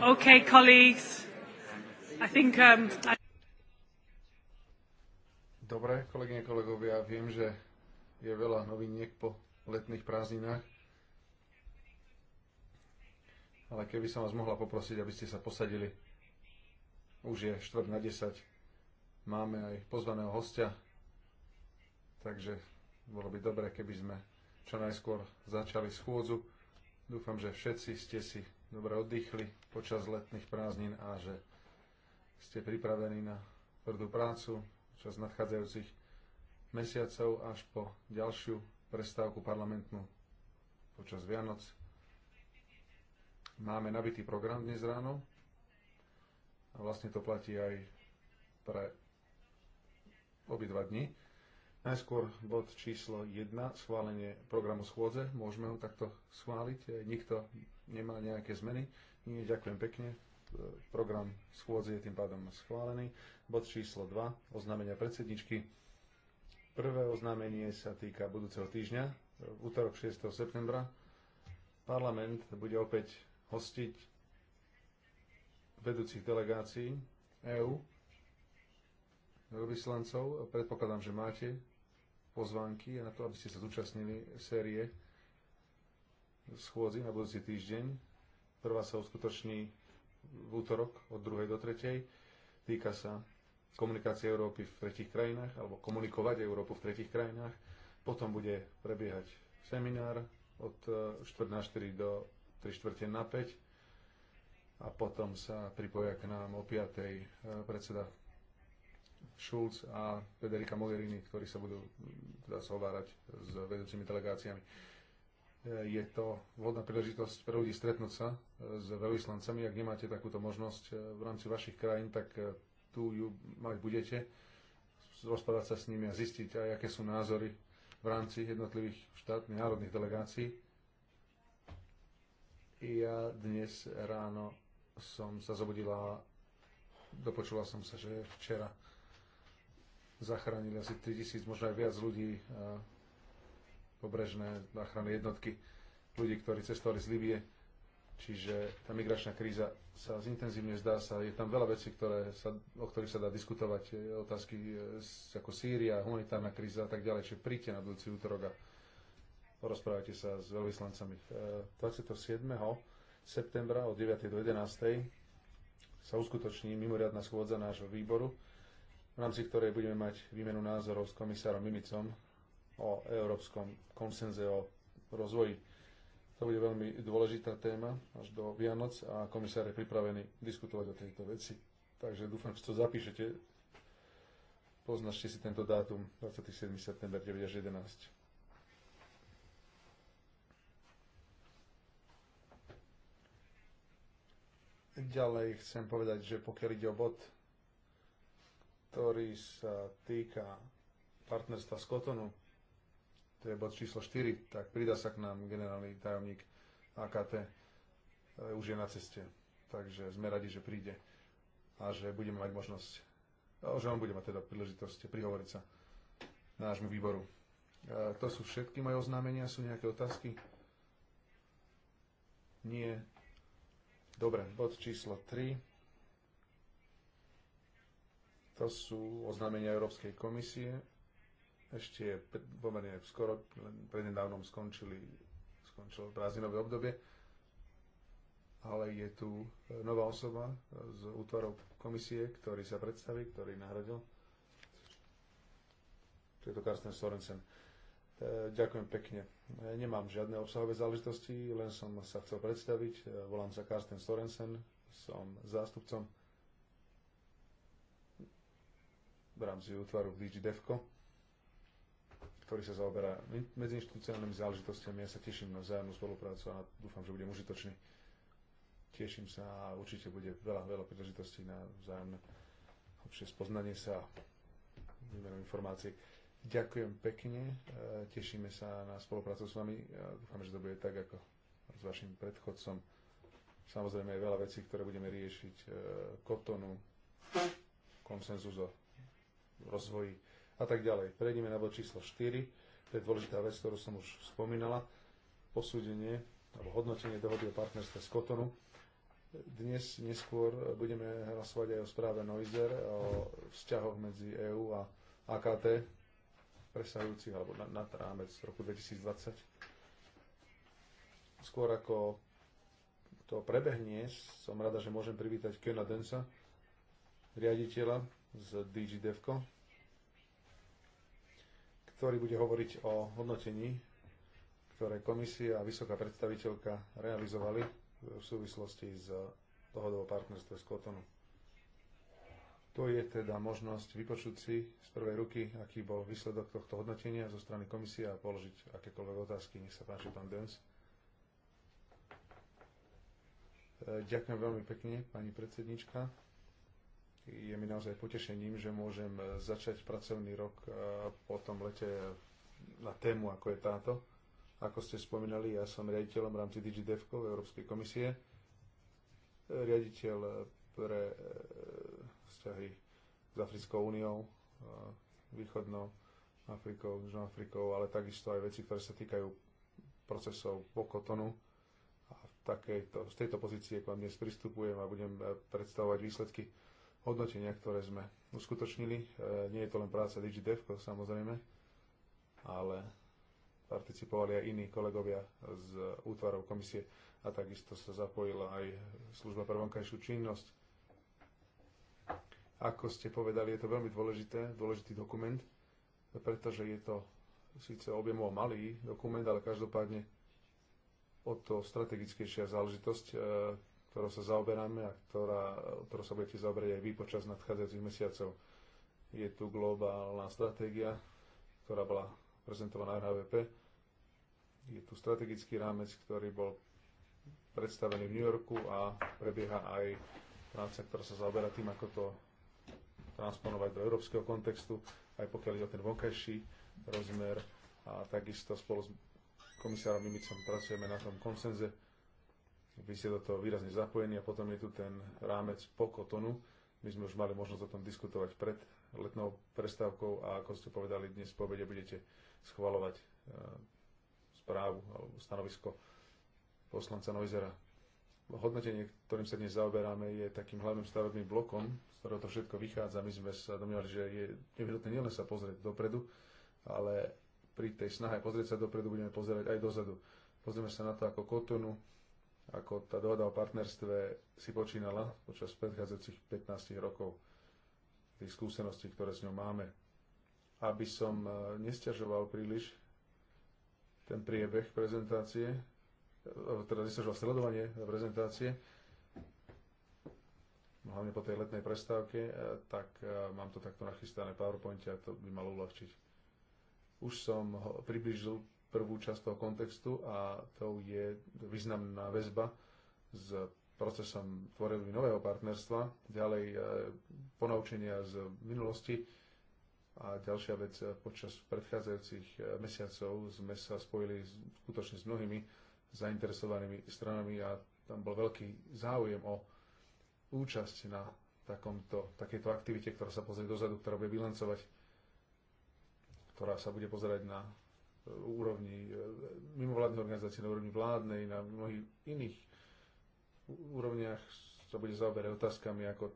Okay, colleagues. I think, um, I... Dobre, kolegyne, kolegovia, viem, že je veľa noviniek po letných prázdninách. Ale keby som vás mohla poprosiť, aby ste sa posadili. Už je štvrt na 10. Máme aj pozvaného hostia. Takže bolo by dobre, keby sme čo najskôr začali schôdzu. Dúfam, že všetci ste si dobre oddychli, počas letných prázdnin a že ste pripravení na tvrdú prácu počas nadchádzajúcich mesiacov až po ďalšiu prestávku parlamentnú počas Vianoc. Máme nabitý program dnes ráno a vlastne to platí aj pre obidva dni. Najskôr bod číslo 1, schválenie programu schôdze. Môžeme ho takto schváliť. Nikto nemá nejaké zmeny. Nie, ďakujem pekne. Program schôdze je tým pádom schválený. Bod číslo 2, oznámenia predsedničky. Prvé oznámenie sa týka budúceho týždňa, v útorok 6. septembra. Parlament bude opäť hostiť vedúcich delegácií EÚ, vyslancov. Predpokladám, že máte pozvánky na to, aby ste sa zúčastnili série schôdzi na budúci týždeň Prvá sa uskutoční v útorok od 2. do 3. Týka sa komunikácie Európy v tretich krajinách, alebo komunikovať Európu v tretich krajinách. Potom bude prebiehať seminár od 4 e, na 4 do 3 na 5 a potom sa pripoja k nám o 5. E, predseda Schulz a Federica Mogherini, ktorí sa budú zhovárať teda s vedúcimi delegáciami. E, je to vhodná príležitosť pre ľudí stretnúť sa e, s veľvyslancami. Ak nemáte takúto možnosť e, v rámci vašich krajín, tak tu ju mať budete, rozpadať sa s nimi a zistiť aj, aké sú názory v rámci jednotlivých štátnych národných delegácií. Ja dnes ráno som sa zobudila a dopočula som sa, že včera zachránili asi 3000, možno aj viac ľudí pobrežné záchranné jednotky ľudí, ktorí cestovali z Libie. Čiže tá migračná kríza sa zintenzívne zdá sa. Je tam veľa vecí, ktoré sa, o ktorých sa dá diskutovať. Otázky e, ako Sýria, humanitárna kríza a tak ďalej. Čiže príďte na budúci útorok a porozprávajte sa s veľvyslancami. 27. E, septembra od 9. do 11. sa uskutoční mimoriadná schôdza nášho výboru, v rámci ktorej budeme mať výmenu názorov s komisárom Mimicom o európskom konsenze o rozvoji. To bude veľmi dôležitá téma až do Vianoc a komisár je pripravený diskutovať o tejto veci. Takže dúfam, že to zapíšete. Poznačte si tento dátum 27. september 2011. Ďalej chcem povedať, že pokiaľ ide o bod, ktorý sa týka partnerstva s Kotonu, to je bod číslo 4, tak pridá sa k nám generálny tajomník AKT, e, už je na ceste. Takže sme radi, že príde a že budeme mať možnosť, že on bude mať teda príležitosť prihovoriť sa nášmu výboru. E, to sú všetky moje oznámenia, sú nejaké otázky? Nie. Dobre, bod číslo 3. To sú oznámenia Európskej komisie ešte pomerne skoro, len prednedávnom skončili, skončilo prázdninové obdobie, ale je tu e, nová osoba e, z útvarov komisie, ktorý sa predstaví, ktorý nahradil. Je to Karsten Sorensen. E, ďakujem pekne. Nemám žiadne obsahové záležitosti, len som sa chcel predstaviť. Volám sa Karsten Sorensen, som zástupcom v rámci útvaru DigiDevco ktorý sa zaoberá medziinstitucionálnymi záležitostiami. Ja sa teším na vzájomnú spoluprácu a dúfam, že budem užitočný. Teším sa a určite bude veľa, veľa príležitostí na vzájomné lepšie spoznanie sa a výmenu informácií. Ďakujem pekne, e, tešíme sa na spoluprácu s vami a e, dúfam, že to bude tak ako s vašim predchodcom. Samozrejme je veľa vecí, ktoré budeme riešiť. E, kotonu, konsenzus o rozvoji a tak ďalej. Prejdeme na bod číslo 4, to je dôležitá vec, ktorú som už spomínala, posúdenie alebo hodnotenie dohody o partnerstve z Kotonu. Dnes neskôr budeme hlasovať aj o správe Noizer, o vzťahoch medzi EÚ a AKT, presahujúci alebo nad na rámec roku 2020. Skôr ako to prebehne, som rada, že môžem privítať Kena Densa, riaditeľa z DG ktorý bude hovoriť o hodnotení, ktoré komisia a vysoká predstaviteľka realizovali v súvislosti s dohodou o partnerstve s Kotonu. To je teda možnosť vypočuť si z prvej ruky, aký bol výsledok tohto hodnotenia zo strany komisie a položiť akékoľvek otázky. Nech sa páči, pán Dens. Ďakujem veľmi pekne, pani predsednička je mi naozaj potešením, že môžem e, začať pracovný rok e, po tom lete na tému, ako je táto. Ako ste spomínali, ja som riaditeľom v rámci DigiDevco Európskej komisie, e, riaditeľ pre vzťahy s Africkou úniou, východnou Afrikou, Južnou Afrikou, ale takisto aj veci, ktoré sa týkajú procesov po kotonu. A v, z tejto pozície k vám dnes pristupujem a budem predstavovať výsledky hodnotenia, ktoré sme uskutočnili. E, nie je to len práca DigiDevko, samozrejme, ale participovali aj iní kolegovia z útvarov komisie a takisto sa zapojila aj služba pre vonkajšiu činnosť. Ako ste povedali, je to veľmi dôležité, dôležitý dokument, pretože je to síce objemovo malý dokument, ale každopádne o to strategickejšia záležitosť e, ktorou sa zaoberáme a ktorá, ktorou sa budete zaoberať aj vy počas nadchádzajúcich mesiacov. Je tu globálna stratégia, ktorá bola prezentovaná na HVP, Je tu strategický rámec, ktorý bol predstavený v New Yorku a prebieha aj práca, ktorá sa zaoberá tým, ako to transponovať do európskeho kontextu, aj pokiaľ ide o ten vonkajší rozmer. A takisto spolu s komisárom Mimicom pracujeme na tom konsenze, vy ste do toho výrazne zapojení a potom je tu ten rámec po kotonu. My sme už mali možnosť o tom diskutovať pred letnou prestávkou a ako ste povedali, dnes po obede budete schvalovať eh, správu alebo stanovisko poslanca Noizera. Hodnotenie, ktorým sa dnes zaoberáme, je takým hlavným stavebným blokom, z ktorého to všetko vychádza. My sme sa domnievali, že je nevyhnutné nielen sa pozrieť dopredu, ale pri tej snahe pozrieť sa dopredu budeme pozerať aj dozadu. Pozrieme sa na to, ako Kotonu ako tá dohoda o partnerstve si počínala počas predchádzajúcich 15 rokov, tých skúseností, ktoré s ňou máme. Aby som e, nestiažoval príliš ten priebeh prezentácie, e, e, teda nestiažoval sledovanie prezentácie, no hlavne po tej letnej prestávke, tak mám to takto nachystané PowerPointe a to by malo uľahčiť. Už som približil prvú časť toho kontextu a to je významná väzba s procesom tvorenia nového partnerstva, ďalej e, ponaučenia z minulosti a ďalšia vec, e, počas predchádzajúcich e, mesiacov sme sa spojili skutočne s mnohými zainteresovanými stranami a tam bol veľký záujem o účasť na takomto, takejto aktivite, ktorá sa pozrie dozadu, ktorá bude bilancovať, ktorá sa bude pozerať na úrovni e, mimovládnej organizácií, na úrovni vládnej, na mnohých iných úrovniach sa bude zaoberať otázkami, ako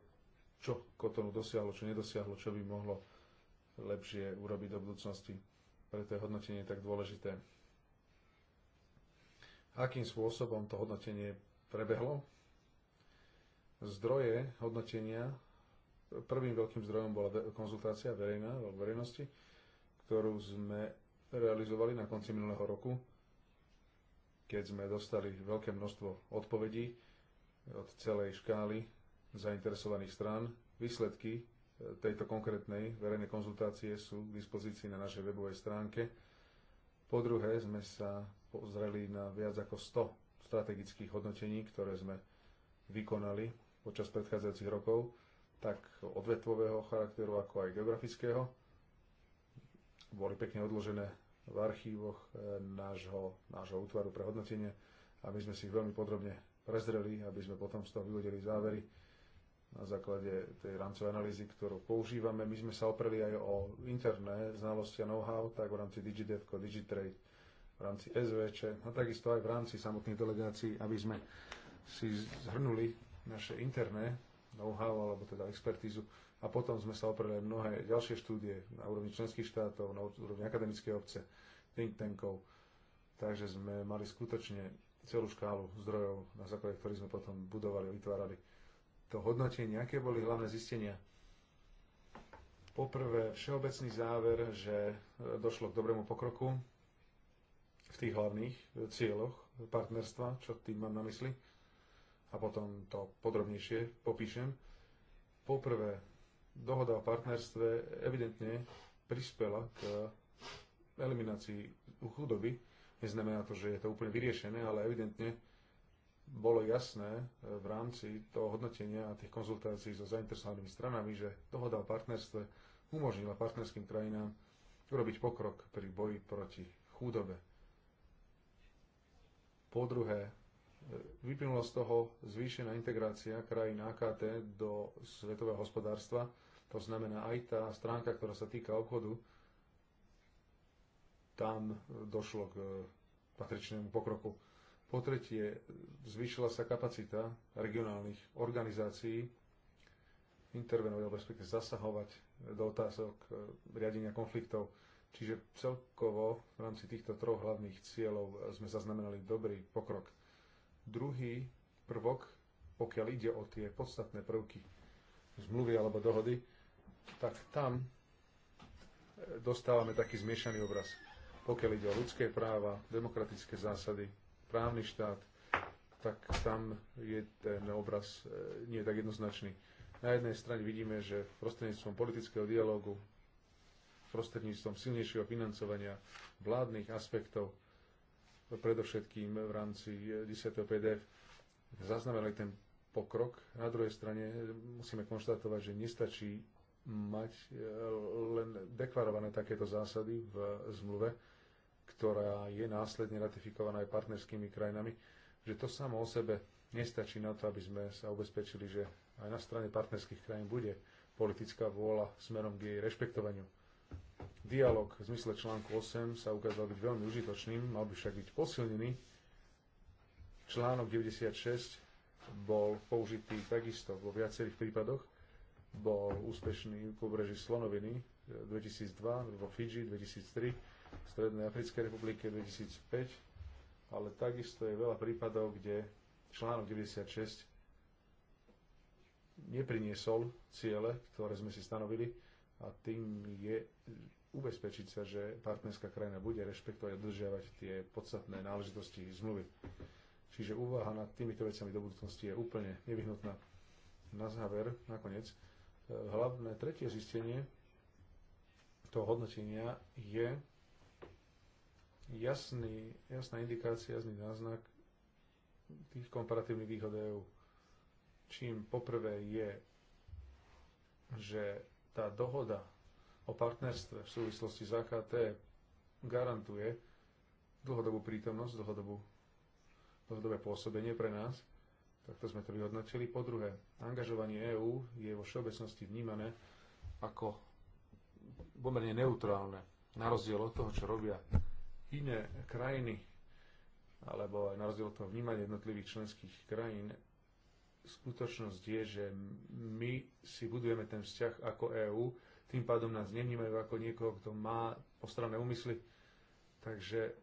čo Kotonu dosiahlo, čo nedosiahlo, čo by mohlo lepšie urobiť do budúcnosti. Preto je hodnotenie tak dôležité. Akým spôsobom to hodnotenie prebehlo? Zdroje hodnotenia, prvým veľkým zdrojom bola konzultácia verejná, verejnosti, ktorú sme realizovali na konci minulého roku, keď sme dostali veľké množstvo odpovedí e, od celej škály zainteresovaných strán. Výsledky e, tejto konkrétnej verejnej konzultácie sú k dispozícii na našej webovej stránke. Po druhé sme sa pozreli na viac ako 100 strategických hodnotení, ktoré sme vykonali počas predchádzajúcich rokov, tak odvetvového charakteru, ako aj geografického. Boli pekne odložené v archívoch eh, nášho, nášho útvaru pre hodnotenie, aby sme si ich veľmi podrobne prezreli, aby sme potom z toho vyvodili závery na základe tej rámcovej analýzy, ktorú používame. My sme sa opreli aj o interné znalosti a know-how, tak v rámci DigiDevco, DigiTrade, v rámci SVČ a takisto aj v rámci samotných delegácií, aby sme si zhrnuli naše interné know-how alebo teda expertízu a potom sme sa opreli aj mnohé ďalšie štúdie na úrovni členských štátov, na úrovni akademickej obce, think tankov. Takže sme mali skutočne celú škálu zdrojov, na základe ktorých sme potom budovali a vytvárali to hodnotenie. Aké boli hlavné zistenia? Poprvé, všeobecný záver, že došlo k dobrému pokroku v tých hlavných cieľoch partnerstva, čo tým mám na mysli. A potom to podrobnejšie popíšem. Poprvé, dohoda o partnerstve evidentne prispela k eliminácii chudoby. Neznamená to, že je to úplne vyriešené, ale evidentne bolo jasné eh, v rámci toho hodnotenia a tých konzultácií so zainteresovanými stranami, že dohoda o partnerstve umožnila partnerským krajinám urobiť pokrok pri boji proti chudobe. Po druhé, Vyplynula z toho zvýšená integrácia krajín AKT do svetového hospodárstva. To znamená aj tá stránka, ktorá sa týka obchodu, tam došlo k eh, patričnému pokroku. Po tretie, zvýšila sa kapacita regionálnych organizácií intervenovať, alebo respektive zasahovať do otázok eh, riadenia konfliktov. Čiže celkovo v rámci týchto troch hlavných cieľov eh, sme zaznamenali dobrý pokrok. Druhý prvok, pokiaľ ide o tie podstatné prvky zmluvy alebo dohody, tak tam e, dostávame taký zmiešaný obraz. Pokiaľ ide o ľudské práva, demokratické zásady, právny štát, tak tam je ten obraz e, nie tak jednoznačný. Na jednej strane vidíme, že prostredníctvom politického dialógu, prostredníctvom silnejšieho financovania vládnych aspektov predovšetkým v rámci 10. Eh, PDF zaznamenali ten pokrok. Na druhej strane eh, musíme konštatovať, že nestačí mať eh, len deklarované takéto zásady v zmluve, ktorá je následne ratifikovaná aj partnerskými krajinami, že to samo o sebe nestačí na to, aby sme sa ubezpečili, že aj na strane partnerských krajín bude politická vôľa smerom k jej rešpektovaniu. Dialóg v zmysle článku 8 sa ukázal byť veľmi užitočným, mal by však byť posilnený. Článok 96 bol použitý takisto vo viacerých prípadoch. Bol úspešný v pobreží Slonoviny 2002, e, vo Fidži 2003, v Strednej Africkej republike 2005, ale takisto je veľa prípadov, kde článok 96 nepriniesol ciele, ktoré sme si stanovili a tým je ubezpečiť sa, že partnerská krajina bude rešpektovať a dodržiavať tie podstatné náležitosti zmluvy. Čiže úvaha nad týmito vecami do budúcnosti je úplne nevyhnutná. Na záver, nakoniec, e, hlavné tretie zistenie toho hodnotenia je jasný, jasná indikácia, jasný náznak tých komparatívnych výhod EU. Čím poprvé je, že tá dohoda o partnerstve v súvislosti s AKT garantuje dlhodobú prítomnosť, dlhodobú, dlhodobé pôsobenie pre nás. Takto sme to vyhodnotili. Po druhé, angažovanie EÚ je vo všeobecnosti vnímané ako pomerne neutrálne, na rozdiel od toho, čo robia iné krajiny, alebo aj na rozdiel od toho vnímania jednotlivých členských krajín skutočnosť je, že my si budujeme ten vzťah ako EÚ, tým pádom nás nevnímajú ako niekoho, kto má postranné úmysly, takže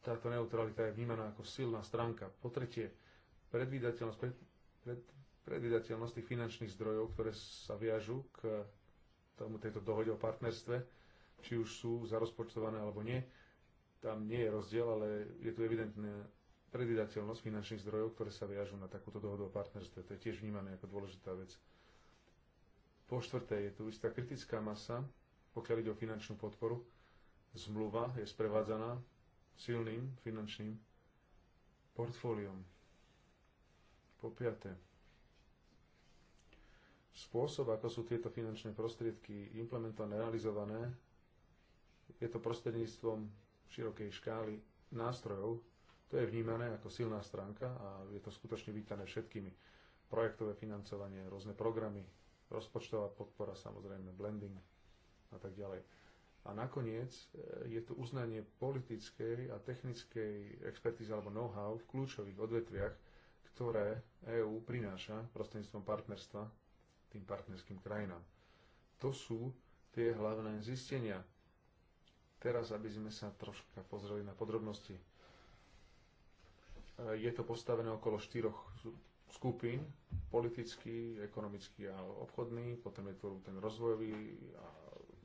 táto neutralita je vnímaná ako silná stránka. Po tretie, predvídateľnosť, pred, pred, predvídateľnosť tých finančných zdrojov, ktoré sa viažu k tomu, tejto dohode o partnerstve, či už sú zarozpočtované alebo nie, tam nie je rozdiel, ale je tu evidentné predvydateľnosť finančných zdrojov, ktoré sa viažú na takúto dohodu o partnerstve. To je tiež vnímané ako dôležitá vec. Po štvrté je tu istá kritická masa, pokiaľ ide o finančnú podporu. Zmluva je sprevádzaná silným finančným portfóliom. Po piaté, spôsob, ako sú tieto finančné prostriedky implementované, realizované, je to prostredníctvom širokej škály nástrojov, to je vnímané ako silná stránka a je to skutočne vítané všetkými. Projektové financovanie, rôzne programy, rozpočtová podpora, samozrejme blending a tak ďalej. A nakoniec e, je tu uznanie politickej a technickej expertízy alebo know-how v kľúčových odvetviach, ktoré EÚ prináša prostredníctvom partnerstva tým partnerským krajinám. To sú tie hlavné zistenia. Teraz, aby sme sa troška pozreli na podrobnosti Eh, je to postavené okolo štyroch skupín, politický, ekonomický a obchodný, potom je to ten rozvojový a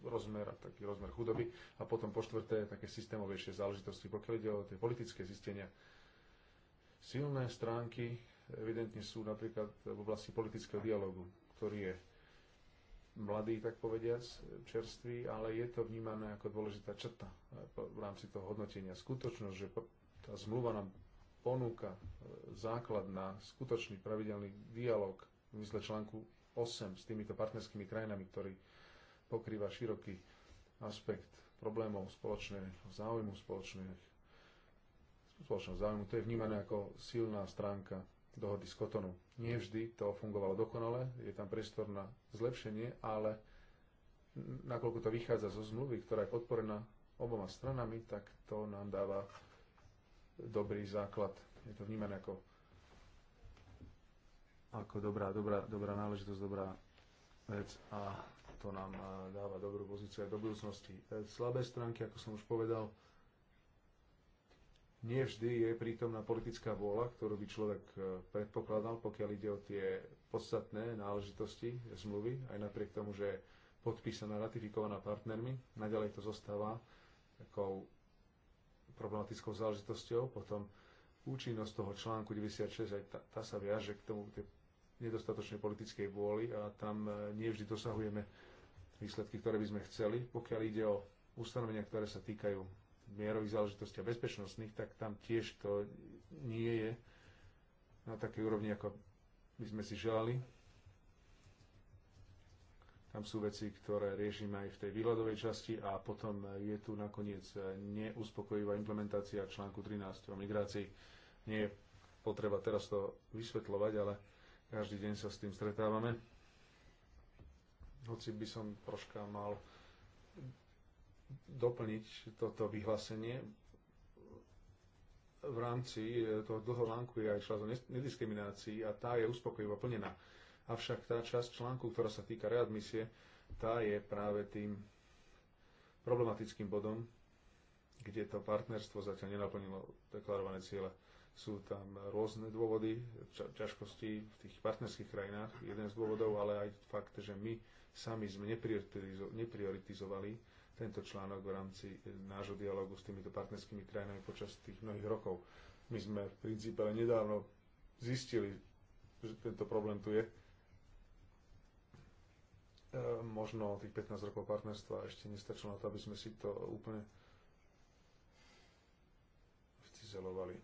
rozmer a taký rozmer chudoby a potom po štvrté také systémovejšie záležitosti. Pokiaľ ide o tie politické zistenia, silné stránky evidentne sú napríklad v oblasti politického dialogu, ktorý je mladý, tak povediac, čerstvý, ale je to vnímané ako dôležitá črta eh, v rámci toho hodnotenia. Skutočnosť, že tá zmluva nám ponúka e, základ na skutočný pravidelný dialog v mysle článku 8 s týmito partnerskými krajinami, ktorý pokrýva široký aspekt problémov spoločného záujmu, spoločného záujmu. To je vnímané ako silná stránka dohody z Kotonu. Nie vždy to fungovalo dokonale, je tam priestor na zlepšenie, ale nakoľko to vychádza zo zmluvy, ktorá je podporená oboma stranami, tak to nám dáva dobrý základ. Je to vnímané ako, ako dobrá, dobrá, dobrá náležitosť, dobrá vec a to nám eh, dáva dobrú pozíciu aj do budúcnosti. Eh, slabé stránky, ako som už povedal, nie vždy je prítomná politická vôľa, ktorú by človek eh, predpokladal, pokiaľ ide o tie podstatné náležitosti zmluvy, aj napriek tomu, že je podpísaná, ratifikovaná partnermi. Naďalej to zostáva takou problematickou záležitosťou. Potom účinnosť toho článku 96, aj tá, tá sa viaže k tomu tej nedostatočnej politickej vôli a tam e, nevždy dosahujeme výsledky, ktoré by sme chceli. Pokiaľ ide o ustanovenia, ktoré sa týkajú mierových záležitostí a bezpečnostných, tak tam tiež to nie je na takej úrovni, ako by sme si želali. Tam sú veci, ktoré riešime aj v tej výhľadovej časti a potom je tu nakoniec neuspokojivá implementácia článku 13 o migrácii. Nie je potreba teraz to vysvetľovať, ale každý deň sa s tým stretávame. Hoci by som troška mal doplniť toto vyhlásenie, v rámci toho dlhého lánku je aj šla o nediskriminácii a tá je uspokojivo plnená. Avšak tá časť článku, ktorá sa týka readmisie, tá je práve tým problematickým bodom, kde to partnerstvo zatiaľ nenaplnilo deklarované ciele. Sú tam rôzne dôvody, ťažkosti v tých partnerských krajinách, jeden z dôvodov, ale aj fakt, že my sami sme neprioritizovali tento článok v rámci eh, nášho dialogu s týmito partnerskými krajinami počas tých mnohých rokov. My sme v princípe nedávno zistili, že tento problém tu je E, možno tých 15 rokov partnerstva ešte nestačilo na to, aby sme si to úplne vcizelovali.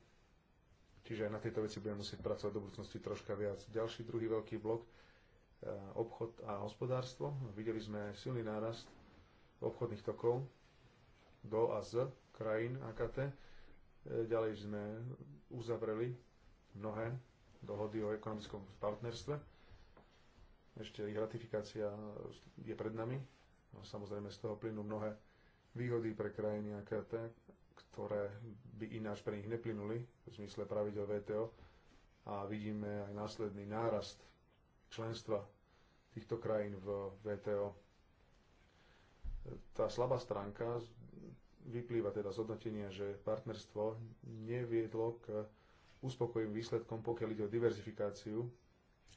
Čiže aj na tejto veci budeme musieť pracovať do budúcnosti troška viac. Ďalší druhý veľký blok, e, obchod a hospodárstvo. Videli sme silný nárast obchodných tokov do a z krajín AKT. E, ďalej sme uzavreli mnohé dohody o ekonomickom partnerstve ešte ich ratifikácia je pred nami. No, samozrejme z toho plynú mnohé výhody pre krajiny AKT, ktoré by ináč pre nich neplynuli v zmysle pravidel VTO a vidíme aj následný nárast členstva týchto krajín v VTO. Tá slabá stránka vyplýva teda z hodnotenia, že partnerstvo neviedlo k uspokojivým výsledkom, pokiaľ ide o diverzifikáciu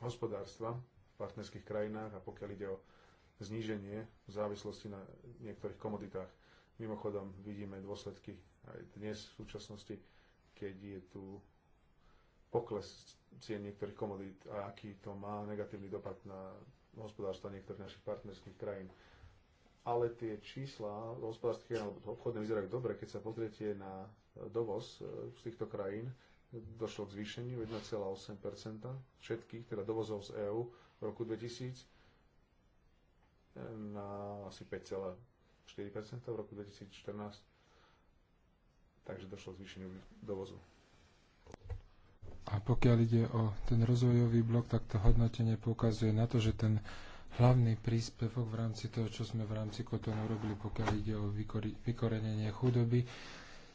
hospodárstva partnerských krajinách a pokiaľ ide o zníženie v závislosti na niektorých komoditách. Mimochodom vidíme dôsledky aj dnes v súčasnosti, keď je tu pokles cien niektorých komodít a aký to má negatívny dopad na hospodárstva niektorých našich partnerských krajín. Ale tie čísla hospodárskych alebo obchodné vyzerajú dobre, keď sa pozriete na dovoz e, z týchto krajín, došlo k zvýšeniu 1,8 všetkých, teda dovozov z EÚ v roku 2000 na asi 5,4% v roku 2014. Takže došlo k zvýšeniu dovozu. A pokiaľ ide o ten rozvojový blok, tak to hodnotenie poukazuje na to, že ten hlavný príspevok v rámci toho, čo sme v rámci Kotonu robili, pokiaľ ide o vykorenenie chudoby.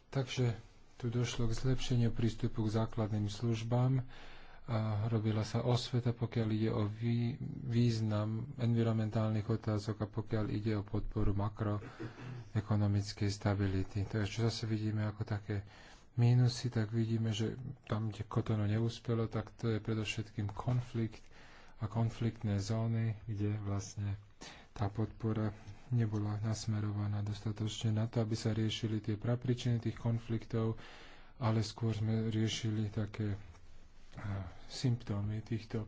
Takže tu došlo k zlepšeniu prístupu k základným službám a robila sa osveta, pokiaľ ide o význam environmentálnych otázok a pokiaľ ide o podporu makroekonomickej stability. Takže čo zase vidíme ako také mínusy, tak vidíme, že tam, kde Kotono neúspelo, tak to je predovšetkým konflikt a konfliktné zóny, kde vlastne tá podpora nebola nasmerovaná dostatočne na to, aby sa riešili tie prapričiny tých konfliktov, ale skôr sme riešili také symptómy týchto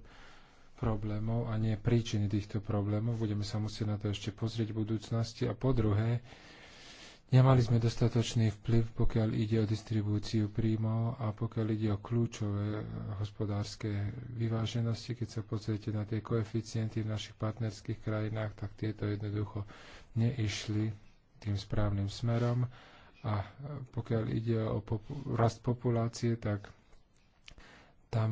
problémov a nie príčiny týchto problémov. Budeme sa musieť na to ešte pozrieť v budúcnosti. A po druhé, nemali sme dostatočný vplyv, pokiaľ ide o distribúciu príjmov a pokiaľ ide o kľúčové eh, hospodárske vyváženosti. Keď sa pozriete na tie koeficienty v našich partnerských krajinách, tak tieto jednoducho neišli tým správnym smerom. A eh, pokiaľ ide o popu- rast populácie, tak tam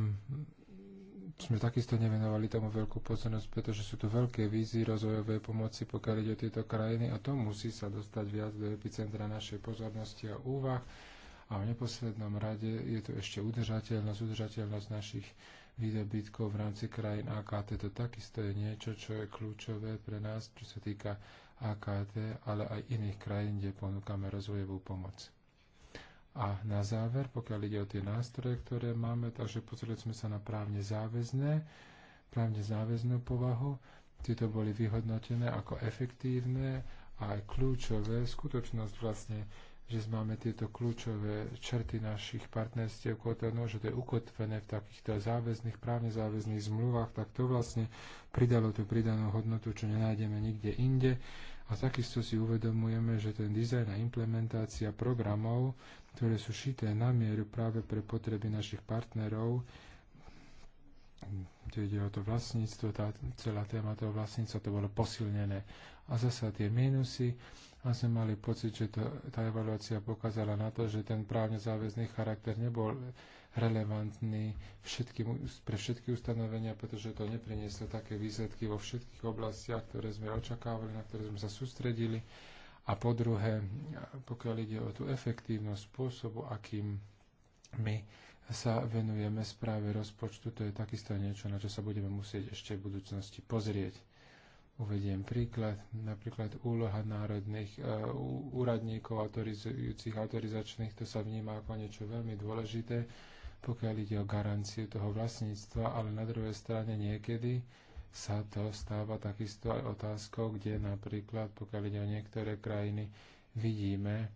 sme takisto nevenovali tomu veľkú pozornosť, pretože sú tu veľké vízy rozvojovej pomoci, pokiaľ ide o tieto krajiny a to musí sa dostať viac do epicentra našej pozornosti a úvah. A v neposlednom rade je tu ešte udržateľnosť, udržateľnosť našich výdobytkov v rámci krajín AKT. To takisto je niečo, čo je kľúčové pre nás, čo sa týka AKT, ale aj iných krajín, kde ponúkame rozvojovú pomoc. A na záver, pokiaľ ide o tie nástroje, ktoré máme, takže pozreli sme sa na právne záväzné, právne záväznú povahu. Tieto boli vyhodnotené ako efektívne a aj kľúčové. Skutočnosť vlastne, že máme tieto kľúčové črty našich partnerstiev že to je ukotvené v takýchto záväzných, právne záväzných zmluvách, tak to vlastne pridalo tú pridanú hodnotu, čo nenájdeme nikde inde. A takisto si uvedomujeme, že ten dizajn a implementácia programov ktoré sú šité na mieru práve pre potreby našich partnerov, kde ide o to vlastníctvo, tá celá téma toho vlastníctva, to bolo posilnené. A zase tie mínusy, a sme mali pocit, že to, tá evaluácia pokázala na to, že ten právne záväzný charakter nebol relevantný všetky, pre všetky ustanovenia, pretože to neprinieslo také výsledky vo všetkých oblastiach, ktoré sme očakávali, na ktoré sme sa sústredili. A po druhé, pokiaľ ide o tú efektívnosť spôsobu, akým my sa venujeme správe rozpočtu, to je takisto niečo, na čo sa budeme musieť ešte v budúcnosti pozrieť. Uvediem príklad, napríklad úloha národných e, úradníkov autorizujúcich autorizačných, to sa vníma ako niečo veľmi dôležité, pokiaľ ide o garanciu toho vlastníctva, ale na druhej strane niekedy sa to stáva takisto aj otázkou, kde napríklad, pokiaľ ide o niektoré krajiny, vidíme, eh,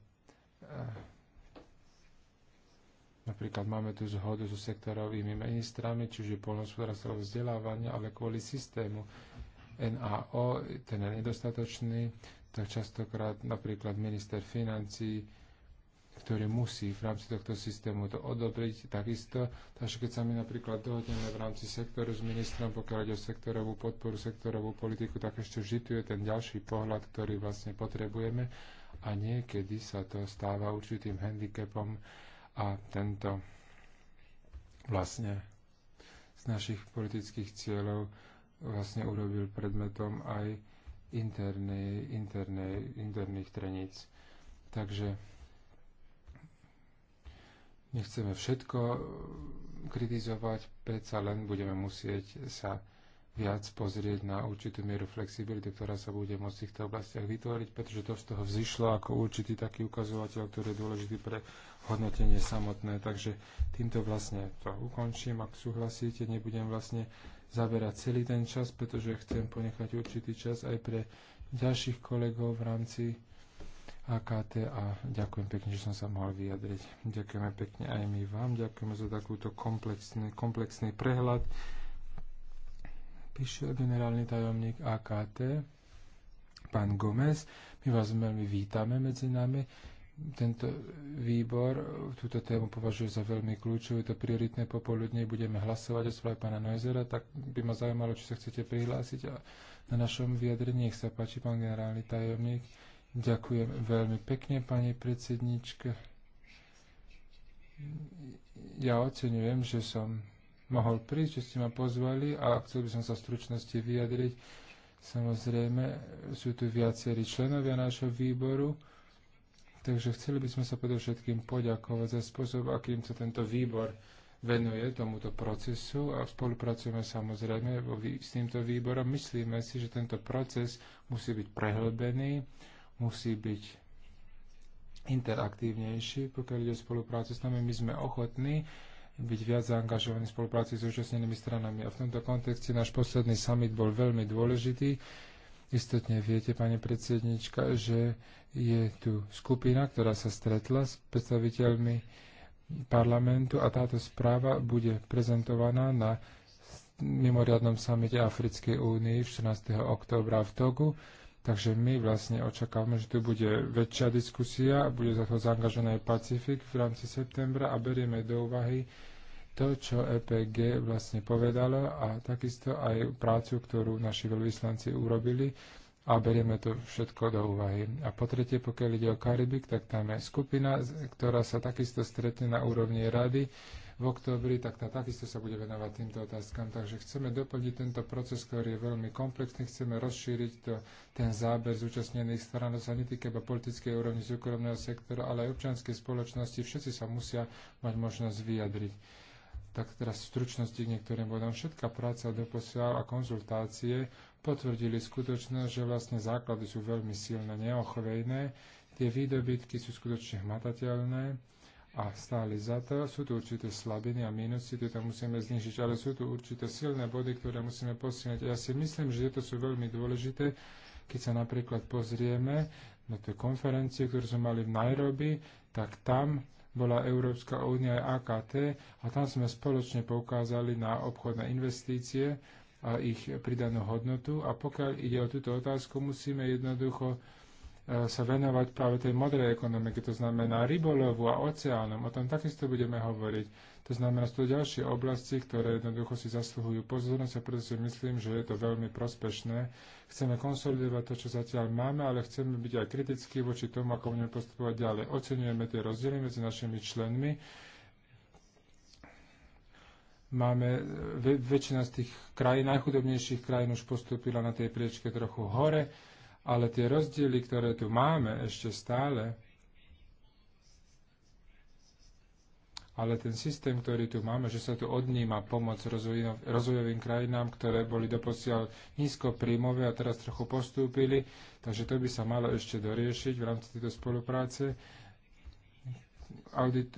napríklad máme tu zhodu so sektorovými ministrami, čiže polnospodárstvo vzdelávania, ale kvôli systému NAO, ten je nedostatočný, tak častokrát napríklad minister financí ktorý musí v rámci tohto systému to odobriť takisto. Takže keď sa my napríklad dohodneme v rámci sektoru s ministrom, pokiaľ ide o sektorovú podporu, sektorovú politiku, tak ešte vždy tu je ten ďalší pohľad, ktorý vlastne potrebujeme a niekedy sa to stáva určitým handicapom a tento vlastne z našich politických cieľov vlastne urobil predmetom aj internej, internej, interných treníc. Takže nechceme všetko e, kritizovať, predsa len budeme musieť sa viac pozrieť na určitú mieru flexibility, ktorá sa bude môcť v týchto oblastiach vytvoriť, pretože to z toho vzýšlo ako určitý taký ukazovateľ, ktorý je dôležitý pre hodnotenie samotné. Takže týmto vlastne to ukončím. Ak súhlasíte, nebudem vlastne zaberať celý ten čas, pretože chcem ponechať určitý čas aj pre ďalších kolegov v rámci AKT a ďakujem pekne, že som sa mohol vyjadriť. Ďakujeme pekne aj my vám, ďakujeme za takúto komplexný, komplexný prehľad. Píše generálny tajomník AKT, pán Gomez. My vás veľmi vítame medzi nami. Tento výbor túto tému považuje za veľmi kľúčovú. To prioritné popoludne budeme hlasovať o správe pána Neuzera, tak by ma zaujímalo, či sa chcete prihlásiť a na našom vyjadrení. Nech sa páči, pán generálny tajomník. Ďakujem veľmi pekne, pani predsednička. Ja oceňujem, že som mohol prísť, že ste ma pozvali a chcel by som sa v stručnosti vyjadriť. Samozrejme, sú tu viacerí členovia nášho výboru, takže chceli by sme sa predovšetkým poďakovať za spôsob, akým sa tento výbor venuje tomuto procesu a spolupracujeme samozrejme s týmto výborom. Myslíme si, že tento proces musí byť prehlbený musí byť interaktívnejší, pokiaľ ide o spoluprácu s nami. My sme ochotní byť viac zaangažovaní v spolupráci s účastnenými stranami. A v tomto kontexte náš posledný summit bol veľmi dôležitý. Istotne viete, pani predsednička, že je tu skupina, ktorá sa stretla s predstaviteľmi parlamentu a táto správa bude prezentovaná na mimoriadnom samite Africkej únie 14. októbra v Togu. Takže my vlastne očakávame, že tu bude väčšia diskusia, bude za to zaangažovaný Pacifik v rámci septembra a berieme do úvahy to, čo EPG vlastne povedalo a takisto aj prácu, ktorú naši veľvyslanci urobili a berieme to všetko do úvahy. A po tretie, pokiaľ ide o Karibik, tak tam je skupina, ktorá sa takisto stretne na úrovni rady v oktobri, tak tá takisto sa bude venovať týmto otázkam. Takže chceme doplniť tento proces, ktorý je veľmi komplexný, chceme rozšíriť to, ten záber zúčastnených stran, to sa netýka iba politickej úrovni súkromného sektora, ale aj občianskej spoločnosti. Všetci sa musia mať možnosť vyjadriť. Tak teraz v stručnosti k niektorým bodom. Všetká práca doposiaľ a konzultácie potvrdili skutočnosť, že vlastne základy sú veľmi silné, neochvejné, tie výdobytky sú skutočne hmatateľné a stále za to. Sú tu určité slabiny a minusy, tam musíme znižiť, ale sú tu určité silné body, ktoré musíme posilniť. Ja si myslím, že tieto sú veľmi dôležité, keď sa napríklad pozrieme na tie konferencie, ktoré sme mali v Nairobi, tak tam bola Európska únia aj AKT a tam sme spoločne poukázali na obchodné investície a ich pridanú hodnotu. A pokiaľ ide o túto otázku, musíme jednoducho Eh, sa venovať práve tej modrej ekonomiky, to znamená rybolovu a oceánom. O tom takisto budeme hovoriť. To znamená, sú to ďalšie oblasti, ktoré jednoducho si zasluhujú pozornosť a preto si myslím, že je to veľmi prospešné. Chceme konsolidovať to, čo zatiaľ máme, ale chceme byť aj kritickí voči tomu, ako budeme postupovať ďalej. Oceňujeme tie rozdiely medzi našimi členmi. Máme, väčšina z tých krajín, najchudobnejších krajín už postúpila na tej priečke trochu hore ale tie rozdiely, ktoré tu máme ešte stále, ale ten systém, ktorý tu máme, že sa tu odníma pomoc rozvojovým krajinám, ktoré boli doposiaľ nízko príjmové a teraz trochu postúpili, takže to by sa malo ešte doriešiť v rámci tejto spolupráce. Audit,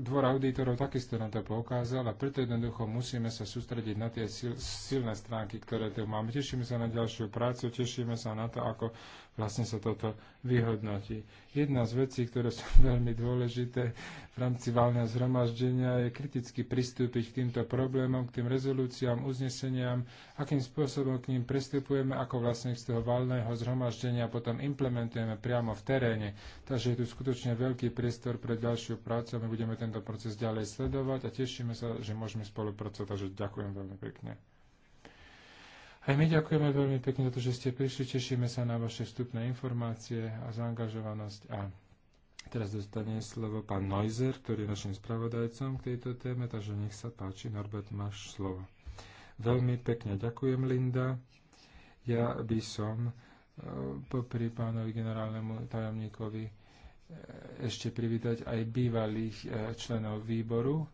dvor auditorov takisto na to poukázal a preto jednoducho musíme sa sústrediť na tie silné stránky, ktoré tu máme. Tešíme sa na ďalšiu prácu, tešíme sa na to, ako vlastne sa toto vyhodnotí. Jedna z vecí, ktoré sú veľmi dôležité v rámci valného zhromaždenia, je kriticky pristúpiť k týmto problémom, k tým rezolúciám, uzneseniam, akým spôsobom k ním pristupujeme, ako vlastne z toho valného zhromaždenia potom implementujeme priamo v teréne. Takže je tu skutočne veľký priestor pre ďalšiu prácu a my budeme tento proces ďalej sledovať a tešíme sa, že môžeme spolupracovať. Takže ďakujem veľmi pekne. Aj my ďakujeme veľmi pekne za to, že ste prišli. Tešíme sa na vaše vstupné informácie a zaangažovanosť. A teraz dostane slovo pán Neuser, ktorý je našim spravodajcom k tejto téme, takže nech sa páči. Norbert, máš slovo. Veľmi pekne ďakujem, Linda. Ja by som e, popri pánovi generálnemu tajomníkovi e, ešte privítať aj bývalých e, členov výboru,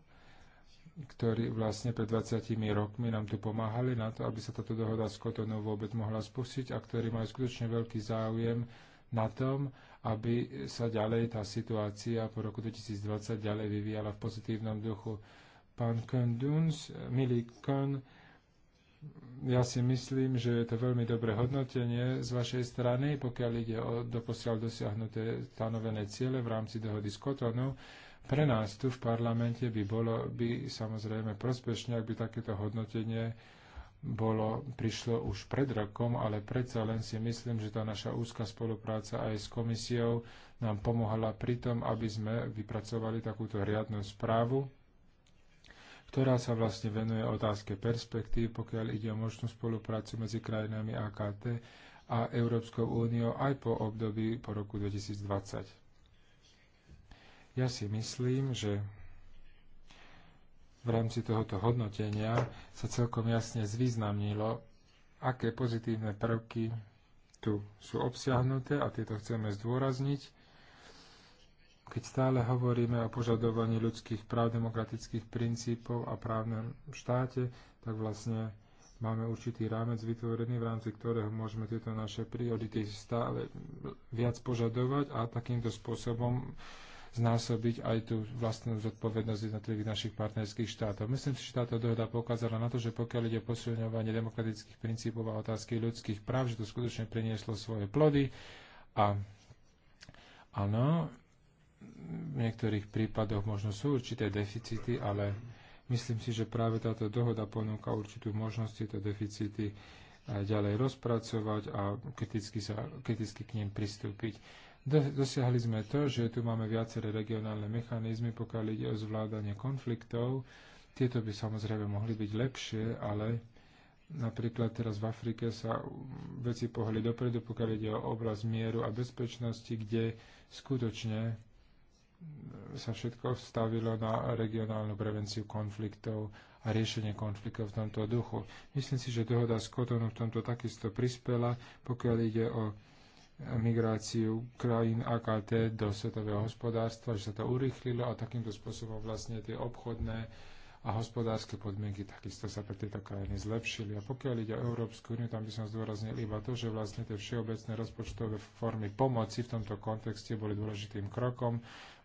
ktorí vlastne pred 20 rokmi nám tu pomáhali na to, aby sa táto dohoda s Kotonou vôbec mohla spustiť a ktorí majú skutočne veľký záujem na tom, aby sa ďalej tá situácia po roku 2020 ďalej vyvíjala v pozitívnom duchu. Pán Konduns, milý Ken, ja si myslím, že je to veľmi dobré hodnotenie z vašej strany, pokiaľ ide o doposiaľ dosiahnuté stanovené ciele v rámci dohody s Kotonou pre nás tu v parlamente by bolo by samozrejme prospešne, ak by takéto hodnotenie bolo, prišlo už pred rokom, ale predsa len si myslím, že tá naša úzka spolupráca aj s komisiou nám pomohla pri tom, aby sme vypracovali takúto riadnu správu, ktorá sa vlastne venuje otázke perspektív, pokiaľ ide o možnú spoluprácu medzi krajinami AKT a Európskou úniou aj po období po roku 2020. Ja si myslím, že v rámci tohoto hodnotenia sa celkom jasne zvýznamnilo, aké pozitívne prvky tu sú obsiahnuté a tieto chceme zdôrazniť keď stále hovoríme o požadovaní ľudských práv, demokratických princípov a právnom štáte, tak vlastne máme určitý rámec vytvorený, v rámci ktorého môžeme tieto naše priority stále viac požadovať a takýmto spôsobom znásobiť aj tú vlastnú zodpovednosť jednotlivých našich partnerských štátov. Myslím si, že táto dohoda pokázala na to, že pokiaľ ide posilňovanie demokratických princípov a otázky ľudských práv, že to skutočne prinieslo svoje plody a áno, v niektorých prípadoch možno sú určité deficity, ale myslím si, že práve táto dohoda ponúka určitú možnosť tieto deficity eh, ďalej rozpracovať a kriticky, sa, kriticky k ním pristúpiť. Dosiahli sme to, že tu máme viaceré regionálne mechanizmy, pokiaľ ide o zvládanie konfliktov. Tieto by samozrejme mohli byť lepšie, ale napríklad teraz v Afrike sa veci pohli dopredu, pokiaľ ide o oblasť mieru a bezpečnosti, kde skutočne sa všetko vstavilo na regionálnu prevenciu konfliktov a riešenie konfliktov v tomto duchu. Myslím si, že dohoda s Kotonu v tomto takisto prispela, pokiaľ ide o migráciu krajín AKT do svetového hospodárstva, že sa to urýchlilo a takýmto spôsobom vlastne tie obchodné a hospodárske podmienky takisto sa pre tieto krajiny zlepšili. A pokiaľ ide o Európsku úniu, tam by som zdôraznil iba to, že vlastne tie všeobecné rozpočtové formy pomoci v tomto kontexte boli dôležitým krokom,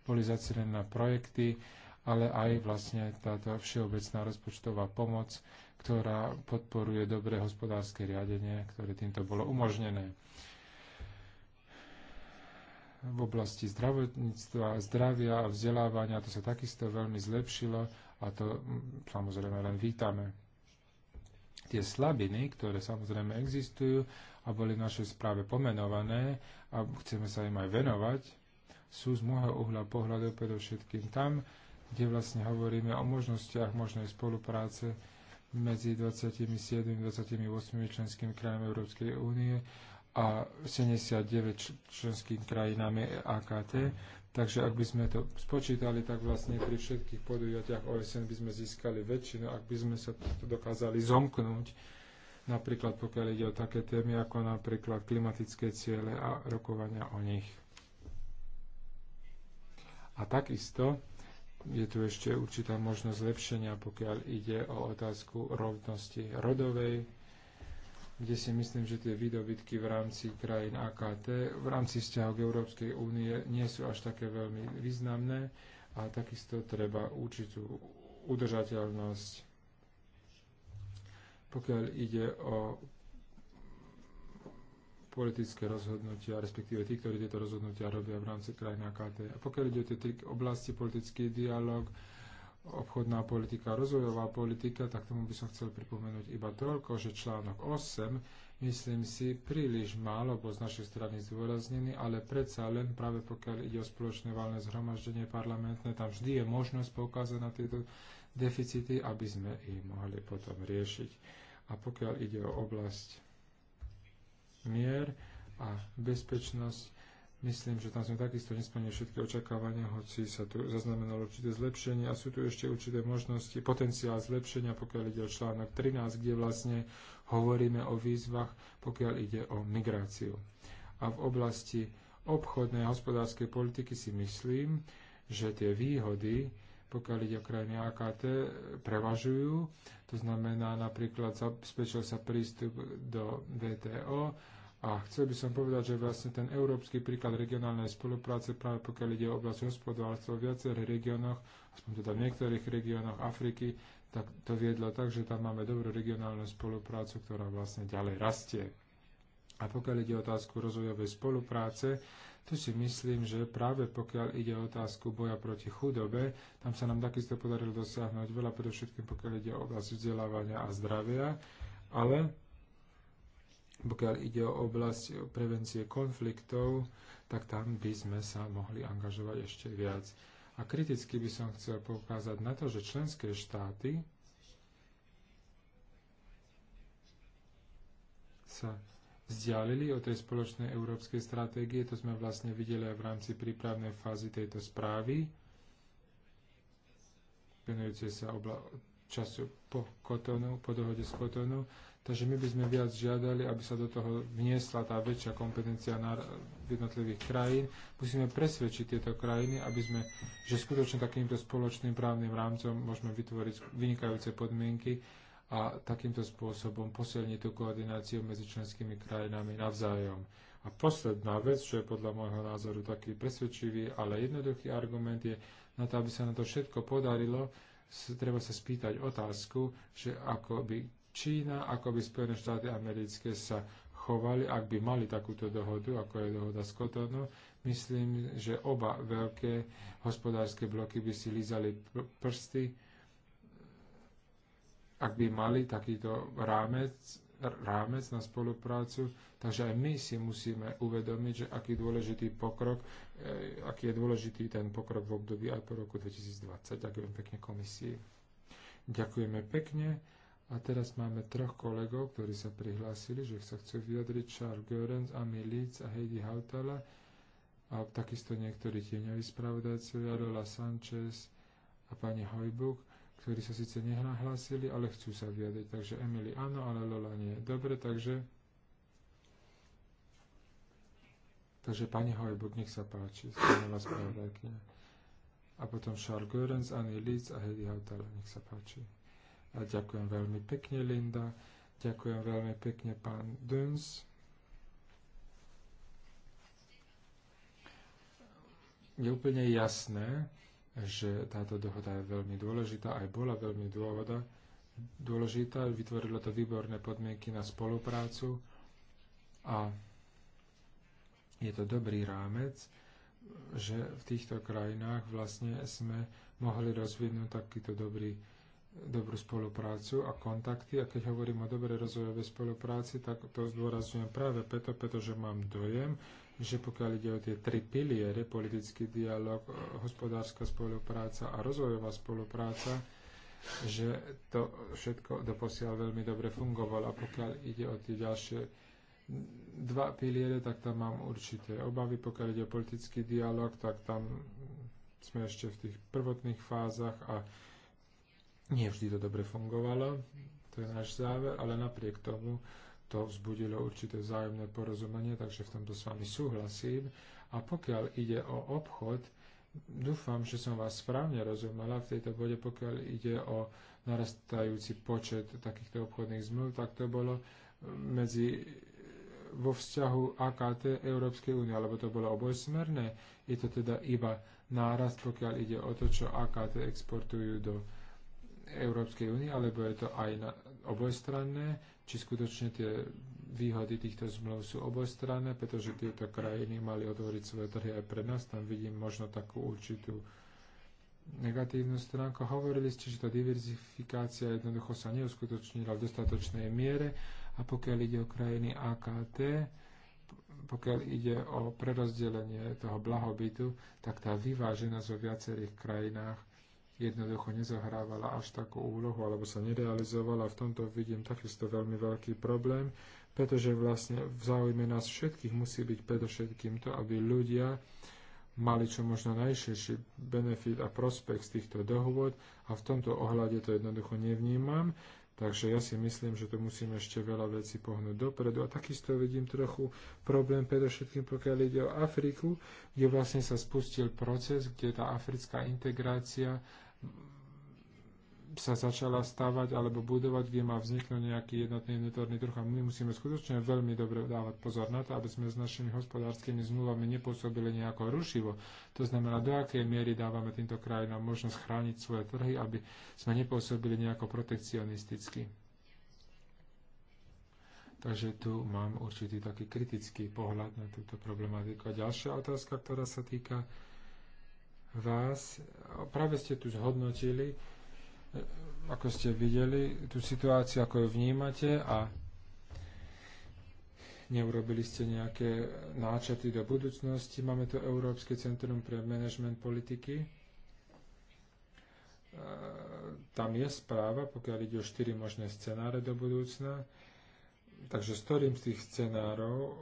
boli zacelené na projekty, ale aj vlastne táto všeobecná rozpočtová pomoc, ktorá podporuje dobré hospodárske riadenie, ktoré týmto bolo umožnené v oblasti zdravotníctva, zdravia a vzdelávania. To sa takisto veľmi zlepšilo a to mm, samozrejme len vítame. Tie slabiny, ktoré samozrejme existujú a boli v našej správe pomenované a chceme sa im aj venovať, sú z môjho uhla pohľadu predovšetkým tam, kde vlastne hovoríme o možnostiach možnej spolupráce medzi 27 a 28 členskými krajinami Európskej únie a 79 členským krajinám je AKT. Takže ak by sme to spočítali, tak vlastne pri všetkých podujatiach OSN by sme získali väčšinu, ak by sme sa to dokázali zomknúť, napríklad pokiaľ ide o také témy ako napríklad klimatické ciele a rokovania o nich. A takisto je tu ešte určitá možnosť zlepšenia, pokiaľ ide o otázku rovnosti rodovej, kde si myslím, že tie výdobytky v rámci krajín AKT, v rámci vzťahov k Európskej únie nie sú až také veľmi významné a takisto treba určitú udržateľnosť. Pokiaľ ide o politické rozhodnutia, respektíve tí, ktorí tieto rozhodnutia robia v rámci krajina AKT. A pokiaľ ide o tie oblasti, politický dialog, obchodná politika, rozvojová politika, tak tomu by som chcel pripomenúť iba toľko, že článok 8, myslím si, príliš málo bol z našej strany zdôraznený, ale predsa len práve pokiaľ ide o spoločné valné zhromaždenie parlamentné, tam vždy je možnosť poukázať na tieto deficity, aby sme ich mohli potom riešiť. A pokiaľ ide o oblasť mier a bezpečnosť, Myslím, že tam sme takisto nesplnili všetky očakávania, hoci sa tu zaznamenalo určité zlepšenie a sú tu ešte určité možnosti, potenciál zlepšenia, pokiaľ ide o článok 13, kde vlastne hovoríme o výzvach, pokiaľ ide o migráciu. A v oblasti obchodnej a hospodárskej politiky si myslím, že tie výhody, pokiaľ ide o krajiny AKT, prevažujú. To znamená napríklad zabezpečil sa prístup do VTO, a chcel by som povedať, že vlastne ten európsky príklad regionálnej spolupráce, práve pokiaľ ide o oblasť hospodárstva v viacerých regiónoch, aspoň teda v niektorých regiónoch Afriky, tak to viedlo tak, že tam máme dobrú regionálnu spoluprácu, ktorá vlastne ďalej rastie. A pokiaľ ide o otázku rozvojovej spolupráce, tu si myslím, že práve pokiaľ ide o otázku boja proti chudobe, tam sa nám takisto podarilo dosiahnuť veľa, predovšetkým pokiaľ ide o oblasť vzdelávania a zdravia, ale pokiaľ ide o oblasť prevencie konfliktov, tak tam by sme sa mohli angažovať ešte viac. A kriticky by som chcel poukázať na to, že členské štáty sa vzdialili od tej spoločnej európskej stratégie. To sme vlastne videli aj v rámci prípravnej fázy tejto správy, venujúcej sa obla- času po, kotonu, po dohode s Kotonu Takže my by sme viac žiadali, aby sa do toho vniesla tá väčšia kompetencia na jednotlivých krajín. Musíme presvedčiť tieto krajiny, aby sme, že skutočne takýmto spoločným právnym rámcom môžeme vytvoriť vynikajúce podmienky a takýmto spôsobom posilniť tú koordináciu medzi členskými krajinami navzájom. A posledná vec, čo je podľa môjho názoru taký presvedčivý, ale jednoduchý argument je, na to, aby sa na to všetko podarilo, treba sa spýtať otázku, že ako by Čína, ako by Spojené štáty americké sa chovali, ak by mali takúto dohodu, ako je dohoda s Kotonou, myslím, že oba veľké hospodárske bloky by si lízali prsty, ak by mali takýto rámec, rámec na spoluprácu. Takže aj my si musíme uvedomiť, že aký dôležitý pokrok, eh, aký je dôležitý ten pokrok v období aj po roku 2020. Ďakujem pekne komisii. Ďakujeme pekne. A teraz máme troch kolegov, ktorí sa prihlásili, že sa chcú vyjadriť Charles Görens, Amy Leeds a Heidi Hautala a takisto niektorí tieňoví spravodajcovia, Lola Sanchez a pani Hojbuk, ktorí sa síce nehlásili, ale chcú sa vyjadriť. Takže Emily áno, ale Lola nie. Dobre, takže... Takže pani Hojbuk, nech sa páči, tieňová spravodajkynia. A potom Charles Görens, Annie Leeds a Hedy Hautala, nech sa páči. A ďakujem veľmi pekne, Linda. Ďakujem veľmi pekne, pán Duns. Je úplne jasné, že táto dohoda je veľmi dôležitá, aj bola veľmi dôvoda, dôležitá, vytvorilo to výborné podmienky na spoluprácu a je to dobrý rámec, že v týchto krajinách vlastne sme mohli rozvinúť takýto dobrý dobrú spoluprácu a kontakty. A keď hovorím o dobrej rozvojovej spolupráci, tak to zdôrazňujem práve preto, pretože mám dojem, že pokiaľ ide o tie tri piliere, politický dialog, hospodárska spolupráca a rozvojová spolupráca, že to všetko doposiaľ veľmi dobre fungovalo. A pokiaľ ide o tie ďalšie dva piliere, tak tam mám určité obavy. Pokiaľ ide o politický dialog, tak tam sme ešte v tých prvotných fázach a nie vždy to dobre fungovalo, to je náš záver, ale napriek tomu to vzbudilo určité vzájomné porozumenie, takže v tomto s vami súhlasím. A pokiaľ ide o obchod, dúfam, že som vás správne rozumela v tejto bode, pokiaľ ide o narastajúci počet takýchto obchodných zmluv, tak to bolo mm, medzi vo vzťahu AKT Európskej únie, alebo to bolo obojsmerné. Je to teda iba nárast, pokiaľ ide o to, čo AKT exportujú do Európskej únie, alebo je to aj na, obojstranné, či skutočne tie výhody týchto zmluv sú obojstranné, pretože tieto krajiny mali otvoriť svoje trhy aj pre nás. Tam vidím možno takú určitú negatívnu stránku. Hovorili ste, že tá diverzifikácia jednoducho sa neuskutočnila v dostatočnej miere a pokiaľ ide o krajiny AKT, pokiaľ ide o prerozdelenie toho blahobytu, tak tá vyváženosť vo viacerých krajinách jednoducho nezohrávala až takú úlohu alebo sa nerealizovala. V tomto vidím takisto veľmi veľký problém, pretože vlastne v záujme nás všetkých musí byť predovšetkým to, aby ľudia mali čo možno najširší benefit a prospekt z týchto dohôd a v tomto ohľade to jednoducho nevnímam. Takže ja si myslím, že tu musíme ešte veľa vecí pohnúť dopredu. A takisto vidím trochu problém, predovšetkým pokiaľ ide o Afriku, kde vlastne sa spustil proces, kde tá africká integrácia sa začala stavať alebo budovať, kde má vzniknúť nejaký jednotný vnútorný trh. A my musíme skutočne veľmi dobre dávať pozor na to, aby sme s našimi hospodárskymi zmluvami nepôsobili nejako rušivo. To znamená, do akej miery dávame týmto krajinám možnosť chrániť svoje trhy, aby sme nepôsobili nejako protekcionisticky. Takže tu mám určitý taký kritický pohľad na túto problematiku. A ďalšia otázka, ktorá sa týka vás. Práve ste tu zhodnotili, e, ako ste videli, tú situáciu, ako ju vnímate a neurobili ste nejaké náčaty do budúcnosti. Máme tu Európske centrum pre management politiky. E, tam je správa, pokiaľ ide o štyri možné scenáre do budúcna. Takže s ktorým z tých scenárov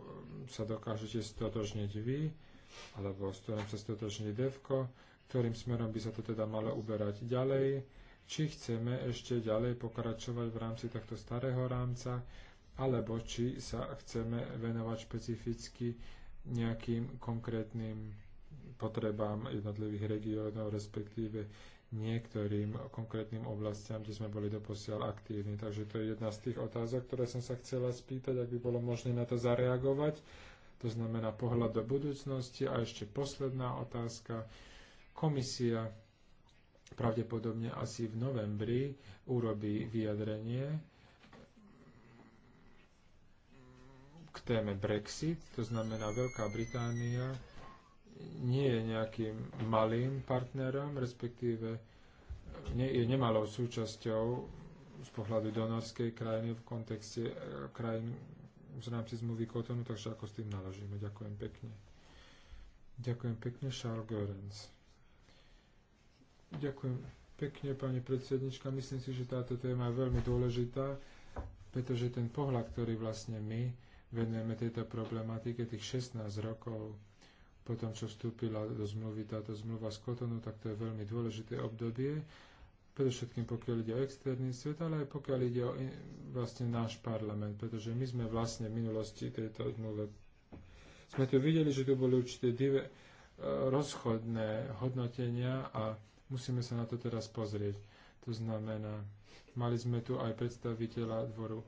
sa dokážete stotožniť vy? alebo s ktorým sa stotočne DEVKO, ktorým smerom by sa to teda malo uberať ďalej, či chceme ešte ďalej pokračovať v rámci tohto starého rámca, alebo či sa chceme venovať špecificky nejakým konkrétnym potrebám jednotlivých regiónov, respektíve niektorým konkrétnym oblastiam, kde sme boli doposiaľ aktívni. Takže to je jedna z tých otázok, ktoré som sa chcela spýtať, ak by bolo možné na to zareagovať to znamená pohľad do budúcnosti. A ešte posledná otázka. Komisia pravdepodobne asi v novembri urobí vyjadrenie k téme Brexit, to znamená Veľká Británia nie je nejakým malým partnerom, respektíve nie, je nemalou súčasťou z pohľadu donorskej krajiny v kontexte eh, krajín v rámci zmluvy Kotonu, takže ako s tým naložíme. Ďakujem pekne. Ďakujem pekne, Charles Görens. Ďakujem pekne, pani predsednička. Myslím si, že táto téma je veľmi dôležitá, pretože ten pohľad, ktorý vlastne my venujeme tejto problematike tých 16 rokov po tom, čo vstúpila do zmluvy táto zmluva z Kotonu, tak to je veľmi dôležité obdobie predovšetkým pokiaľ ide o externý svet, ale aj pokiaľ ide o in, eh, vlastne náš parlament, pretože my sme vlastne v minulosti tejto odmluve sme tu videli, že tu boli určité dive, eh, rozchodné hodnotenia a musíme sa na to teraz pozrieť. To znamená, mali sme tu aj predstaviteľa dvoru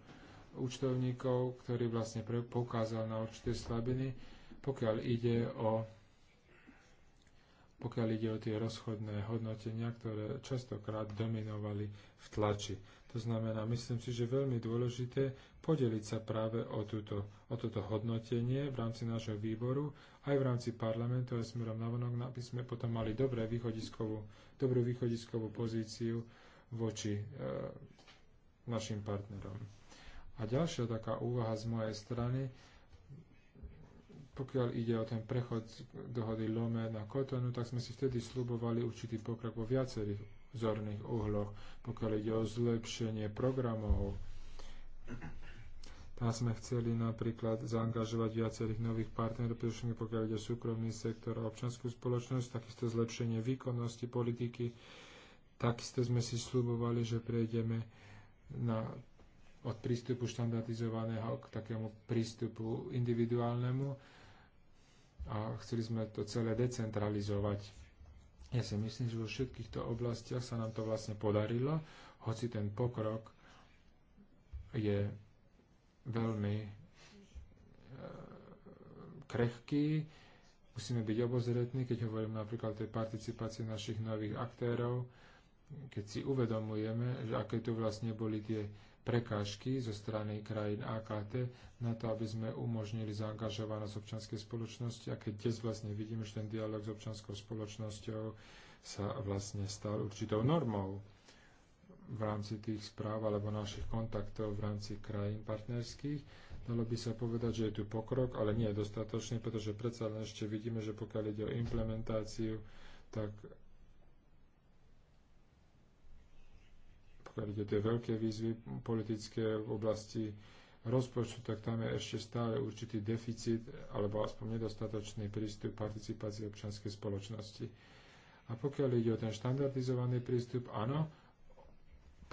účtovníkov, ktorý vlastne poukázal na určité slabiny, pokiaľ ide o pokiaľ ide o tie rozchodné hodnotenia, ktoré častokrát dominovali v tlači. To znamená, myslím si, že veľmi dôležité podeliť sa práve o, túto, o toto hodnotenie v rámci nášho výboru, aj v rámci parlamentu, aj smerom na vonok, aby sme potom mali dobré východiskovú, dobrú východiskovú pozíciu voči e, našim partnerom. A ďalšia taká úvaha z mojej strany, pokiaľ ide o ten prechod dohody Lome na Kotonu, tak sme si vtedy slubovali určitý pokrok vo viacerých zorných uhloch, pokiaľ ide o zlepšenie programov. Tam sme chceli napríklad zaangažovať viacerých nových partnerov, pretože pokiaľ ide o súkromný sektor a občanskú spoločnosť, takisto zlepšenie výkonnosti politiky. Takisto sme si slubovali, že prejdeme na od prístupu štandardizovaného k takému prístupu individuálnemu a chceli sme to celé decentralizovať. Ja si myslím, že vo všetkých to oblastiach sa nám to vlastne podarilo, hoci ten pokrok je veľmi e, krehký. Musíme byť obozretní, keď hovorím napríklad o tej participácii našich nových aktérov, keď si uvedomujeme, že aké tu vlastne boli tie prekážky zo strany krajín AKT na to, aby sme umožnili zaangažovanosť občanskej spoločnosti a keď dnes vlastne vidíme, že ten dialog s občanskou spoločnosťou sa vlastne stal určitou normou v rámci tých správ alebo našich kontaktov v rámci krajín partnerských. Dalo by sa povedať, že je tu pokrok, ale nie je dostatočný, pretože predsa len ešte vidíme, že pokiaľ ide o implementáciu, tak pokiaľ ide tie veľké výzvy politické v oblasti rozpočtu, tak tam je ešte stále určitý deficit alebo aspoň nedostatočný prístup participácie občianskej spoločnosti. A pokiaľ ide o ten štandardizovaný prístup, áno,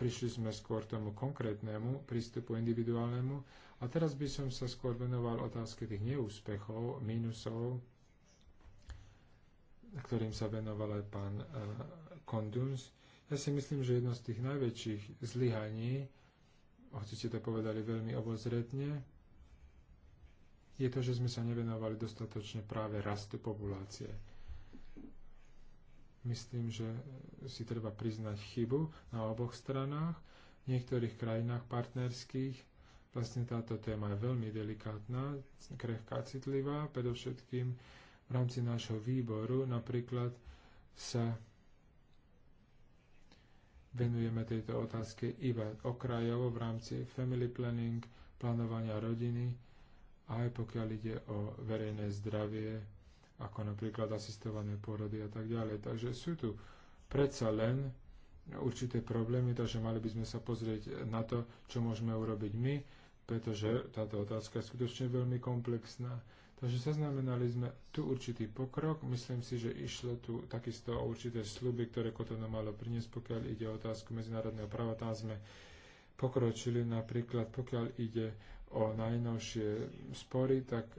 prišli sme skôr tomu konkrétnemu prístupu individuálnemu a teraz by som sa skôr venoval otázke tých neúspechov, mínusov, ktorým sa venoval aj pán uh, Konduns. Ja si myslím, že jedno z tých najväčších zlyhaní, hoci ste to povedali veľmi obozretne, je to, že sme sa nevenovali dostatočne práve rastu populácie. Myslím, že si treba priznať chybu na oboch stranách. V niektorých krajinách partnerských vlastne táto téma je veľmi delikátna, krehká, citlivá, predovšetkým v rámci nášho výboru napríklad sa venujeme tejto otázke iba okrajovo v rámci family planning, plánovania rodiny, aj pokiaľ ide o verejné zdravie, ako napríklad asistované porody a tak ďalej. Takže sú tu predsa len určité problémy, takže mali by sme sa pozrieť na to, čo môžeme urobiť my, pretože táto otázka je skutočne veľmi komplexná. Takže zaznamenali sme tu určitý pokrok. Myslím si, že išlo tu takisto o určité sluby, ktoré Kotono malo priniesť, pokiaľ ide o otázku medzinárodného práva. Tam sme pokročili napríklad, pokiaľ ide o najnovšie spory, tak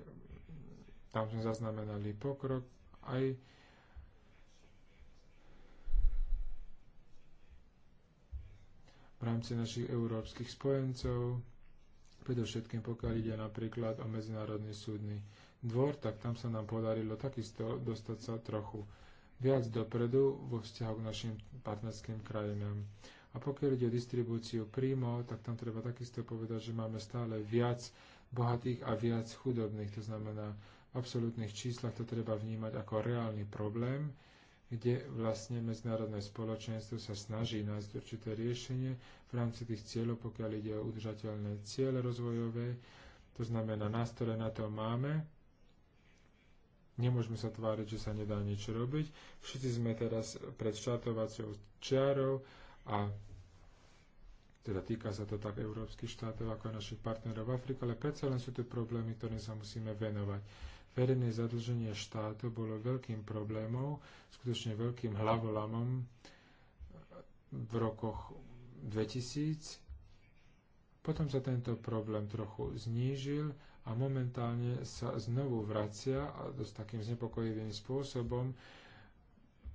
tam sme zaznamenali pokrok aj v rámci našich európskych spojencov, predovšetkým pokiaľ ide napríklad o Medzinárodný súdny dvor, tak tam sa nám podarilo takisto dostať sa trochu viac dopredu vo vzťahu k našim partnerským krajinám. A pokiaľ ide o distribúciu príjmov, tak tam treba takisto povedať, že máme stále viac bohatých a viac chudobných. To znamená, v absolútnych číslach to treba vnímať ako reálny problém, kde vlastne medzinárodné spoločenstvo sa snaží nájsť určité riešenie v rámci tých cieľov, pokiaľ ide o udržateľné ciele rozvojové. To znamená, nástroje na to máme, Nemôžeme sa tváriť, že sa nedá nič robiť. Všetci sme teraz pred štartovacou čiarou a teda týka sa to tak európskych štátov ako aj našich partnerov v Afrike, ale predsa len sú tu problémy, ktorým sa musíme venovať. Verejné zadlženie štátu bolo veľkým problémom, skutočne veľkým hlavolamom v rokoch 2000. Potom sa tento problém trochu znížil, a momentálne sa znovu vracia a dosť takým znepokojivým spôsobom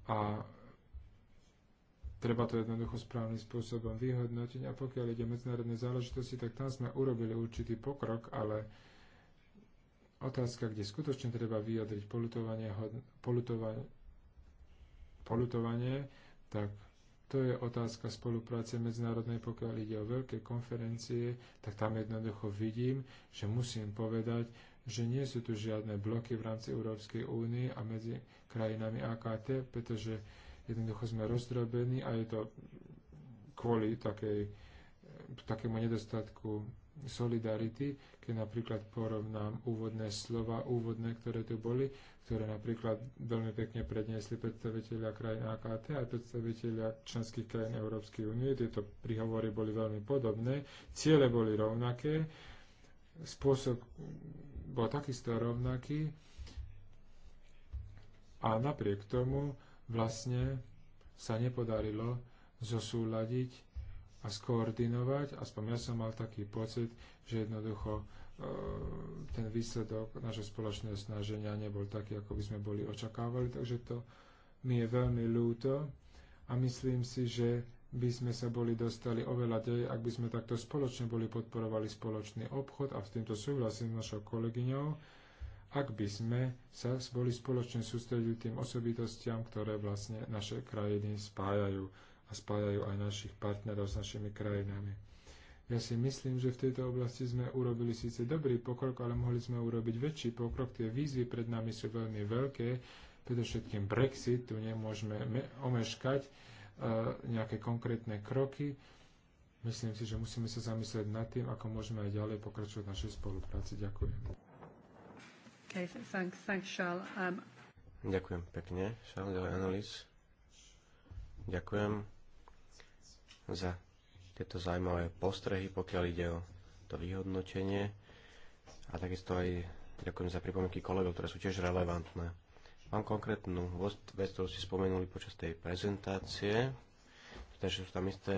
a treba to jednoducho správnym spôsobom vyhodnotiť a pokiaľ ide medzinárodné záležitosti, tak tam sme urobili určitý pokrok, ale otázka, kde skutočne treba vyjadriť polutovanie, polutovanie, polutovanie tak to je otázka spolupráce medzinárodnej, pokiaľ ide o veľké konferencie, tak tam jednoducho vidím, že musím povedať, že nie sú tu žiadne bloky v rámci Európskej únie a medzi krajinami AKT, pretože jednoducho sme rozdrobení a je to kvôli takej, takému nedostatku solidarity, keď napríklad porovnám úvodné slova, úvodné, ktoré tu boli, ktoré napríklad veľmi pekne predniesli predstaviteľia krajín AKT a predstaviteľia členských krajín Európskej únie. Tieto príhovory boli veľmi podobné, ciele boli rovnaké, spôsob bol takisto rovnaký a napriek tomu vlastne sa nepodarilo zosúľadiť a skoordinovať. Aspoň ja som mal taký pocit, že jednoducho e, ten výsledok naše spoločného snaženia nebol taký, ako by sme boli očakávali, takže to mi je veľmi ľúto a myslím si, že by sme sa boli dostali oveľa dej, ak by sme takto spoločne boli podporovali spoločný obchod a v týmto súhlasím s našou kolegyňou, ak by sme sa boli spoločne sústredili tým osobitostiam, ktoré vlastne naše krajiny spájajú a spájajú aj našich partnerov s našimi krajinami. Ja si myslím, že v tejto oblasti sme urobili síce dobrý pokrok, ale mohli sme urobiť väčší pokrok. Tie výzvy pred nami sú veľmi veľké, predovšetkým Brexit, tu nemôžeme omeškať e, nejaké konkrétne kroky. Myslím si, že musíme sa zamyslieť nad tým, ako môžeme aj ďalej pokračovať v našej spolupráci. Ďakujem. Okay, thanks, thanks, Charles. Um... Ďakujem pekne, Charles Annelies. Ďakujem za tieto zaujímavé postrehy, pokiaľ ide o to vyhodnotenie. A takisto aj ďakujem za pripomienky kolegov, ktoré sú tiež relevantné. Mám konkrétnu vec, ktorú si spomenuli počas tej prezentácie, takže teda, sú tam isté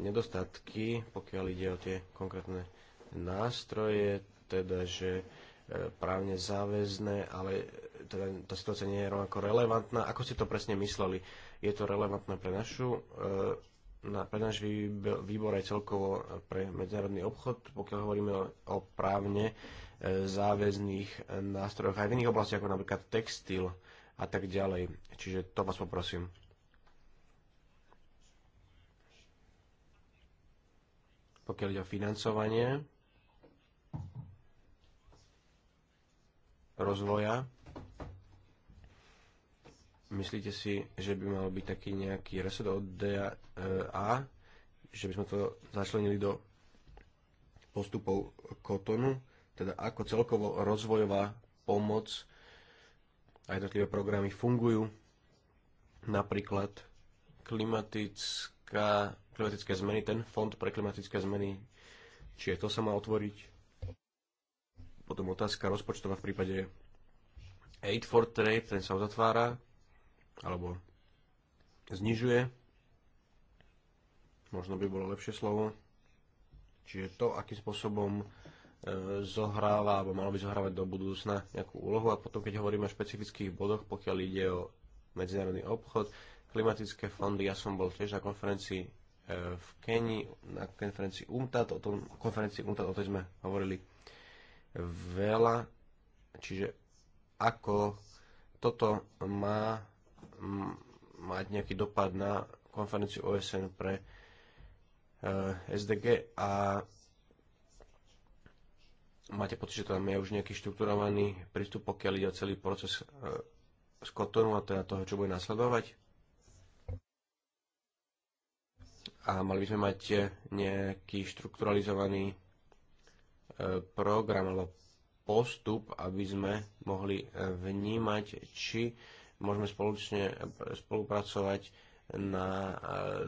nedostatky, pokiaľ ide o tie konkrétne nástroje, teda že e, právne záväzné, ale teda tá situácia nie je rovnako relevantná. Ako ste to presne mysleli? Je to relevantné pre našu e, na, pre náš výbor aj celkovo pre medzinárodný obchod, pokiaľ hovoríme o, o právne e, záväzných e, nástrojoch aj v iných oblastiach, ako napríklad textil a tak ďalej. Čiže to vás poprosím. Pokiaľ ide o financovanie rozvoja, Myslíte si, že by mal byť taký nejaký reset od DA, eh, že by sme to začlenili do postupov kotonu, teda ako celkovo rozvojová pomoc a jednotlivé programy fungujú, napríklad klimatická, klimatické zmeny, ten fond pre klimatické zmeny, či je to sa má otvoriť. Potom otázka rozpočtová v prípade Aid for Trade, ten sa uzatvára alebo znižuje. Možno by bolo lepšie slovo. Čiže to, akým spôsobom e, zohráva, alebo malo by zohrávať do budúcna nejakú úlohu. A potom, keď hovoríme o špecifických bodoch, pokiaľ ide o medzinárodný obchod, klimatické fondy, ja som bol tiež na konferencii e, v Keni, na konferencii UMTAT, o tom, konferencii UMTAT, o tej sme hovorili veľa, čiže ako toto má mať nejaký dopad na konferenciu OSN pre eh, SDG a máte pocit, že tam je už nejaký štrukturovaný prístup, pokiaľ ide o celý proces eh, z Kotonu a teda toho, čo bude nasledovať? A mali by sme mať eh, nejaký štrukturalizovaný program alebo postup, aby sme mohli vnímať, či môžeme spoločne spolupracovať na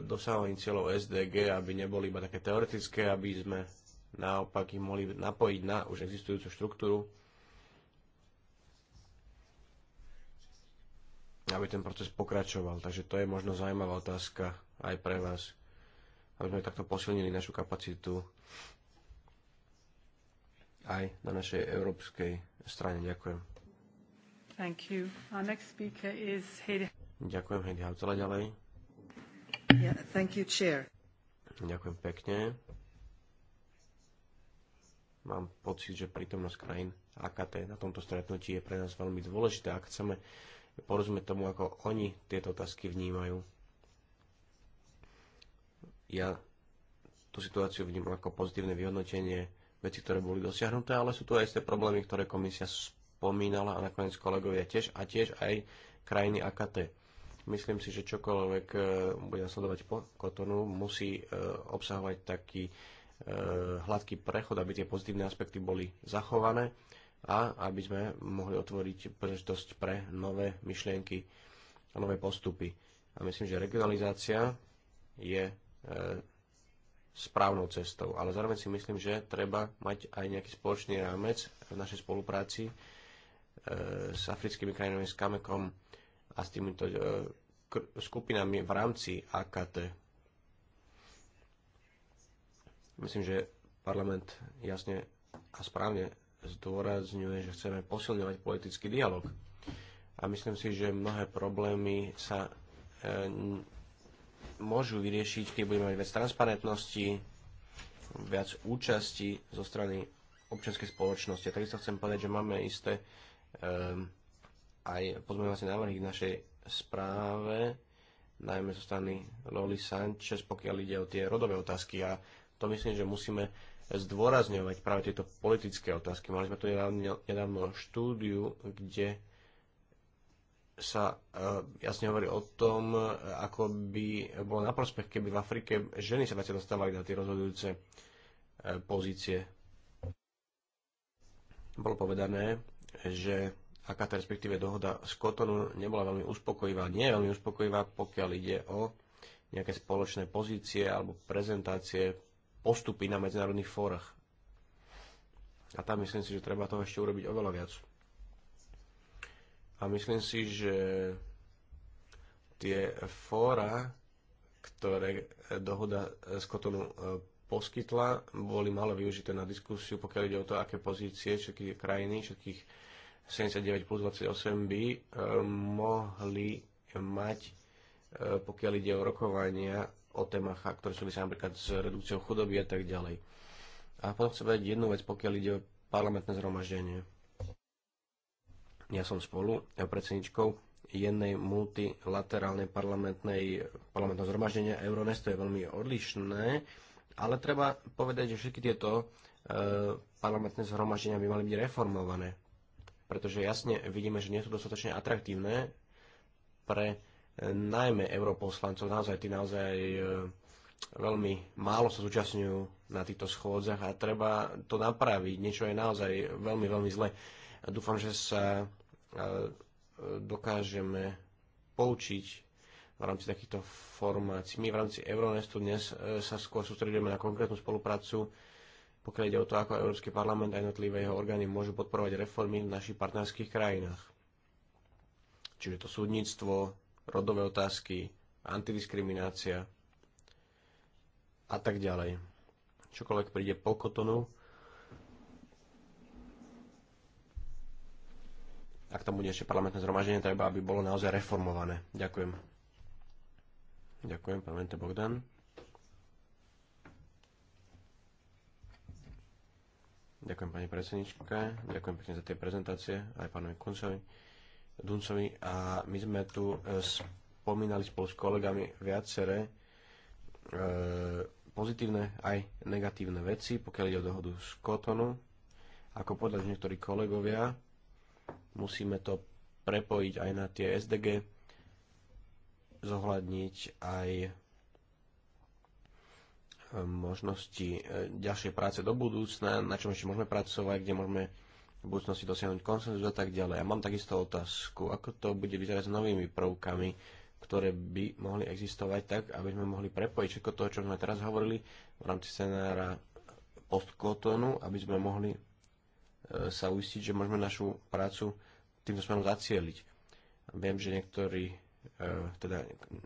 dosahovaní cieľov SDG, aby neboli iba také teoretické, aby sme naopak ich mohli napojiť na už existujúcu štruktúru, aby ten proces pokračoval. Takže to je možno zaujímavá otázka aj pre vás, aby sme takto posilnili našu kapacitu aj na našej európskej strane. Ďakujem. Thank you. Our next speaker is Heidi. Ďakujem, Heidi Hautala ďalej. Yeah, thank you, chair. Ďakujem pekne. Mám pocit, že prítomnosť krajín AKT na tomto stretnutí je pre nás veľmi dôležité, ak chceme porozumieť tomu, ako oni tieto otázky vnímajú. Ja tú situáciu vnímam ako pozitívne vyhodnotenie veci, ktoré boli dosiahnuté, ale sú tu aj isté problémy, ktoré komisia spomínala a nakoniec kolegovia tiež a tiež aj krajiny AKT. Myslím si, že čokoľvek e, bude nasledovať po Kotonu, musí e, obsahovať taký e, hladký prechod, aby tie pozitívne aspekty boli zachované a aby sme mohli otvoriť príležitosť pre nové myšlienky a nové postupy. A myslím, že regionalizácia je správnou cestou, ale zároveň si myslím, že treba mať aj nejaký spoločný rámec v našej spolupráci E, s africkými krajinami, s Kamekom a s týmito e, skupinami v rámci AKT. Myslím, že parlament jasne a správne zdôrazňuje, že chceme posilňovať politický dialog. A myslím si, že mnohé problémy sa e, môžu vyriešiť, keď budeme mať viac transparentnosti, viac účasti zo strany občianskej spoločnosti. A takisto chcem povedať, že máme isté Ehm, aj pozmeňovacie návrhy k našej správe, najmä zo strany Loli Sanchez, pokiaľ ide o tie rodové otázky. A to myslím, že musíme zdôrazňovať práve tieto politické otázky. Mali sme tu nedávno, nedávno štúdiu, kde sa e, jasne hovorí o tom, e, ako by bolo na prospech, keby v Afrike ženy sa viacej dostávali na tie rozhodujúce e, pozície. Bolo povedané, že aká tá respektíve dohoda z Kotonu nebola veľmi uspokojivá, nie je veľmi uspokojivá, pokiaľ ide o nejaké spoločné pozície alebo prezentácie postupy na medzinárodných fórach. A tam myslím si, že treba toho ešte urobiť oveľa viac. A myslím si, že tie fóra, ktoré dohoda z Kotonu e, poskytla, boli malo využité na diskusiu, pokiaľ ide o to, aké pozície všetky krajiny, všetkých 79 plus 28 by eh, mohli mať, eh, pokiaľ ide o rokovania o témach, ktoré súvisia napríklad s redukciou chudoby a tak ďalej. A potom chcem vedieť jednu vec, pokiaľ ide o parlamentné zhromaždenie. Ja som spolu ja predsedničkou jednej multilaterálnej parlamentnej eh, parlamentného zhromaždenia Euronest, to je veľmi odlišné ale treba povedať, že všetky tieto e, parlamentné zhromaždenia by mali byť reformované. Pretože jasne vidíme, že nie sú dostatočne atraktívne pre e, najmä europoslancov. Naozaj tí naozaj e, veľmi málo sa zúčastňujú na týchto schôdzach a treba to napraviť. Niečo je naozaj veľmi, veľmi zle. Dúfam, že sa dokážeme poučiť v rámci takýchto formácií. My v rámci Euronestu dnes e, sa skôr sústredujeme na konkrétnu spoluprácu, pokiaľ ide o to, ako Európsky parlament a jednotlivé jeho orgány môžu podporovať reformy v našich partnerských krajinách. Čiže to súdnictvo, rodové otázky, antidiskriminácia a tak ďalej. Čokoľvek príde po kotonu, ak tam bude ešte parlamentné zhromaždenie, treba, aby bolo naozaj reformované. Ďakujem. Ďakujem, pán Vente Bogdan. Ďakujem pani predsednička, ďakujem pekne za tie prezentácie, aj pánovi Kuncovi, Duncovi. A my sme tu e, spomínali spolu s kolegami viaceré e, pozitívne aj negatívne veci, pokiaľ ide o dohodu z Kotonu. Ako povedali niektorí kolegovia, musíme to prepojiť aj na tie SDG zohľadniť aj e, možnosti e, ďalšej práce do budúcna, na čom ešte môžeme pracovať, kde môžeme v budúcnosti dosiahnuť konsenzus a tak ďalej. A mám takisto otázku, ako to bude vyzerať s novými prvkami, ktoré by mohli existovať tak, aby sme mohli prepojiť všetko to, čo sme teraz hovorili v rámci scenára postkotonu, aby sme mohli e, sa uistiť, že môžeme našu prácu týmto smerom zacieliť. Viem, že niektorí E, teda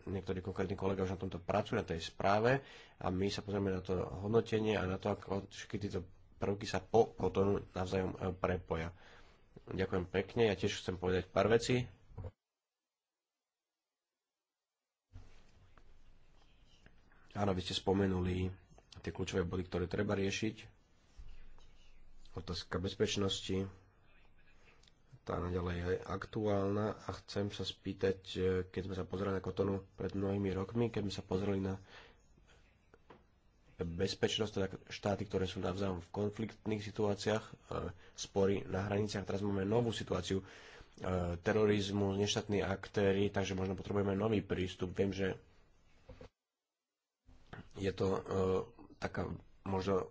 niektorí konkrétni kolega už na tomto pracujú, na tej správe a my sa pozrieme na to hodnotenie a na to, ako všetky tieto prvky sa po, potom navzájom e, prepoja. Ďakujem pekne, ja tiež chcem povedať pár vecí. Áno, vy ste spomenuli tie kľúčové body, ktoré treba riešiť. Otázka bezpečnosti, tá naďalej je aktuálna a chcem sa spýtať, e, keď sme sa pozerali na Kotonu pred mnohými rokmi, keď sme sa pozreli na bezpečnosť, teda štáty, ktoré sú navzájom v konfliktných situáciách, e, spory na hraniciach. Teraz máme novú situáciu e, terorizmu, neštátni aktéry, takže možno potrebujeme nový prístup. Viem, že je to taká možno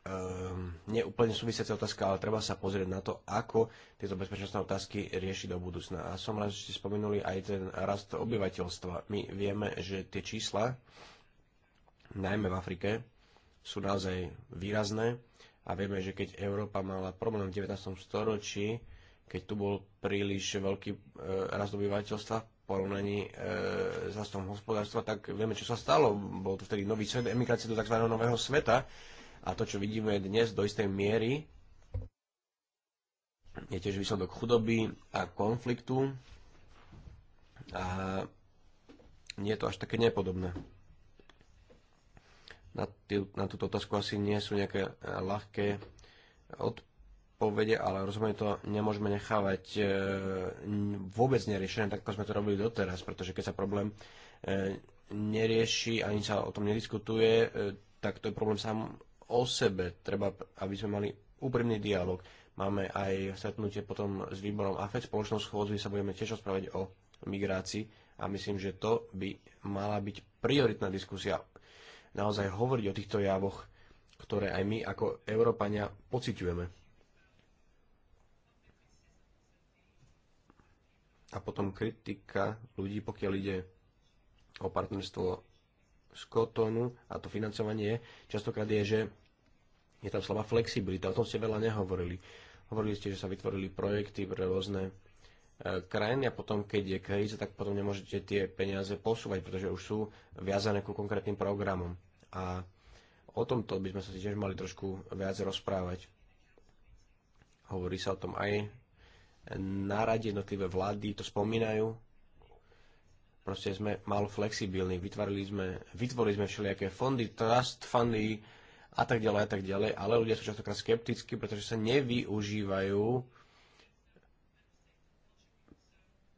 um, ehm, neúplne súvisiaca otázka, ale treba sa pozrieť na to, ako tieto bezpečnostné otázky riešiť do budúcna. A som rád, že ste spomenuli aj ten rast obyvateľstva. My vieme, že tie čísla, najmä v Afrike, sú naozaj výrazné a vieme, že keď Európa mala problém v 19. storočí, keď tu bol príliš veľký e, rast obyvateľstva v porovnaní e, s rastom hospodárstva, tak vieme, čo sa stalo. Bol to vtedy nový svet, emigrácia do tzv. nového sveta a to, čo vidíme dnes do istej miery, je tiež výsledok chudoby a konfliktu a nie je to až také nepodobné. Na, tý, na túto otázku asi nie sú nejaké e, ľahké odpovede, ale rozumiem to nemôžeme nechávať e, vôbec neriešené, tak ako sme to robili doteraz, pretože keď sa problém e, nerieši, ani sa o tom nediskutuje, e, tak to je problém sám o sebe. Treba, aby sme mali úprimný dialog. Máme aj stretnutie potom s výborom AFED, spoločnosť schôdzu, sa budeme tiež rozprávať o migrácii a myslím, že to by mala byť prioritná diskusia. Naozaj hovoriť o týchto javoch, ktoré aj my ako Európania pociťujeme. a potom kritika ľudí, pokiaľ ide o partnerstvo z Kotonu a to financovanie častokrát je, že je tam slova flexibilita. O tom ste veľa nehovorili. Hovorili ste, že sa vytvorili projekty pre rôzne e, krajiny a potom, keď je kríza, tak potom nemôžete tie peniaze posúvať, pretože už sú viazané ku konkrétnym programom. A o tomto by sme sa tiež mali trošku viac rozprávať. Hovorí sa o tom aj na rade jednotlivé vlády, to spomínajú. Proste sme málo flexibilní, vytvorili sme, vytvorili sme všelijaké fondy, trust fundy, a tak ďalej a tak ďalej, ale ľudia sú častokrát skeptickí, pretože sa nevyužívajú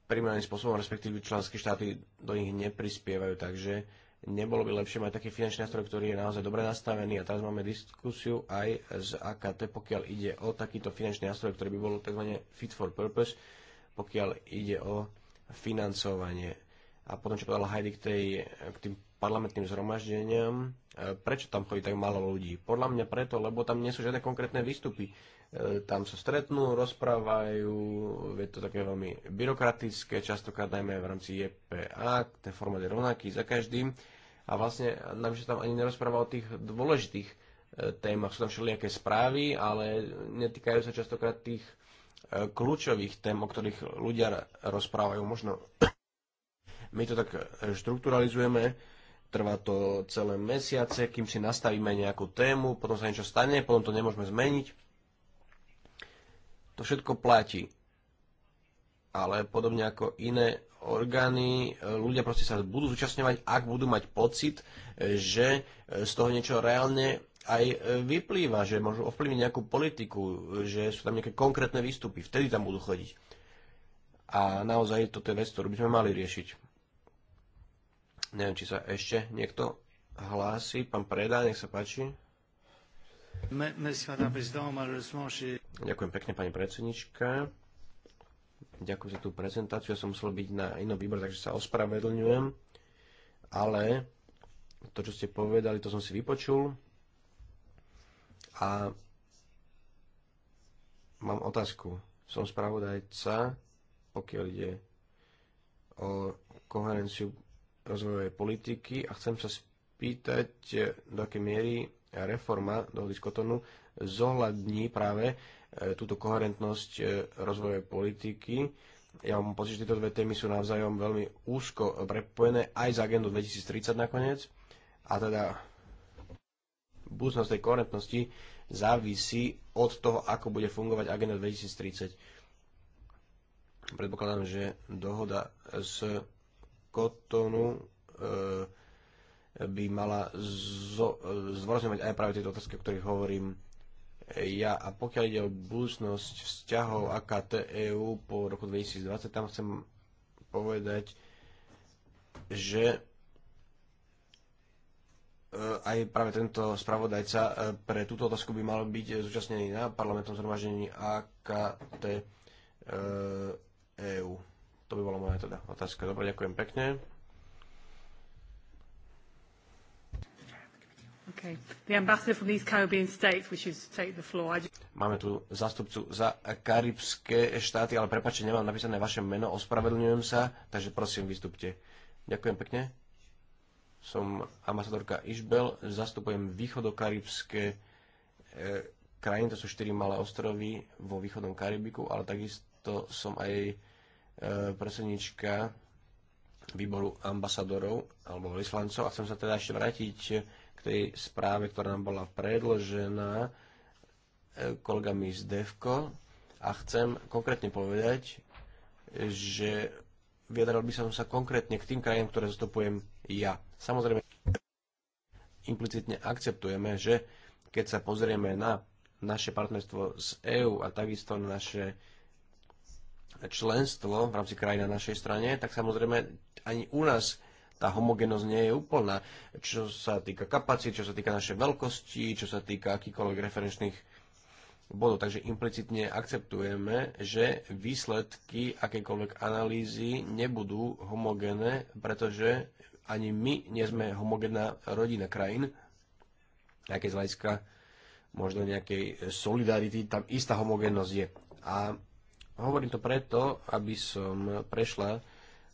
primárnym spôsobom, respektíve členské štáty do nich neprispievajú, takže nebolo by lepšie mať taký finančný nástroj, ktorý je naozaj dobre nastavený a teraz máme diskusiu aj z AKT, pokiaľ ide o takýto finančný nástroj, ktorý by bol tzv. fit for purpose, pokiaľ ide o financovanie. A potom, čo povedala Heidi k, tej, k tým parlamentným zhromaždeniam. E, prečo tam chodí tak málo ľudí? Podľa mňa preto, lebo tam nie sú žiadne konkrétne výstupy. E, tam sa stretnú, rozprávajú, je to také veľmi byrokratické, častokrát najmä v rámci EPA, ten formát je rovnaký za každým. A vlastne nám sa tam ani nerozpráva o tých dôležitých e, témach. Sú tam všelijaké správy, ale netýkajú sa častokrát tých kľúčových tém, o ktorých ľudia rozprávajú. Možno my to tak štrukturalizujeme trvá to celé mesiace, kým si nastavíme nejakú tému, potom sa niečo stane, potom to nemôžeme zmeniť. To všetko platí. Ale podobne ako iné orgány, ľudia proste sa budú zúčastňovať, ak budú mať pocit, že z toho niečo reálne aj vyplýva, že môžu ovplyvniť nejakú politiku, že sú tam nejaké konkrétne výstupy, vtedy tam budú chodiť. A naozaj toto je vec, ktorú by sme mali riešiť. Neviem, či sa ešte niekto hlási. Pán Preda, nech sa páči. Ďakujem pekne, pani predsednička. Ďakujem za tú prezentáciu. Ja som musel byť na inom výbor, takže sa ospravedlňujem. Ale to, čo ste povedali, to som si vypočul. A mám otázku. Som spravodajca, pokiaľ ide o koherenciu rozvojovej politiky a chcem sa spýtať, e, do akej miery reforma dohody z Kotonu zohľadní práve e, túto koherentnosť e, rozvojovej politiky. Ja mám pocit, že tieto dve témy sú navzájom veľmi úzko prepojené aj z agendu 2030 nakoniec. A teda budúcnosť tej koherentnosti závisí od toho, ako bude fungovať agenda 2030. Predpokladám, že dohoda s Kotonu e, by mala zdôrazňovať aj práve tieto otázky, o ktorých hovorím ja. A pokiaľ ide o budúcnosť vzťahov AKT EU po roku 2020, tam chcem povedať, že e, aj práve tento spravodajca e, pre túto otázku by mal byť zúčastnený na parlamentnom zhromaždení AKT EU. To by bola moja teda otázka. Dobre, ďakujem pekne. Okay. The ambassador from these Caribbean states wishes to take the floor. just... Máme tu zástupcu za karibské štáty, ale prepáčte, nemám napísané vaše meno, ospravedlňujem sa, takže prosím, vystupte. Ďakujem pekne. Som ambasadorka Išbel, zastupujem východokaribské e, krajiny, to sú štyri malé ostrovy vo východnom Karibiku, ale takisto som aj E, predsednička výboru ambasadorov alebo vyslancov. A chcem sa teda ešte vrátiť k tej správe, ktorá nám bola predložená e, kolegami z DEVKO a chcem konkrétne povedať, že vyjadral by som sa konkrétne k tým krajinám, ktoré zastupujem ja. Samozrejme, implicitne akceptujeme, že keď sa pozrieme na naše partnerstvo s EÚ a takisto na naše členstvo v rámci krajín na našej strane, tak samozrejme ani u nás tá homogenosť nie je úplná. Čo sa týka kapacity, čo sa týka našej veľkosti, čo sa týka akýkoľvek referenčných bodov. Takže implicitne akceptujeme, že výsledky akékoľvek analýzy nebudú homogénne, pretože ani my nie sme homogénna rodina krajín, aj z hľadiska možno nejakej solidarity tam istá homogénnosť je. A Hovorím to preto, aby som prešla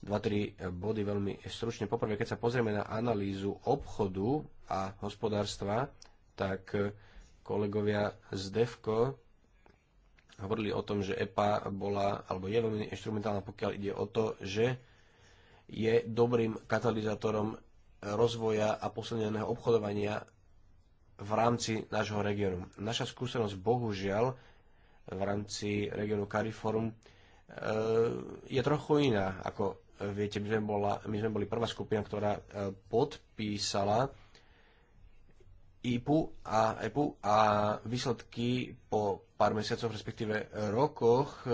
2-3 body veľmi stručne. Poprvé, keď sa pozrieme na analýzu obchodu a hospodárstva, tak kolegovia z DEFCO hovorili o tom, že EPA bola, alebo je veľmi instrumentálna, pokiaľ ide o to, že je dobrým katalizátorom rozvoja a posilneného obchodovania v rámci nášho regiónu. Naša skúsenosť bohužiaľ v rámci regionu Cariforum e, je trochu iná. Ako viete, my sme, bola, my sme boli prvá skupina, ktorá e, podpísala IPU a EPU a výsledky po pár mesiacoch, respektíve rokoch e,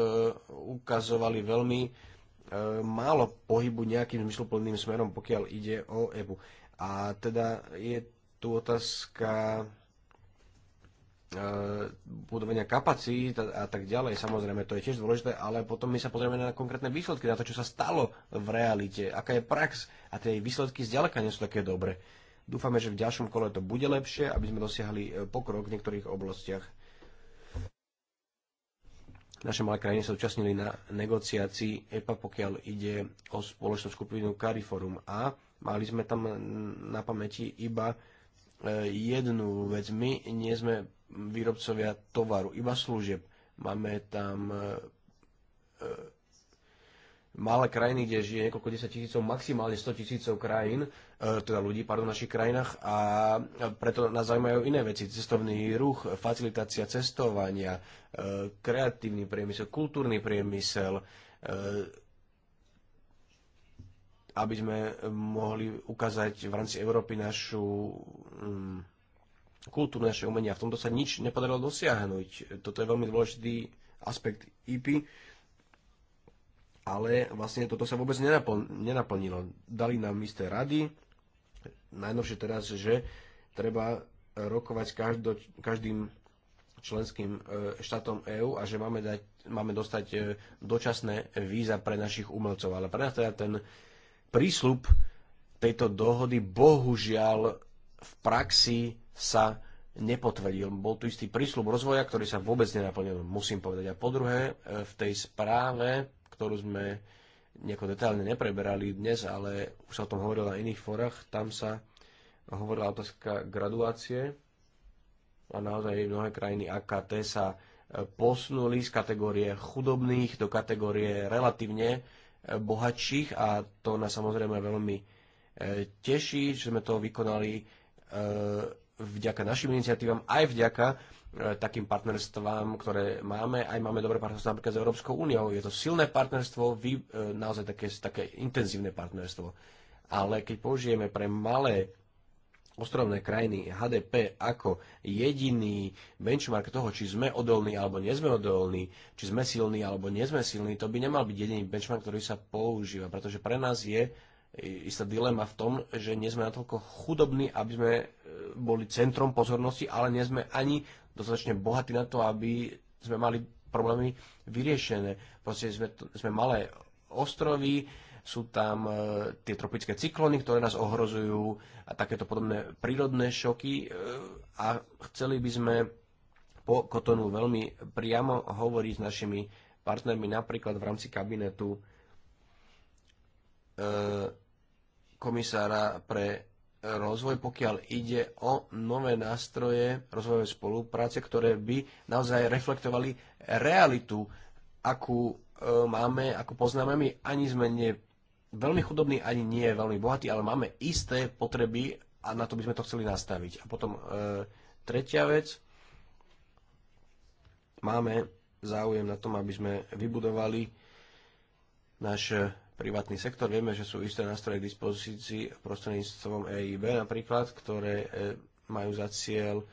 ukazovali veľmi málo pohybu nejakým zmysluplným smerom, pokiaľ ide o EPU. A teda je tu otázka E, budovania kapacít a, a tak ďalej. Samozrejme, to je tiež dôležité, ale potom my sa pozrieme na konkrétne výsledky, na to, čo sa stalo v realite, aká je prax a tie výsledky zďaleka nie sú také dobré. Dúfame, že v ďalšom kole to bude lepšie, aby sme dosiahli e, pokrok v niektorých oblastiach. Naše malé krajiny sa účastnili na negociácii EPA, pokiaľ ide o spoločnú skupinu Cariforum a mali sme tam na pamäti iba E, jednu vec. My nie sme výrobcovia tovaru, iba služieb. Máme tam e, e, malé krajiny, kde žije niekoľko 10 tisícov, maximálne 100 tisícov krajín, teda ľudí, pardon, v našich krajinách a preto nás zaujímajú iné veci. Cestovný ruch, facilitácia cestovania, kreatívny priemysel, kultúrny priemysel, aby sme mohli ukázať v rámci Európy našu um, kultúru, naše umenia. V tomto sa nič nepodarilo dosiahnuť. Toto je veľmi dôležitý aspekt IP, ale vlastne toto sa vôbec nenaplnilo. Dali nám isté rady, najnovšie teraz, že treba rokovať s každo, každým členským e, štátom EÚ a že máme, dať, máme dostať e, dočasné víza pre našich umelcov. Ale pre nás teda ten prísľub tejto dohody bohužiaľ v praxi sa nepotvrdil. Bol tu istý prísľub rozvoja, ktorý sa vôbec nenaplnil, musím povedať. A po druhé, e, v tej správe, ktorú sme nejako detálne nepreberali dnes, ale už sa o tom hovorilo na iných forách, tam sa hovorila otázka graduácie a naozaj mnohé krajiny AKT sa e, posunuli z kategórie chudobných do kategórie relatívne bohatších a to nás samozrejme veľmi e, teší, že sme to vykonali e, vďaka našim iniciatívam, aj vďaka e, takým partnerstvám, ktoré máme. Aj máme dobré partnerstvo napríklad s Európskou úniou. Je to silné partnerstvo, vy, naozaj také, také intenzívne partnerstvo. Ale keď použijeme pre malé ostrovné krajiny HDP ako jediný benchmark toho, či sme odolní alebo nie sme odolní, či sme silní alebo nie sme silní, to by nemal byť jediný benchmark, ktorý sa používa, pretože pre nás je istá dilema v tom, že nie sme natoľko chudobní, aby sme e, boli centrom pozornosti, ale nie sme ani dostatočne bohatí na to, aby sme mali problémy vyriešené. Proste sme, sme malé ostrovy, sú tam e, tie tropické cyklóny, ktoré nás ohrozujú a takéto podobné prírodné šoky e, a chceli by sme po Kotonu veľmi priamo hovoriť s našimi partnermi napríklad v rámci kabinetu e, komisára pre rozvoj, pokiaľ ide o nové nástroje rozvojovej spolupráce, ktoré by naozaj reflektovali realitu, akú máme, ako poznáme my. Ani sme ne, veľmi chudobný, ani nie je veľmi bohatý, ale máme isté potreby a na to by sme to chceli nastaviť. A potom e, tretia vec, máme záujem na tom, aby sme vybudovali náš privátny sektor. Vieme, že sú isté nástroje k dispozícii prostredníctvom EIB napríklad, ktoré e, majú za cieľ e,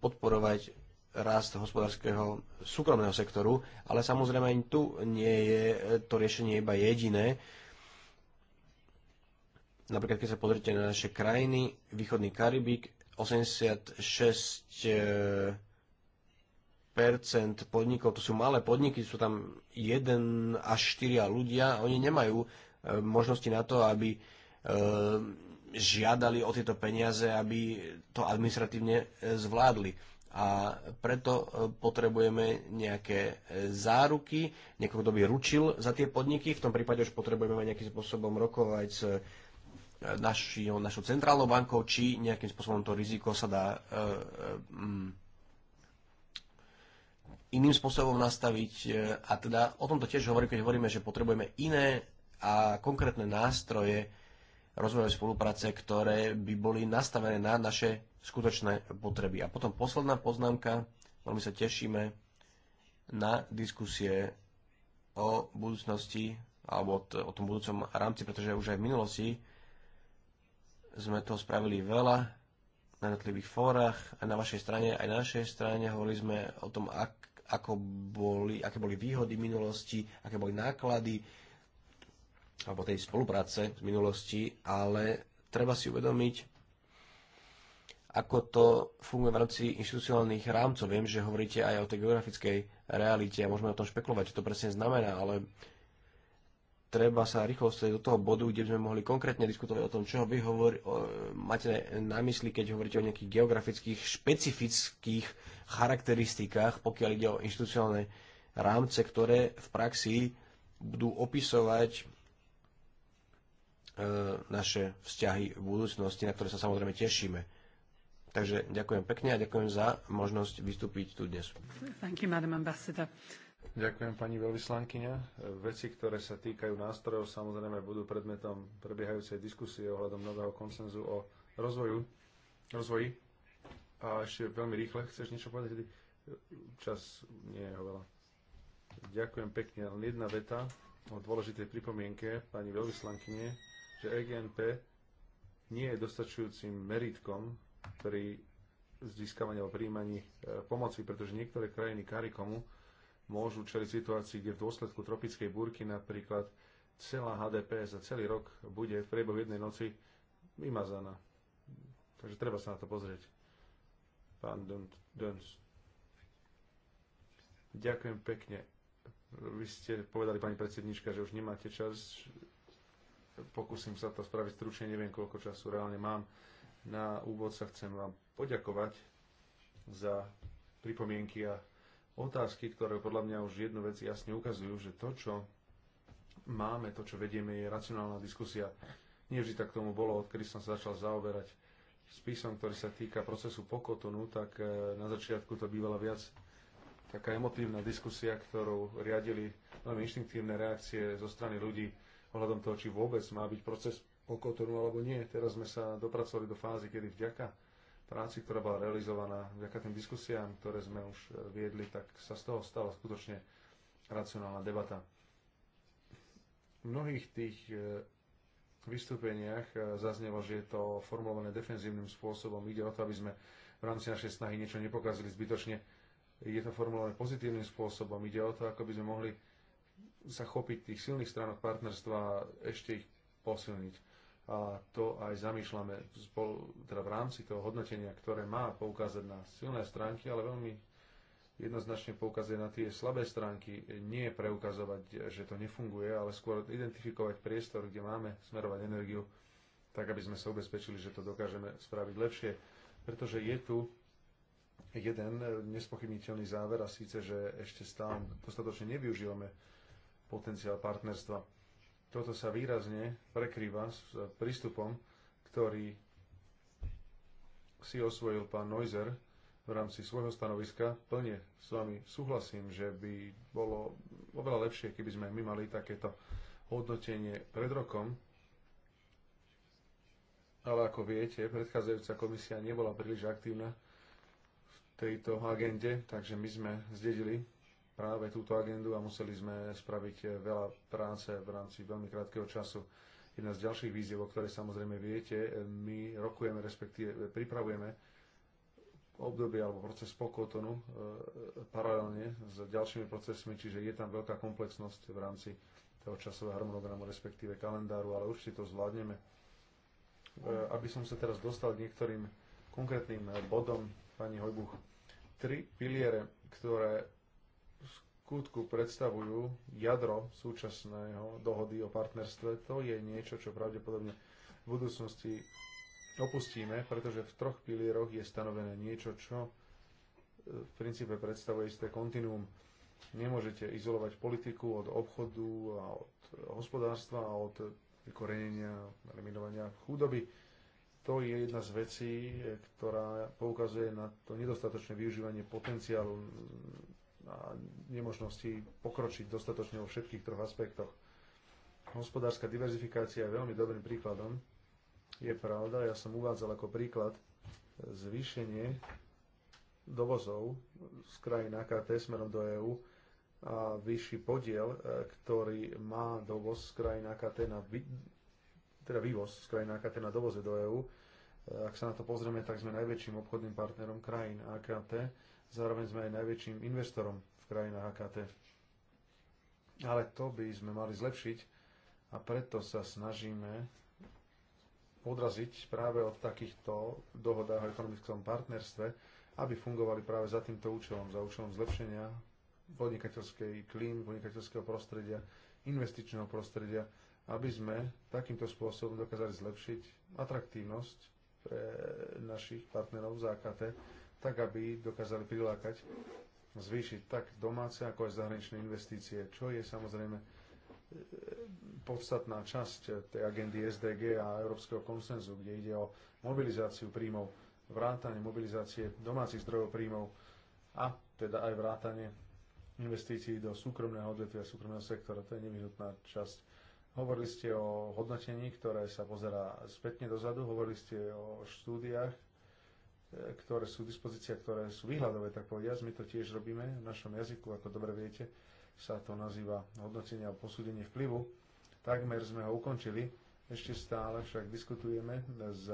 podporovať rast hospodárskeho súkromného sektoru, ale samozrejme ani tu nie je e, to riešenie iba jediné. Napríklad, keď sa pozrite na naše krajiny, východný Karibik, 86% eh, podnikov, to sú malé podniky, sú tam 1 až 4 ľudia, oni nemajú eh, možnosti na to, aby eh, žiadali o tieto peniaze, aby to administratívne zvládli. A preto potrebujeme nejaké záruky, niekoho, kto by ručil za tie podniky, v tom prípade už potrebujeme nejakým spôsobom rokovať s našou, našou centrálnou bankou, či nejakým spôsobom to riziko sa dá e, e, mm, iným spôsobom nastaviť. E, a teda o tomto tiež hovorím, keď hovoríme, že potrebujeme iné a konkrétne nástroje rozvojovej spolupráce, ktoré by boli nastavené na naše skutočné potreby. A potom posledná poznámka, veľmi sa tešíme na diskusie o budúcnosti alebo o tom budúcom rámci, pretože už aj v minulosti sme toho spravili veľa na jednotlivých fórach, aj na vašej strane, aj na našej strane. Hovorili sme o tom, ak, ako boli, aké boli výhody minulosti, aké boli náklady alebo tej spolupráce z minulosti, ale treba si uvedomiť, ako to funguje v rámci inštitucionálnych rámcov. Viem, že hovoríte aj o tej geografickej realite a môžeme o tom špekulovať, čo to presne znamená, ale treba sa rýchlo dostať do toho bodu, kde by sme mohli konkrétne diskutovať o tom, čo vy hovor, o, máte na mysli, keď hovoríte o nejakých geografických, špecifických charakteristikách, pokiaľ ide o inštitucionálne rámce, ktoré v praxi budú opisovať e, naše vzťahy v budúcnosti, na ktoré sa samozrejme tešíme. Takže ďakujem pekne a ďakujem za možnosť vystúpiť tu dnes. Thank you, Madam Ambassador. Ďakujem pani veľvyslankyňa. Veci, ktoré sa týkajú nástrojov, samozrejme budú predmetom prebiehajúcej diskusie ohľadom nového konsenzu o rozvoju, rozvoji. A ešte veľmi rýchle, chceš niečo povedať? Čas nie je veľa. Ďakujem pekne. Len jedna veta o dôležitej pripomienke pani veľvyslankyne, že EGNP nie je dostačujúcim meritkom pri získavaní alebo príjmaní eh, pomoci, pretože niektoré krajiny Karikomu môžu čeliť situácii, kde v dôsledku tropickej búrky napríklad celá HDP za celý rok bude v priebehu jednej noci vymazaná. Takže treba sa na to pozrieť. Pán Döns. Ďakujem pekne. Vy ste povedali, pani predsednička, že už nemáte čas. Pokúsim sa to spraviť stručne, neviem, koľko času reálne mám. Na úvod sa chcem vám poďakovať za pripomienky a otázky, ktoré podľa mňa už jednu vec jasne ukazujú, že to, čo máme, to, čo vedieme, je racionálna diskusia. Nie vždy tak tomu bolo, odkedy som sa začal zaoberať spisom, ktorý sa týka procesu pokotonu, tak e, na začiatku to bývala viac taká emotívna diskusia, ktorou riadili veľmi inštinktívne reakcie zo strany ľudí ohľadom toho, či vôbec má byť proces pokotonu alebo nie. Teraz sme sa dopracovali do fázy, kedy vďaka práci, ktorá bola realizovaná, vďaka tým diskusiám, ktoré sme už e, viedli, tak sa z toho stala skutočne racionálna debata. V mnohých tých e, vystúpeniach e, zaznelo, že je to formulované defenzívnym spôsobom. Ide o to, aby sme v rámci našej snahy niečo nepokazili zbytočne. Je to formulované pozitívnym spôsobom. Ide o to, ako by sme mohli sa chopiť tých silných stránok partnerstva a ešte ich posilniť a to aj zamýšľame spolu, teda v rámci toho hodnotenia, ktoré má poukázať na silné stránky, ale veľmi jednoznačne poukazuje na tie slabé stránky, nie preukazovať, že to nefunguje, ale skôr identifikovať priestor, kde máme smerovať energiu, tak aby sme sa ubezpečili, že to dokážeme spraviť lepšie, pretože je tu jeden nespochybniteľný záver a síce, že ešte stále dostatočne nevyužívame potenciál partnerstva toto sa výrazne prekrýva s prístupom, ktorý si osvojil pán Neuser v rámci svojho stanoviska. Plne s vami súhlasím, že by bolo oveľa lepšie, keby sme my mali takéto hodnotenie pred rokom. Ale ako viete, predchádzajúca komisia nebola príliš aktívna v tejto agende, takže my sme zdedili práve túto agendu a museli sme spraviť eh, veľa práce v rámci veľmi krátkeho času. Jedna z ďalších víziev, o ktorej samozrejme viete, eh, my rokujeme, respektíve eh, pripravujeme obdobie alebo proces pokotonu e, paralelne s ďalšími procesmi, čiže je tam veľká komplexnosť v rámci toho časového harmonogramu, respektíve kalendáru, ale určite to zvládneme. E, aby som sa teraz dostal k niektorým konkrétnym bodom, pani Hojbuch, tri piliere, ktoré kútku predstavujú jadro súčasného dohody o partnerstve. To je niečo, čo pravdepodobne v budúcnosti opustíme, pretože v troch pilieroch je stanovené niečo, čo e, v princípe predstavuje isté kontinuum. Nemôžete izolovať politiku od obchodu a od hospodárstva a od vykorenenia, eliminovania chudoby. To je jedna z vecí, ktorá poukazuje na to nedostatočné využívanie potenciálu a nemožnosti pokročiť dostatočne vo všetkých troch aspektoch. Hospodárska diverzifikácia je veľmi dobrým príkladom. Je pravda, ja som uvádzal ako príklad zvýšenie dovozov z krajín AKT smerom do EÚ a vyšší podiel, e, ktorý má dovoz z krajín AKT na teda vývoz z krajín AKT na dovoze do EÚ. E, ak sa na to pozrieme, tak sme najväčším obchodným partnerom krajín AKT Zároveň sme aj najväčším investorom v krajinách AKT. Ale to by sme mali zlepšiť a preto sa snažíme odraziť práve od takýchto dohodách o ekonomickom partnerstve, aby fungovali práve za týmto účelom, za účelom zlepšenia podnikateľskej klímy, podnikateľského prostredia, investičného prostredia, aby sme takýmto spôsobom dokázali zlepšiť atraktívnosť pre našich partnerov z AKT tak aby dokázali prilákať, zvýšiť tak domáce, ako aj zahraničné investície, čo je samozrejme e, podstatná časť tej agendy SDG a Európskeho konsenzu, kde ide o mobilizáciu príjmov, vrátanie mobilizácie domácich zdrojov príjmov a teda aj vrátanie investícií do súkromného odvetvia, súkromného sektora. To je nevyhnutná časť. Hovorili ste o hodnotení, ktoré sa pozerá spätne dozadu, hovorili ste o štúdiách, ktoré sú dispozícia, ktoré sú výhľadové, tak povediať. My to tiež robíme v našom jazyku, ako dobre viete, sa to nazýva hodnotenie a posúdenie vplyvu. Takmer sme ho ukončili, ešte stále však diskutujeme s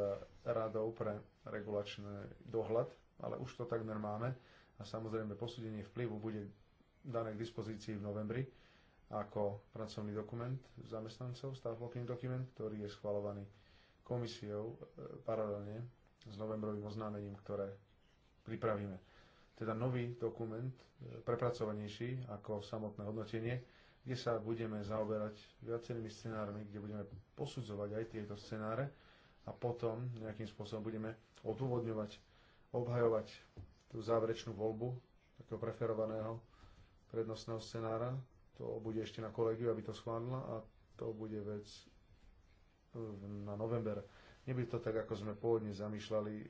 radou pre regulačný dohľad, ale už to takmer máme a samozrejme posúdenie vplyvu bude dané k dispozícii v novembri ako pracovný dokument zamestnancov, staff working document, ktorý je schvalovaný komisiou e, paralelne s novembrovým oznámením, ktoré pripravíme. Teda nový dokument, e, prepracovanejší ako samotné hodnotenie, kde sa budeme zaoberať viacerými scenármi, kde budeme posudzovať aj tieto scenáre a potom nejakým spôsobom budeme odôvodňovať, obhajovať tú záverečnú voľbu takého preferovaného prednostného scenára. To bude ešte na kolegiu, aby to schválila a to bude vec e, na november Nebude to tak, ako sme pôvodne zamýšľali, e,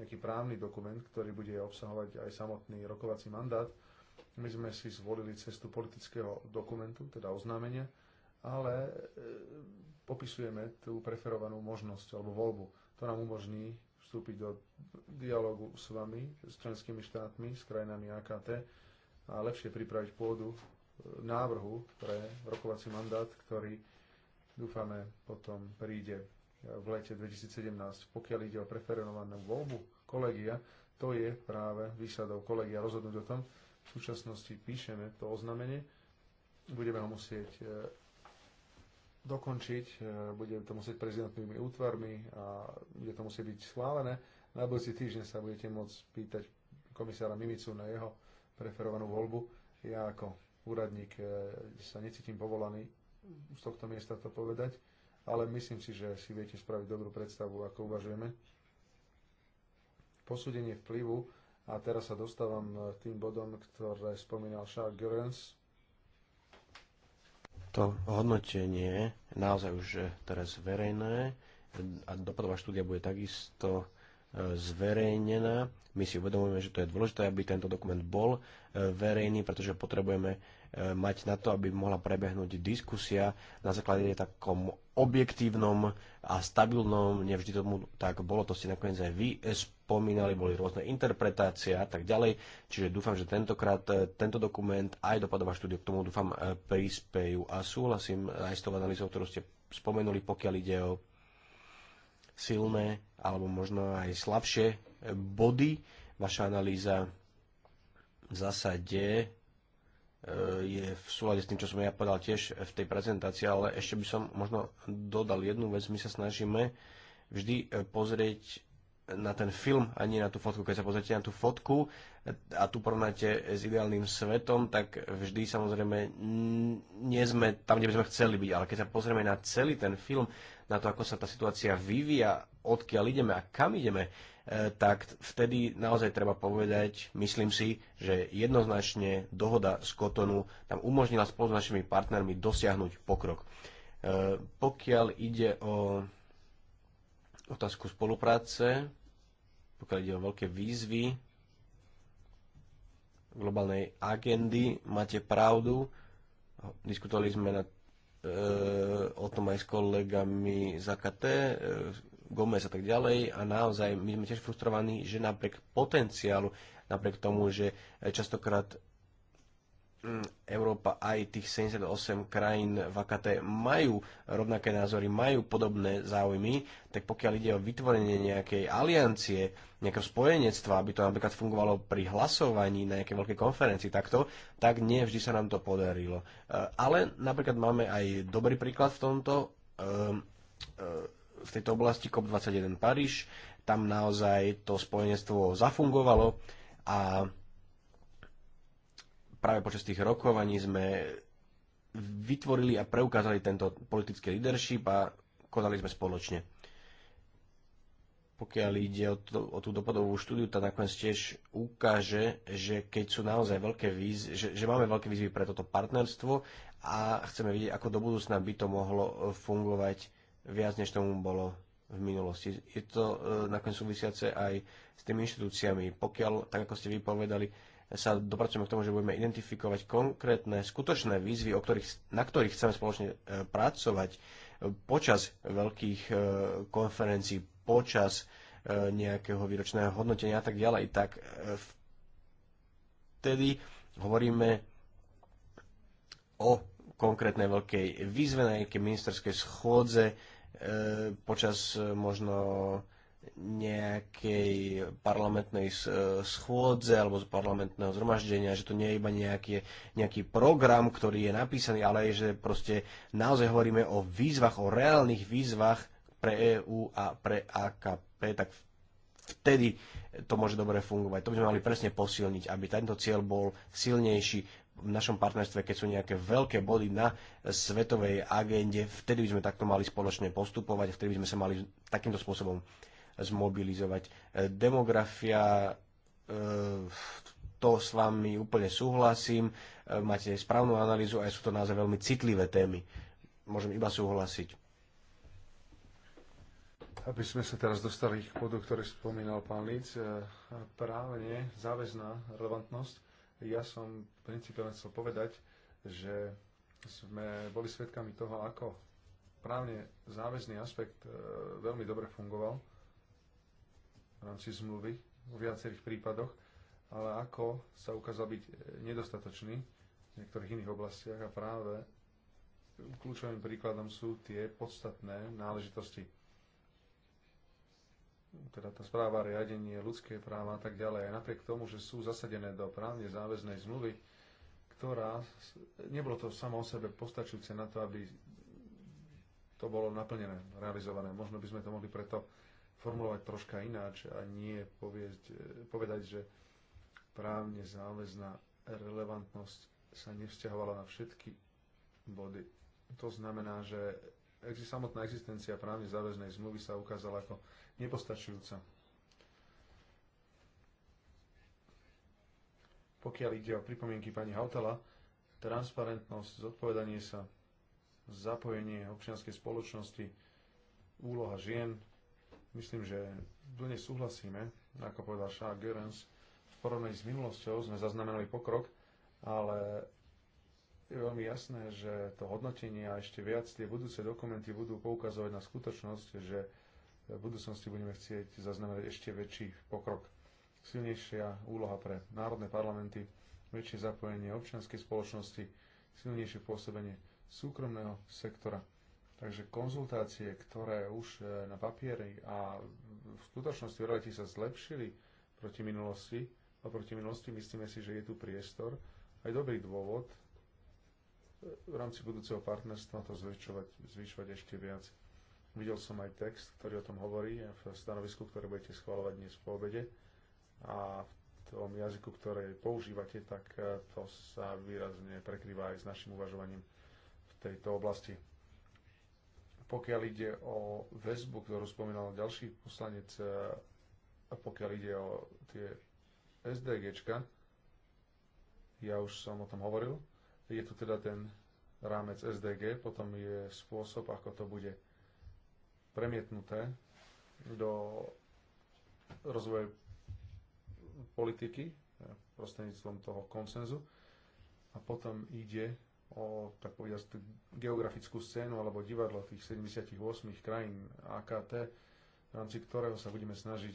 nejaký právny dokument, ktorý bude obsahovať aj samotný rokovací mandát. My sme si zvolili cestu politického dokumentu, teda oznámenia, ale e, popisujeme tú preferovanú možnosť alebo voľbu. To nám umožní vstúpiť do dialogu s vami, s členskými štátmi, s krajinami AKT a lepšie pripraviť pôdu e, návrhu pre rokovací mandát, ktorý dúfame potom príde v lete 2017, pokiaľ ide o preferovanú voľbu kolegia, to je práve výsledok kolegia rozhodnúť o tom. V súčasnosti píšeme to oznámenie, budeme ho musieť e, dokončiť, e, bude to musieť prezidentnými útvarmi a bude to musieť byť schválené. Na budúci týždeň sa budete môcť pýtať komisára Mimicu na jeho preferovanú voľbu. Ja ako úradník e, sa necítim povolaný z tohto miesta to povedať ale myslím si, že si viete spraviť dobrú predstavu, ako uvažujeme. Posúdenie vplyvu, a teraz sa dostávam k tým bodom, ktoré spomínal Charles Görens. To hodnotenie je naozaj už eh, teraz verejné a dopadová štúdia bude takisto eh, zverejnená. My si uvedomujeme, že to je dôležité, aby tento dokument bol eh, verejný, pretože potrebujeme E, mať na to, aby mohla prebehnúť diskusia na základe takom objektívnom a stabilnom, nevždy tomu tak bolo, to ste nakoniec aj vy spomínali, boli rôzne interpretácie a tak ďalej, čiže dúfam, že tentokrát e, tento dokument aj dopadová štúdia k tomu dúfam e, prispejú a súhlasím aj s tou analýzou, ktorú ste spomenuli, pokiaľ ide o silné alebo možno aj slabšie body. Vaša analýza v zásade E, je v súlade s tým, čo som ja povedal tiež v tej prezentácii, ale ešte by som možno dodal jednu vec. My sa snažíme vždy e, pozrieť na ten film a nie na tú fotku. Keď sa pozrite na tú fotku e, a tu porovnáte s ideálnym svetom, tak vždy samozrejme nie sme tam, kde by sme chceli byť. Ale keď sa pozrieme na celý ten film, na to, ako sa tá situácia vyvíja, odkiaľ ideme a kam ideme, Eh, tak vtedy naozaj treba povedať, myslím si, že jednoznačne dohoda z Kotonu nám umožnila spolu s našimi partnermi dosiahnuť pokrok. Eh, pokiaľ ide o otázku spolupráce, pokiaľ ide o veľké výzvy globálnej agendy, máte pravdu. Diskutovali sme na, e, o tom aj s kolegami z AKT, e, Gomez a tak ďalej a naozaj my sme tiež frustrovaní, že napriek potenciálu, napriek tomu, že eh, častokrát mm, Európa aj tých 78 krajín v AKT majú rovnaké názory, majú podobné záujmy, tak pokiaľ ide o vytvorenie nejakej aliancie, nejakého spojenectva, aby to napríklad fungovalo pri hlasovaní na nejakej veľkej konferencii takto, tak nie vždy sa nám to podarilo. Eh, ale napríklad máme aj dobrý príklad v tomto ehm, eh, v tejto oblasti COP21 Paríž. Tam naozaj to spojenectvo zafungovalo a práve počas tých rokovaní sme vytvorili a preukázali tento politický leadership a konali sme spoločne. Pokiaľ ide o, to, o tú dopadovú štúdiu, tá nakoniec tiež ukáže, že keď sú naozaj veľké výzvy, že, že máme veľké výzvy pre toto partnerstvo a chceme vidieť, ako do budúcna by to mohlo fungovať viac, než tomu bolo v minulosti. Je to e, nakoniec súvisiace aj s tými inštitúciami. Pokiaľ, tak ako ste vypovedali, sa dopracujeme k tomu, že budeme identifikovať konkrétne, skutočné výzvy, o ktorých, na ktorých chceme spoločne e, pracovať e, počas veľkých konferencií, počas nejakého výročného hodnotenia a tak ďalej, tak vtedy hovoríme o konkrétnej veľkej výzve na nejaké ministerskej schôdze, E, počas e, možno nejakej parlamentnej e, schôdze alebo z parlamentného zhromaždenia, že to nie je iba nejaký, nejaký program, ktorý je napísaný, ale je že proste naozaj hovoríme o výzvach, o reálnych výzvach pre EÚ a pre AKP, tak vtedy to môže dobre fungovať. To by sme mali presne posilniť, aby tento cieľ bol silnejší v našom partnerstve, keď sú nejaké veľké body na svetovej agende, vtedy by sme takto mali spoločne postupovať, vtedy by sme sa mali takýmto spôsobom zmobilizovať. E, demografia, e, to s vami úplne súhlasím, e, máte správnu analýzu a sú to naozaj veľmi citlivé témy. Môžem iba súhlasiť. Aby sme sa teraz dostali k bodu, ktorý spomínal pán Líc, právne záväzná relevantnosť ja som v princípe len chcel povedať, že sme boli svedkami toho, ako právne záväzný aspekt e, veľmi dobre fungoval v rámci zmluvy v viacerých prípadoch, ale ako sa ukázal byť e, nedostatočný v niektorých iných oblastiach a práve kľúčovým príkladom sú tie podstatné náležitosti teda tá správa, riadenie, ľudské práva a tak ďalej, aj napriek tomu, že sú zasadené do právne záväznej zmluvy, ktorá, nebolo to samo o sebe postačujúce na to, aby to bolo naplnené, realizované. Možno by sme to mohli preto formulovať troška ináč a nie povieť, e, povedať, že právne záväzná relevantnosť sa nevzťahovala na všetky body. To znamená, že samotná existencia právne záväznej zmluvy sa ukázala ako nepostačujúca. Pokiaľ ide o pripomienky pani Hautala, transparentnosť, zodpovedanie sa, zapojenie občianskej spoločnosti, úloha žien, myslím, že plne súhlasíme, ako povedal Charles Görens, v porovnaní s minulosťou sme zaznamenali pokrok, ale je veľmi jasné, že to hodnotenie a ešte viac tie budúce dokumenty budú poukazovať na skutočnosť, že v budúcnosti budeme chcieť zaznamenať ešte väčší pokrok, silnejšia úloha pre národné parlamenty, väčšie zapojenie občianskej spoločnosti, silnejšie pôsobenie súkromného sektora. Takže konzultácie, ktoré už e, na papieri a v skutočnosti v sa zlepšili proti minulosti, a proti minulosti myslíme si, že je tu priestor, aj dobrý dôvod v rámci budúceho partnerstva to zväčšovať, zvyšovať ešte viac. Videl som aj text, ktorý o tom hovorí v stanovisku, ktoré budete schváľovať dnes po obede. A v tom jazyku, ktoré používate, tak e, to sa výrazne prekrýva aj s našim uvažovaním v tejto oblasti. Pokiaľ ide o väzbu, ktorú spomínal ďalší poslanec, e, a pokiaľ ide o tie SDGčka, ja už som o tom hovoril, je tu teda ten rámec SDG, potom je spôsob, ako to bude premietnuté do rozvoje politiky prostredníctvom toho konsenzu. A potom ide o tak povedať, geografickú scénu alebo divadlo tých 78 krajín AKT, v rámci ktorého sa budeme snažiť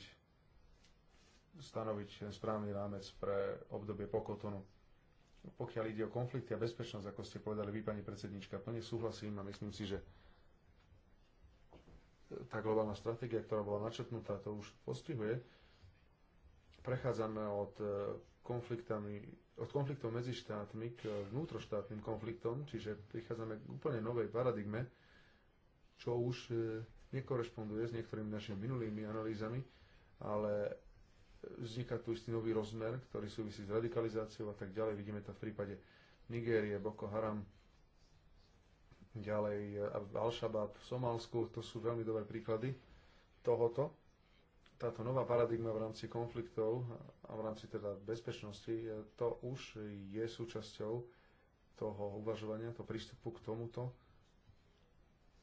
stanoviť ten správny rámec pre obdobie pokotonu. Pokiaľ ide o konflikty a bezpečnosť, ako ste povedali vy, pani predsednička, plne súhlasím a myslím si, že tá globálna stratégia, ktorá bola načetnutá, to už postihuje. Prechádzame od, eh, konfliktami, od konfliktov medzi štátmi k vnútroštátnym konfliktom, čiže prichádzame k úplne novej paradigme, čo už eh, nekorešponduje s niektorými našimi minulými analýzami, ale vzniká tu istý nový rozmer, ktorý súvisí s radikalizáciou a tak ďalej. Vidíme to v prípade Nigérie, Boko Haram, ďalej e, Al-Shabaab v Somálsku. To sú veľmi dobré príklady tohoto. Táto nová paradigma v rámci konfliktov a v rámci teda bezpečnosti, e, to už je súčasťou toho uvažovania, toho prístupu k tomuto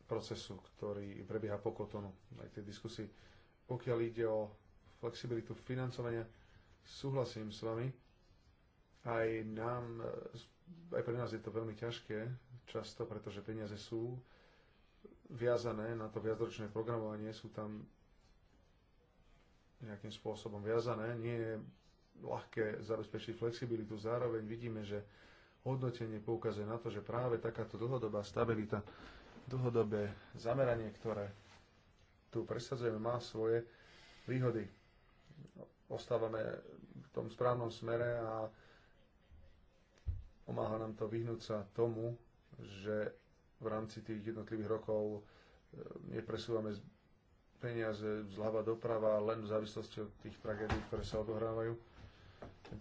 procesu, ktorý prebieha po kotonu, aj tej diskusii. Pokiaľ ide o flexibilitu financovania. Súhlasím s vami. Aj nám, e, aj pre nás je to veľmi ťažké často, pretože peniaze sú viazané na to viacročné programovanie, sú tam nejakým spôsobom viazané. Nie je ľahké zabezpečiť flexibilitu. Zároveň vidíme, že hodnotenie poukazuje na to, že práve takáto dlhodobá stabilita, dlhodobé zameranie, ktoré tu presadzujeme, má svoje výhody ostávame v tom správnom smere a pomáha nám to vyhnúť sa tomu, že v rámci tých jednotlivých rokov e, nepresúvame peniaze zľava doprava len v závislosti od tých tragédií, ktoré sa odohrávajú.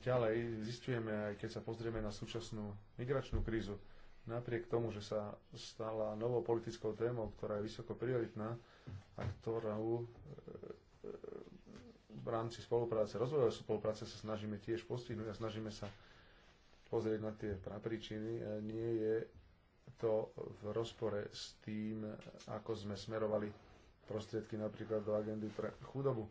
Ďalej zistujeme, aj keď sa pozrieme na súčasnú migračnú krízu, napriek tomu, že sa stala novou politickou témou, ktorá je vysoko prioritná a ktorú e, v rámci spolupráce, rozvojovej spolupráce sa snažíme tiež postihnúť a snažíme sa pozrieť na tie príčiny. E, nie je to v rozpore s tým, ako sme smerovali prostriedky napríklad do agendy pre chudobu.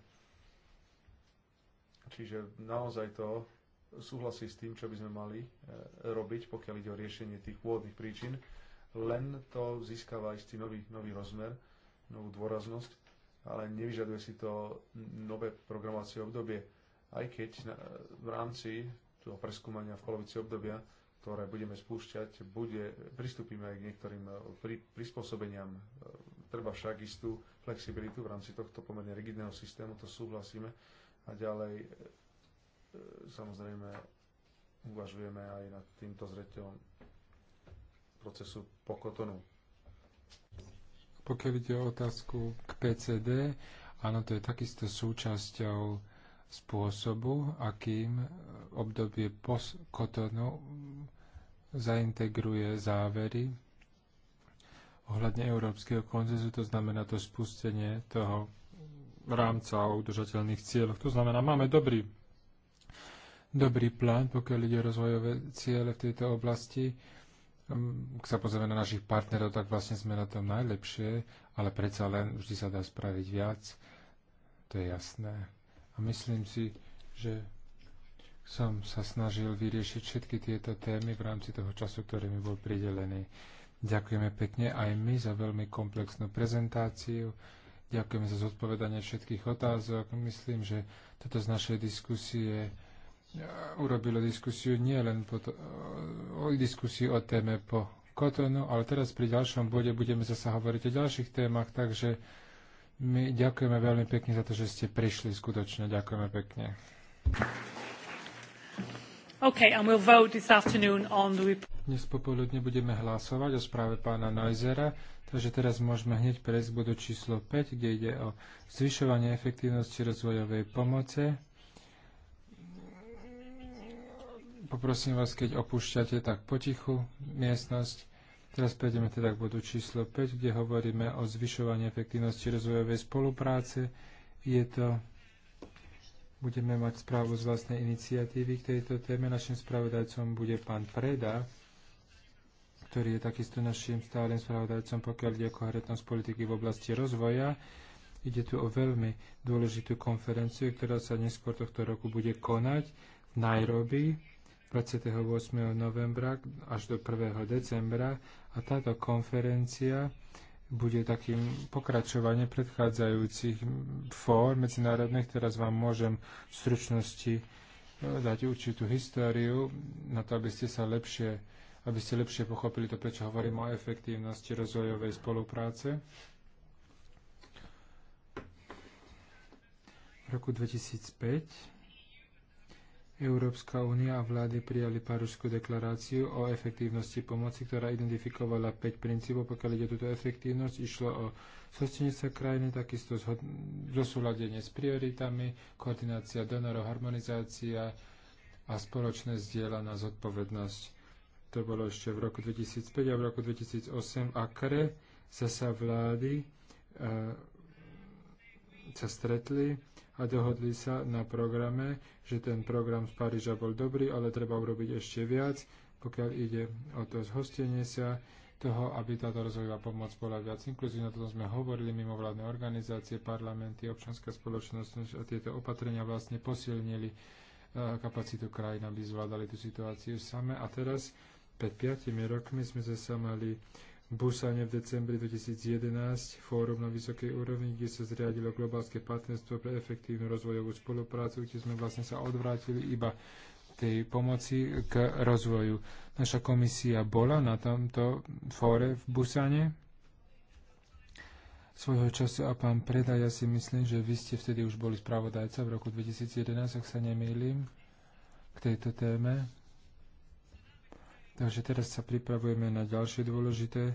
Čiže naozaj to súhlasí s tým, čo by sme mali e, robiť, pokiaľ ide o riešenie tých pôvodných príčin, len to získava istý nový, nový rozmer, novú dôraznosť ale nevyžaduje si to nové programovacie obdobie, aj keď v rámci toho preskúmania v polovici obdobia, ktoré budeme spúšťať, bude, pristúpime aj k niektorým eh, pri, prispôsobeniam. Eh, treba však istú flexibilitu v rámci tohto pomerne rigidného systému, to súhlasíme. A ďalej eh, samozrejme uvažujeme aj nad týmto zreteľom procesu pokotonu. Pokiaľ ide o otázku k PCD, áno, to je takisto súčasťou spôsobu, akým obdobie post-Kotonu zaintegruje závery ohľadne európskeho konzenzu, to znamená to spustenie toho rámca o udržateľných cieľoch. To znamená, máme dobrý, dobrý plán, pokiaľ ide rozvojové ciele v tejto oblasti Hm, sa pozrieme na našich partnerov, tak vlastne sme na tom najlepšie, ale predsa len vždy sa dá spraviť viac. To je jasné. A myslím si, že som sa snažil vyriešiť všetky tieto témy v rámci toho času, ktorý mi bol pridelený. Ďakujeme pekne aj my za veľmi komplexnú prezentáciu. Ďakujeme za zodpovedanie všetkých otázok. Myslím, že toto z našej diskusie urobilo diskusiu nie len po to, o diskusiu o téme po Kotonu, ale teraz pri ďalšom bode budeme zase hovoriť o ďalších témach, takže my ďakujeme veľmi pekne za to, že ste prišli skutočne. Ďakujeme pekne. Okay, and we'll vote this afternoon on the Dnes popoludne budeme hlasovať o správe pána Neusera, takže teraz môžeme hneď prejsť k bodu číslo 5, kde ide o zvyšovanie efektívnosti rozvojovej pomoci. Poprosím vás, keď opúšťate, tak potichu miestnosť. Teraz prejdeme teda k bodu číslo 5, kde hovoríme o zvyšovaní efektivnosti rozvojovej spolupráce. Je to Budeme mať správu z vlastnej iniciatívy k tejto téme. Našim spravodajcom bude pán Preda, ktorý je takisto našim stálym spravodajcom, pokiaľ ide o koherentnosť politiky v oblasti rozvoja. Ide tu o veľmi dôležitú konferenciu, ktorá sa neskôr tohto roku bude konať v Nairobi 28. novembra až do 1. decembra a táto konferencia bude takým pokračovaním predchádzajúcich fór medzinárodných. Teraz vám môžem v stručnosti e, dať určitú históriu na to, aby ste sa lepšie aby ste lepšie pochopili to, prečo hovorím o efektívnosti rozvojovej spolupráce. V roku 2005 Európska únia a vlády prijali Parížskú deklaráciu o efektívnosti pomoci, ktorá identifikovala 5 princípov, pokiaľ ide o túto efektívnosť. Išlo o zhostenie sa krajiny, takisto zosúladenie s prioritami, koordinácia donorov, harmonizácia a spoločné zdieľaná zodpovednosť. To bolo ešte v roku 2005 a v roku 2008 AKRE sa vlády eh, sa stretli a dohodli sa na programe, že ten program z Paríža bol dobrý, ale treba urobiť ešte viac, pokiaľ ide o to zhostenie sa toho, aby táto rozvojová pomoc bola viac inkluzívna. toto sme hovorili, vládne organizácie, parlamenty, občanská spoločnosť a tieto opatrenia vlastne posilnili e, kapacitu krajín, aby zvládali tú situáciu same. A teraz, pred piatimi rokmi sme zase mali Busane v decembri 2011 fórum na vysokej úrovni, kde sa zriadilo globálske partnerstvo pre efektívnu rozvojovú spoluprácu, kde sme vlastne sa odvrátili iba tej pomoci k rozvoju. Naša komisia bola na tomto fóre v Busane svojho času a pán Preda, ja si myslím, že vy ste vtedy už boli spravodajca v roku 2011, ak sa nemýlim, k tejto téme. Takže teraz sa pripravujeme na ďalšie dôležité e,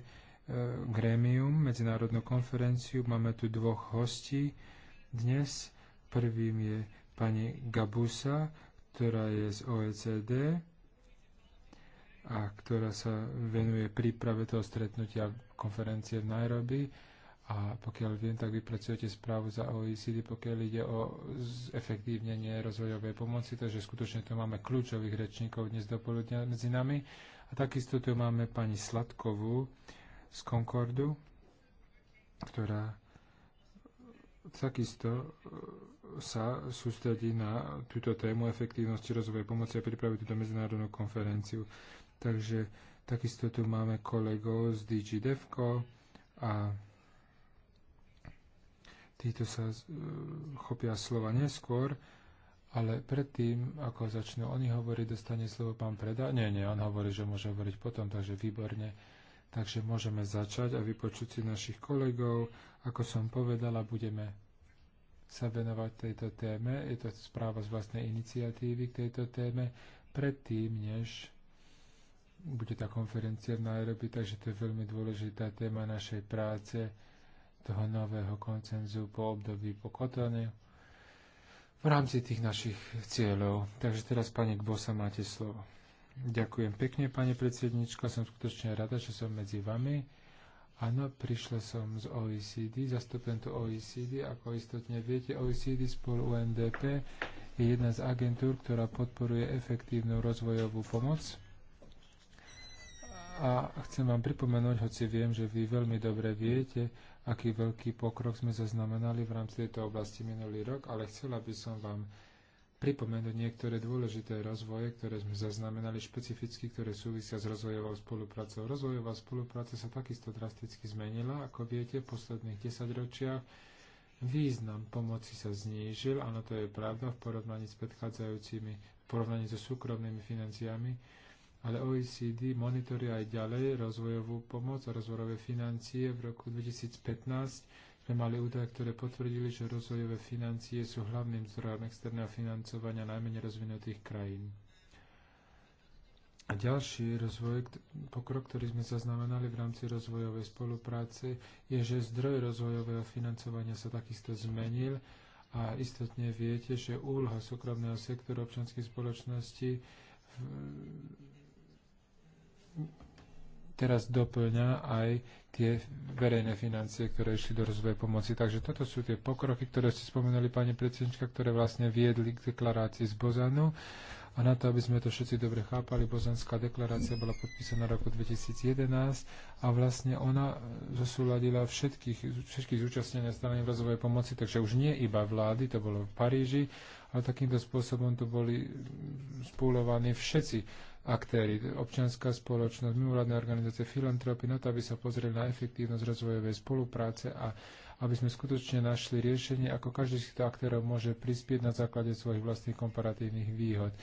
grémium, medzinárodnú konferenciu. Máme tu dvoch hostí dnes. Prvým je pani Gabusa, ktorá je z OECD a ktorá sa venuje príprave toho stretnutia konferencie v Nairobi a pokiaľ viem, tak vypracujete správu za OECD, pokiaľ ide o zefektívnenie rozvojovej pomoci, takže skutočne tu máme kľúčových rečníkov dnes do poludnia medzi nami. A takisto tu máme pani Sladkovú z Concordu, ktorá takisto e, sa sústredí na túto tému efektívnosti rozvojovej pomoci a pripraví túto medzinárodnú konferenciu. Takže takisto tu máme kolegov z DG Devco a títo sa e, chopia slova neskôr, ale predtým, ako začnú oni hovoriť, dostane slovo pán Preda. Nie, nie, on hovorí, že môže hovoriť potom, takže výborne. Takže môžeme začať a vypočuť si našich kolegov. Ako som povedala, budeme sa venovať tejto téme. Je to správa z vlastnej iniciatívy k tejto téme. Predtým, než bude tá konferencia v Nairobi, takže to je veľmi dôležitá téma našej práce toho nového koncenzu po období po v rámci tých našich cieľov. Takže teraz, pani Kbosa, máte slovo. Ďakujem pekne, pani predsednička. Som skutočne rada, že som medzi vami. Áno, prišla som z OECD, zastupujem tu OECD. Ako istotne viete, OECD spolu UNDP je jedna z agentúr, ktorá podporuje efektívnu rozvojovú pomoc a chcem vám pripomenúť, hoci viem, že vy veľmi dobre viete, aký veľký pokrok sme zaznamenali v rámci tejto oblasti minulý rok, ale chcela by som vám pripomenúť niektoré dôležité rozvoje, ktoré sme zaznamenali špecificky, ktoré súvisia s rozvojovou spoluprácou. Rozvojová spolupráca sa takisto drasticky zmenila, ako viete, v posledných 10 ročiach. Význam pomoci sa znížil, áno, to je pravda, v porovnaní s predchádzajúcimi, v porovnaní so súkromnými financiami ale OECD monitoruje aj ďalej rozvojovú pomoc a rozvojové financie. V roku 2015 sme mali údaje, ktoré potvrdili, že rozvojové financie sú hlavným zdrojom externého financovania najmenej rozvinutých krajín. A ďalší rozvoj, pokrok, ktorý sme zaznamenali v rámci rozvojovej spolupráce, je, že zdroj rozvojového financovania sa takisto zmenil a istotne viete, že úloha súkromného sektoru občanskej spoločnosti teraz doplňa aj tie verejné financie, ktoré išli do rozvoja pomoci. Takže toto sú tie pokroky, ktoré ste spomenuli, pani predsednička, ktoré vlastne viedli k deklarácii z Bozanu. A na to, aby sme to všetci dobre chápali, Bozanská deklarácia bola podpísaná roku 2011 a vlastne ona zosúladila všetkých, všetkých zúčastnené strany v rozvoje pomoci, takže už nie iba vlády, to bolo v Paríži, ale takýmto spôsobom tu boli spúlovaní všetci aktéry, občianská spoločnosť, mimovládne organizácie, filantropy, na to, aby sa pozreli na efektívnosť rozvojovej spolupráce a aby sme skutočne našli riešenie, ako každý z týchto aktérov môže prispieť na základe svojich vlastných komparatívnych výhod.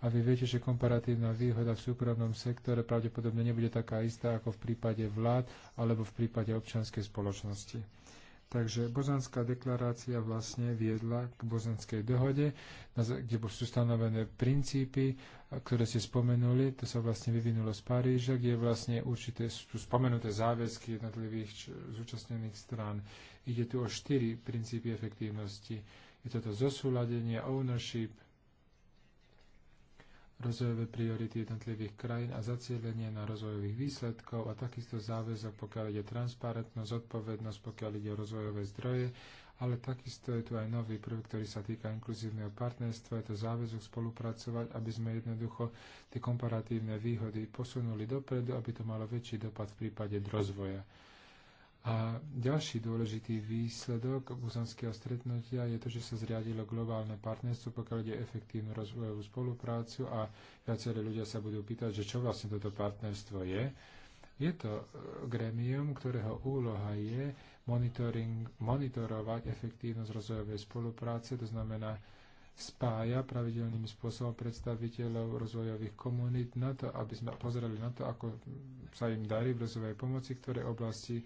A vy viete, že komparatívna výhoda v súkromnom sektore pravdepodobne nebude taká istá ako v prípade vlád alebo v prípade občianskej spoločnosti. Takže Bozanská deklarácia vlastne viedla k Bozanskej dohode, kde sú stanovené princípy, ktoré ste spomenuli. To sa vlastne vyvinulo z Paríža, kde vlastne určité sú spomenuté záväzky jednotlivých zúčastnených strán. Ide tu o štyri princípy efektívnosti. Je toto zosúladenie, ownership, rozvojové priority jednotlivých krajín a zacielenie na rozvojových výsledkov a takisto záväzok, pokiaľ ide transparentnosť, odpovednosť, pokiaľ ide o rozvojové zdroje, ale takisto je tu aj nový prvok, ktorý sa týka inkluzívneho partnerstva, je to záväzok spolupracovať, aby sme jednoducho tie komparatívne výhody posunuli dopredu, aby to malo väčší dopad v prípade rozvoja. A ďalší dôležitý výsledok buzanského stretnutia je to, že sa zriadilo globálne partnerstvo, pokiaľ ide efektívnu rozvojovú spoluprácu a viaceré ľudia sa budú pýtať, že čo vlastne toto partnerstvo je. Je to e, gremium, ktorého úloha je monitorovať efektívnosť rozvojovej spolupráce, to znamená spája pravidelným spôsobom predstaviteľov rozvojových komunít na to, aby sme pozerali na to, ako sa im darí v rozvojovej pomoci, ktoré oblasti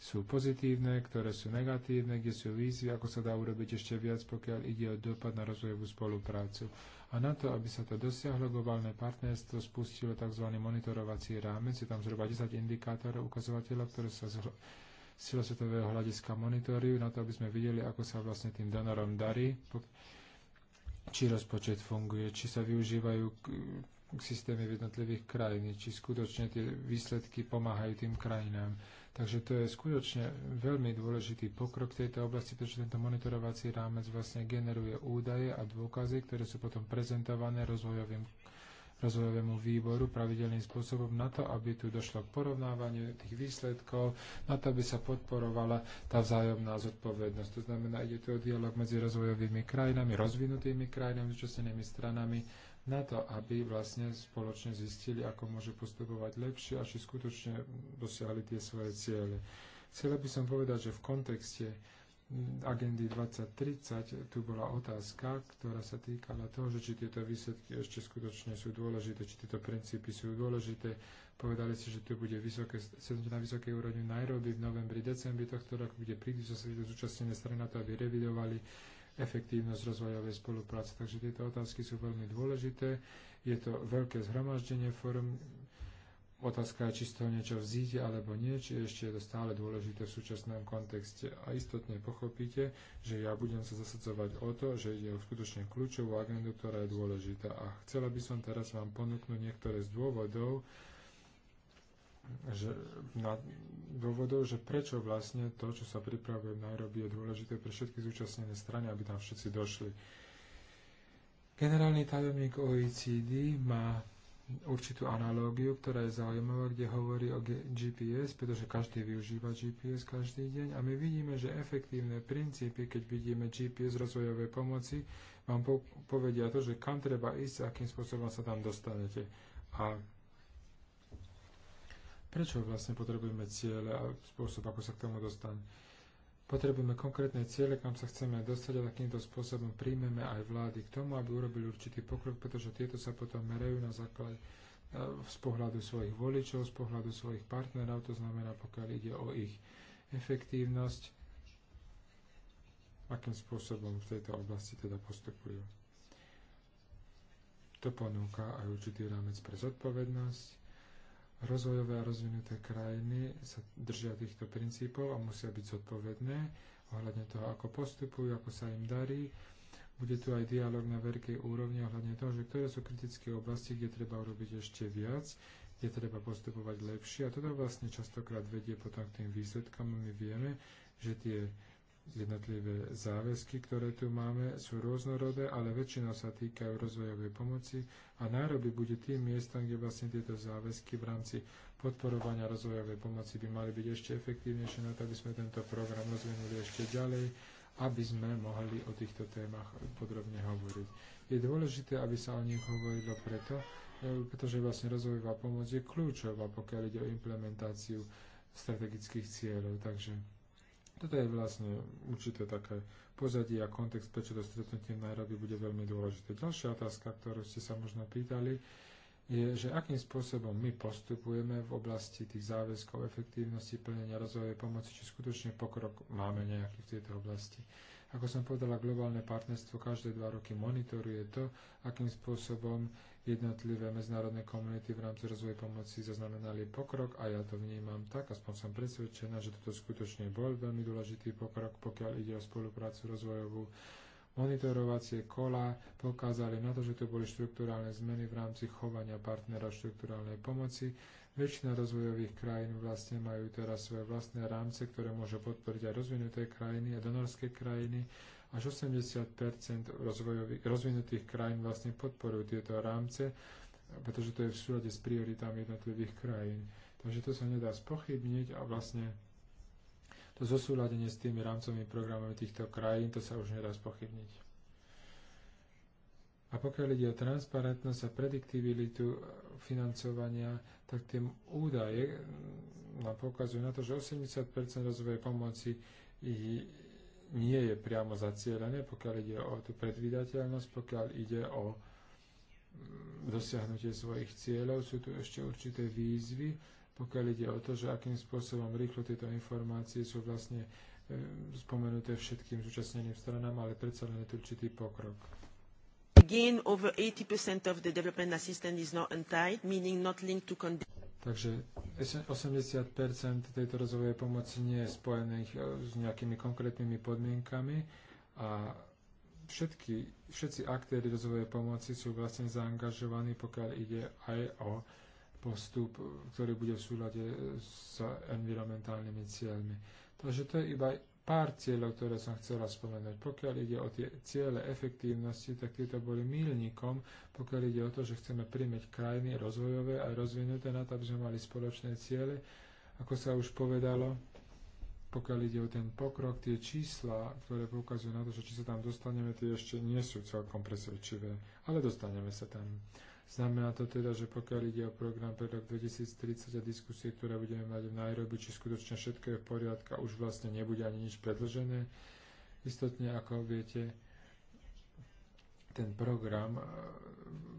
sú pozitívne, ktoré sú negatívne, kde sú výzvy, ako sa dá urobiť ešte viac, pokiaľ ide o dopad na rozvojovú spoluprácu. A na to, aby sa to dosiahlo, globálne partnerstvo spustilo tzv. monitorovací rámec. Je tam zhruba 10 indikátorov, ukazovateľov, ktoré sa z celosvetového hľadiska monitorujú, na to, aby sme videli, ako sa vlastne tým donorom darí, či rozpočet funguje, či sa využívajú systémy v jednotlivých krajín, či skutočne tie výsledky pomáhajú tým krajinám. Takže to je skutočne veľmi dôležitý pokrok v tejto oblasti, pretože tento monitorovací rámec vlastne generuje údaje a dôkazy, ktoré sú potom prezentované rozvojovým rozvojovému výboru pravidelným spôsobom na to, aby tu došlo k porovnávaniu tých výsledkov, na to, aby sa podporovala tá vzájomná zodpovednosť. To znamená, ide tu o dialog medzi rozvojovými krajinami, rozvinutými krajinami, zúčastnenými stranami na to, aby vlastne spoločne zistili, ako môžu postupovať lepšie a či skutočne dosiahli tie svoje ciele. Chcela by som povedať, že v kontexte agendy 2030 tu bola otázka, ktorá sa týkala toho, že či tieto výsledky ešte skutočne sú dôležité, či tieto princípy sú dôležité. Povedali ste, že tu bude vysoké, na vysokej úrovni Nairobi v novembri, decembri tohto roku, kde prídu sa zúčastnené strany na to, aby revidovali efektívnosť rozvojovej spolupráce. Takže tieto otázky sú veľmi dôležité. Je to veľké zhromaždenie form. Otázka je, či z toho niečo vzíde alebo nie, či ešte je to stále dôležité v súčasnom kontexte. A istotne pochopíte, že ja budem sa zasadzovať o to, že ide o skutočne kľúčovú agendu, ktorá je dôležitá. A chcela by som teraz vám ponúknuť niektoré z dôvodov, že na dôvodov, že prečo vlastne to, čo sa pripravuje v Nairobi, je dôležité pre všetky zúčastnené strany, aby tam všetci došli. Generálny tajomník OECD má určitú analógiu, ktorá je zaujímavá, kde hovorí o GPS, pretože každý využíva GPS každý deň a my vidíme, že efektívne princípy, keď vidíme GPS rozvojovej pomoci, vám povedia to, že kam treba ísť a akým spôsobom sa tam dostanete. A Prečo vlastne potrebujeme ciele a spôsob, ako sa k tomu dostať? Potrebujeme konkrétne ciele, kam sa chceme dostať a takýmto spôsobom príjmeme aj vlády k tomu, aby urobili určitý pokrok, pretože tieto sa potom merajú na základe eh, z pohľadu svojich voličov, z pohľadu svojich partnerov, to znamená, pokiaľ ide o ich efektívnosť, akým spôsobom v tejto oblasti teda postupujú. To ponúka aj určitý rámec pre zodpovednosť Rozvojové a rozvinuté krajiny sa držia týchto princípov a musia byť zodpovedné ohľadne toho, ako postupujú, ako sa im darí. Bude tu aj dialog na veľkej úrovni ohľadne toho, že ktoré sú kritické oblasti, kde treba urobiť ešte viac, kde treba postupovať lepšie. A toto vlastne častokrát vedie potom k tým výsledkom. My vieme, že tie Jednotlivé záväzky, ktoré tu máme, sú rôznorodé, ale väčšinou sa týkajú rozvojovej pomoci a Nairobi bude tým miestom, kde vlastne tieto záväzky v rámci podporovania rozvojovej pomoci by mali byť ešte efektívnejšie na to, aby sme tento program rozvinuli ešte ďalej, aby sme mohli o týchto témach podrobne hovoriť. Je dôležité, aby sa o nich hovorilo preto, e, pretože vlastne rozvojová pomoc je kľúčová, pokiaľ ide o implementáciu strategických cieľov. Takže toto je vlastne určité také pozadie a kontext, prečo to stretnutie v Nairobi bude veľmi dôležité. Ďalšia otázka, ktorú ste sa možno pýtali, je, že akým spôsobom my postupujeme v oblasti tých záväzkov efektívnosti plnenia rozvojovej pomoci, či skutočne pokrok máme nejaký v tejto oblasti. Ako som povedala, globálne partnerstvo každé dva roky monitoruje to, akým spôsobom jednotlivé medzinárodné komunity v rámci rozvoja pomoci zaznamenali pokrok a ja to vnímam tak, aspoň som presvedčená, že toto skutočne bol veľmi dôležitý pokrok, pokiaľ ide o spoluprácu rozvojovú. Monitorovacie kola pokázali na to, že to boli štrukturálne zmeny v rámci chovania partnera štrukturálnej pomoci, Väčšina rozvojových krajín vlastne majú teraz svoje vlastné rámce, ktoré môžu podporiť aj rozvinuté krajiny a donorské krajiny. Až 80 rozvinutých krajín vlastne podporujú tieto rámce, pretože to je v súlade s prioritami jednotlivých krajín. Takže to sa nedá spochybniť a vlastne to zosúladenie s tými rámcovými programami týchto krajín, to sa už nedá spochybniť. A pokiaľ ide o transparentnosť a prediktibilitu financovania, tak tie údaje nám poukazujú na to, že 80 rozvojovej pomoci nie je priamo zacielené, pokiaľ ide o tú predvydateľnosť, pokiaľ ide o dosiahnutie svojich cieľov. Sú tu ešte určité výzvy, pokiaľ ide o to, že akým spôsobom rýchlo tieto informácie sú vlastne e, spomenuté všetkým zúčastneným stranám, ale predsa len je to určitý pokrok. Again, over 80% of the development assistance is not untied, meaning not linked to conditions. Takže 80% tejto rozvojovej pomoci nie je spojených e, s nejakými konkrétnymi podmienkami a všetky, všetci aktéry rozvojovej pomoci sú vlastne zaangažovaní, pokiaľ ide aj o postup, e, ktorý bude v súlade s environmentálnymi cieľmi. Takže to je iba pár cieľov, ktoré som chcela spomenúť. Pokiaľ ide o tie ciele efektívnosti, tak tieto boli milníkom, pokiaľ ide o to, že chceme príjmeť krajiny rozvojové a rozvinuté na to, aby sme mali spoločné ciele. Ako sa už povedalo, pokiaľ ide o ten pokrok, tie čísla, ktoré poukazujú na to, že či sa tam dostaneme, tie ešte nie sú celkom presvedčivé, ale dostaneme sa tam. Znamená to teda, že pokiaľ ide o program pre rok 2030 a diskusie, ktoré budeme mať v Nairobi, či skutočne všetko je v poriadku a už vlastne nebude ani nič predlžené. Istotne, ako viete, ten program eh,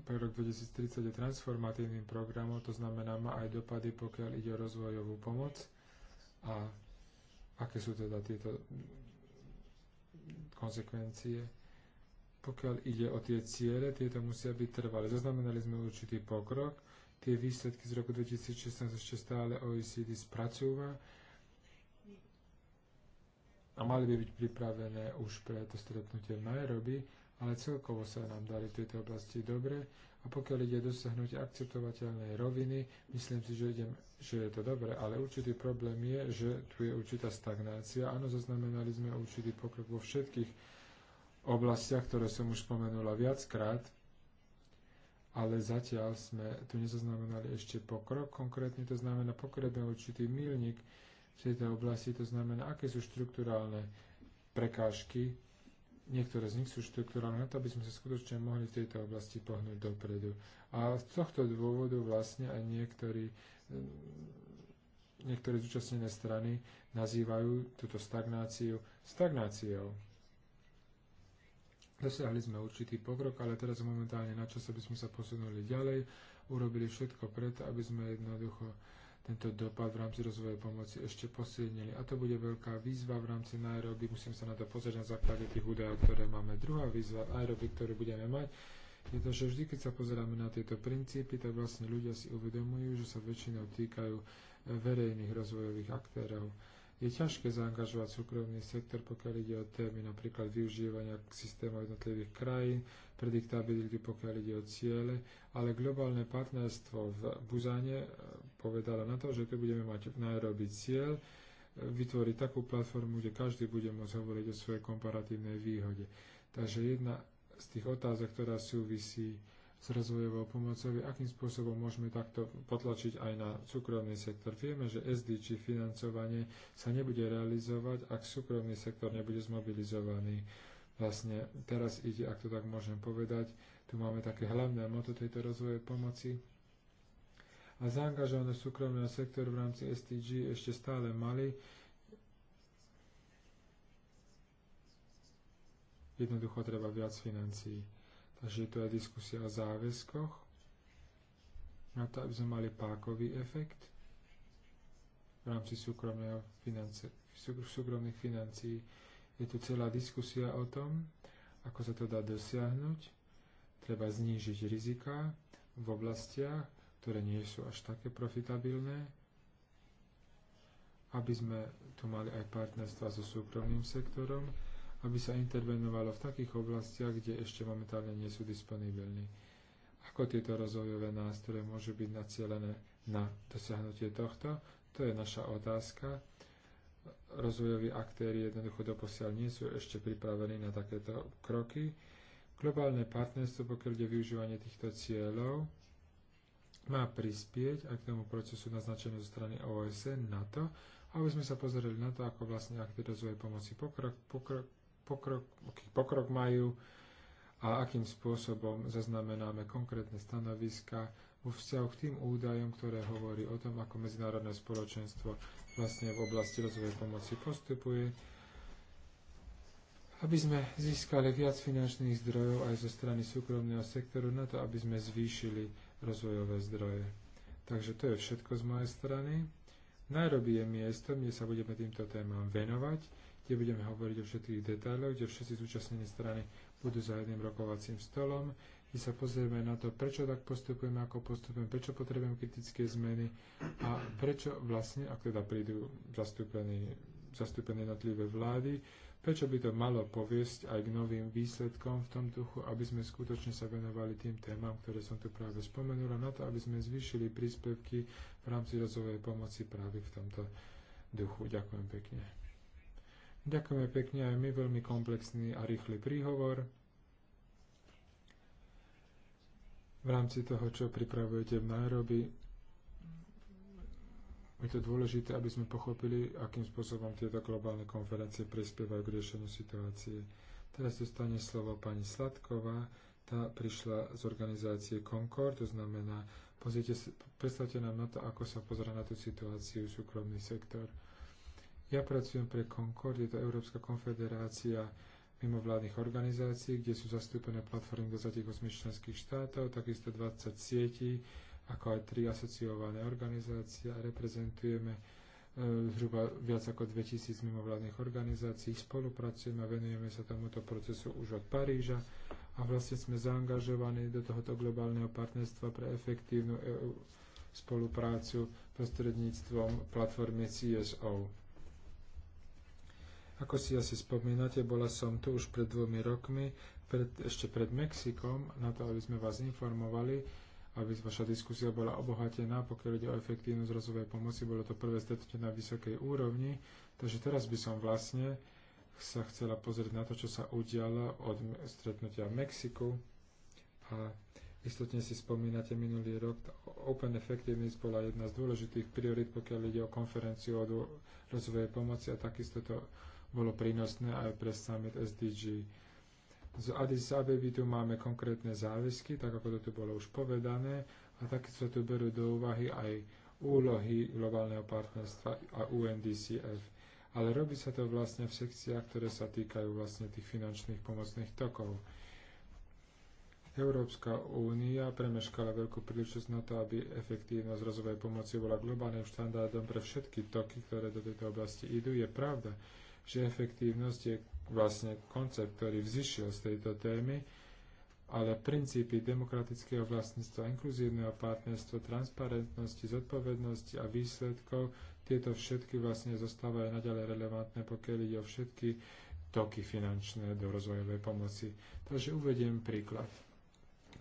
pre rok 2030 je transformatívnym programom, to znamená, má aj dopady, pokiaľ ide o rozvojovú pomoc a aké sú teda tieto konsekvencie pokiaľ ide o tie ciele, tieto musia byť trvalé. Zaznamenali sme určitý pokrok, tie výsledky z roku 2016 ešte stále OECD spracúva a mali by byť pripravené už pre to stretnutie v Nairobi, ale celkovo sa nám darí v tejto oblasti dobre a pokiaľ ide dosiahnuť akceptovateľnej roviny, myslím si, že, idem, že je to dobre, ale určitý problém je, že tu je určitá stagnácia. Áno, zaznamenali sme určitý pokrok vo všetkých oblastiach, ktoré som už spomenula viackrát, ale zatiaľ sme tu nezaznamenali ešte pokrok. Konkrétne to znamená pokrebe určitý milník v tejto oblasti, to znamená, aké sú štruktúrálne prekážky. Niektoré z nich sú štruktúrálne na to, aby sme sa skutočne mohli v tejto oblasti pohnúť dopredu. A z tohto dôvodu vlastne aj niektorí niektoré zúčastnené strany nazývajú túto stagnáciu stagnáciou. Dosiahli sme určitý pokrok, ale teraz momentálne na čas, aby sme sa posunuli ďalej, urobili všetko preto, aby sme jednoducho tento dopad v rámci rozvoja pomoci ešte posilnili. A to bude veľká výzva v rámci Nairobi. Musím sa na to pozrieť na základe tých údajov, ktoré máme. Druhá výzva Nairobi, ktorú budeme mať, je to, že vždy, keď sa pozeráme na tieto princípy, tak vlastne ľudia si uvedomujú, že sa väčšinou týkajú verejných rozvojových aktérov je ťažké zaangažovať súkromný sektor, pokiaľ ide o témy napríklad využívania systémov jednotlivých krajín, prediktability, pokiaľ ide o ciele, ale globálne partnerstvo v Buzane eh, povedalo na to, že tu budeme mať v Nairobi cieľ, eh, vytvoriť takú platformu, kde každý bude môcť hovoriť o svojej komparatívnej výhode. Takže jedna z tých otázok, ktorá súvisí s rozvojovou pomocou, akým spôsobom môžeme takto potlačiť aj na súkromný sektor. Vieme, že SDG financovanie sa nebude realizovať, ak súkromný sektor nebude zmobilizovaný. Vlastne teraz ide, ak to tak môžem povedať, tu máme také hlavné moto tejto rozvojovej pomoci. A zaangažované súkromného sektor v rámci SDG ešte stále mali. Jednoducho treba viac financií. Takže to je diskusia o záväzkoch, na to, aby sme mali pákový efekt v rámci súkromných financií. Je tu celá diskusia o tom, ako sa to dá dosiahnuť. Treba znížiť rizika v oblastiach, ktoré nie sú až také profitabilné, aby sme tu mali aj partnerstva so súkromným sektorom, aby sa intervenovalo v takých oblastiach, kde ešte momentálne nie sú disponibilní. Ako tieto rozvojové nástroje môžu byť nacielené na dosiahnutie tohto? To je naša otázka. Rozvojoví aktéry jednoducho doposiaľ nie sú ešte pripravení na takéto kroky. Globálne partnerstvo, pokiaľ ide využívanie týchto cieľov, má prispieť aj k tomu procesu naznačenú zo strany OSN na to, aby sme sa pozreli na to, ako vlastne akty rozvoje pomoci pokrok, pokrok, pokrok, aký pokrok majú a akým spôsobom zaznamenáme konkrétne stanoviska vo vzťahu k tým údajom, ktoré hovorí o tom, ako medzinárodné spoločenstvo vlastne v oblasti rozvojovej pomoci postupuje, aby sme získali viac finančných zdrojov aj zo strany súkromného sektoru na to, aby sme zvýšili rozvojové zdroje. Takže to je všetko z mojej strany. Nairobi je miesto, kde sa budeme týmto témam venovať kde budeme hovoriť o všetkých detailoch, kde všetci zúčastnené strany budú za jedným rokovacím stolom, kde sa pozrieme na to, prečo tak postupujeme, ako postupujeme, prečo potrebujeme kritické zmeny a prečo vlastne, ak teda prídu zastúpení, zastúpené jednotlivé vlády, prečo by to malo poviesť aj k novým výsledkom v tom duchu, aby sme skutočne sa venovali tým témam, ktoré som tu práve spomenula, na to, aby sme zvýšili príspevky v rámci rozvojovej pomoci práve v tomto duchu. Ďakujem pekne. Ďakujeme pekne aj my, veľmi komplexný a rýchly príhovor. V rámci toho, čo pripravujete v Nairobi, je to dôležité, aby sme pochopili, akým spôsobom tieto globálne konferencie prispievajú k riešeniu situácie. Teraz dostane slovo pani Sladková, tá prišla z organizácie Concord, to znamená, pozrite, predstavte nám na to, ako sa pozera na tú situáciu súkromný sektor. Ja pracujem pre Concord, je to Európska konfederácia mimovládnych organizácií, kde sú zastúpené platformy 28 členských štátov, takisto 20 sietí, ako aj tri asociované organizácie a reprezentujeme e, zhruba viac ako 2000 mimovládnych organizácií. Spolupracujeme a venujeme sa tomuto procesu už od Paríža a vlastne sme zaangažovaní do tohoto globálneho partnerstva pre efektívnu EU spoluprácu prostredníctvom platformy CSO. Ako si asi spomínate, bola som tu už pred dvomi rokmi, pred, ešte pred Mexikom, na to, aby sme vás informovali, aby vaša diskusia bola obohatená, pokiaľ ide o efektívnosť rozvojovej pomoci. Bolo to prvé stretnutie na vysokej úrovni, takže teraz by som vlastne sa chcela pozrieť na to, čo sa udialo od stretnutia v Mexiku. A istotne si spomínate minulý rok, Open Effectiveness bola jedna z dôležitých priorit, pokiaľ ide o konferenciu o rozvojovej pomoci a takisto to bolo prínosné aj pre summit SDG. Z Addis Abeby tu máme konkrétne záväzky, tak ako to tu bolo už povedané, a tak sa tu berú do úvahy aj úlohy globálneho partnerstva a UNDCF. Ale robí sa to vlastne v sekciách, ktoré sa týkajú vlastne tých finančných pomocných tokov. Európska únia premeškala veľkú príležitosť na to, aby efektívnosť rozvojovej pomoci bola globálnym štandardom pre všetky toky, ktoré do tejto oblasti idú. Je pravda, že efektívnosť je vlastne koncept, ktorý vzýšiel z tejto témy, ale princípy demokratického vlastníctva, inkluzívneho partnerstva, transparentnosti, zodpovednosti a výsledkov, tieto všetky vlastne zostávajú naďalej relevantné, pokiaľ ide o všetky toky finančné do rozvojovej pomoci. Takže uvediem príklad.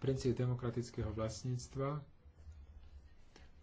Princíp demokratického vlastníctva,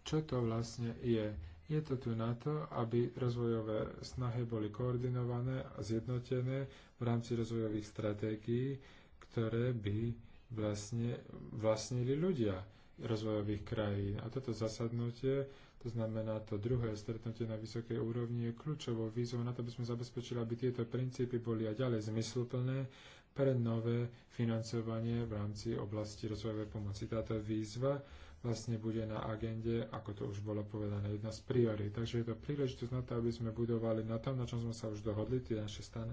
čo to vlastne je? Je to tu na to, aby rozvojové snahy boli koordinované a zjednotené v rámci rozvojových stratégií, ktoré by vlastne vlastnili ľudia rozvojových krajín. A toto zasadnutie, to znamená to druhé stretnutie na vysokej úrovni, je kľúčovou výzvou na to, aby sme zabezpečili, aby tieto princípy boli aj ďalej zmysluplné pre nové financovanie v rámci oblasti rozvojovej pomoci. Táto výzva vlastne bude na agende, ako to už bolo povedané, jedna z priorít. Takže je to príležitosť na to, aby sme budovali na tom, na čom sme sa už dohodli, tie naše stane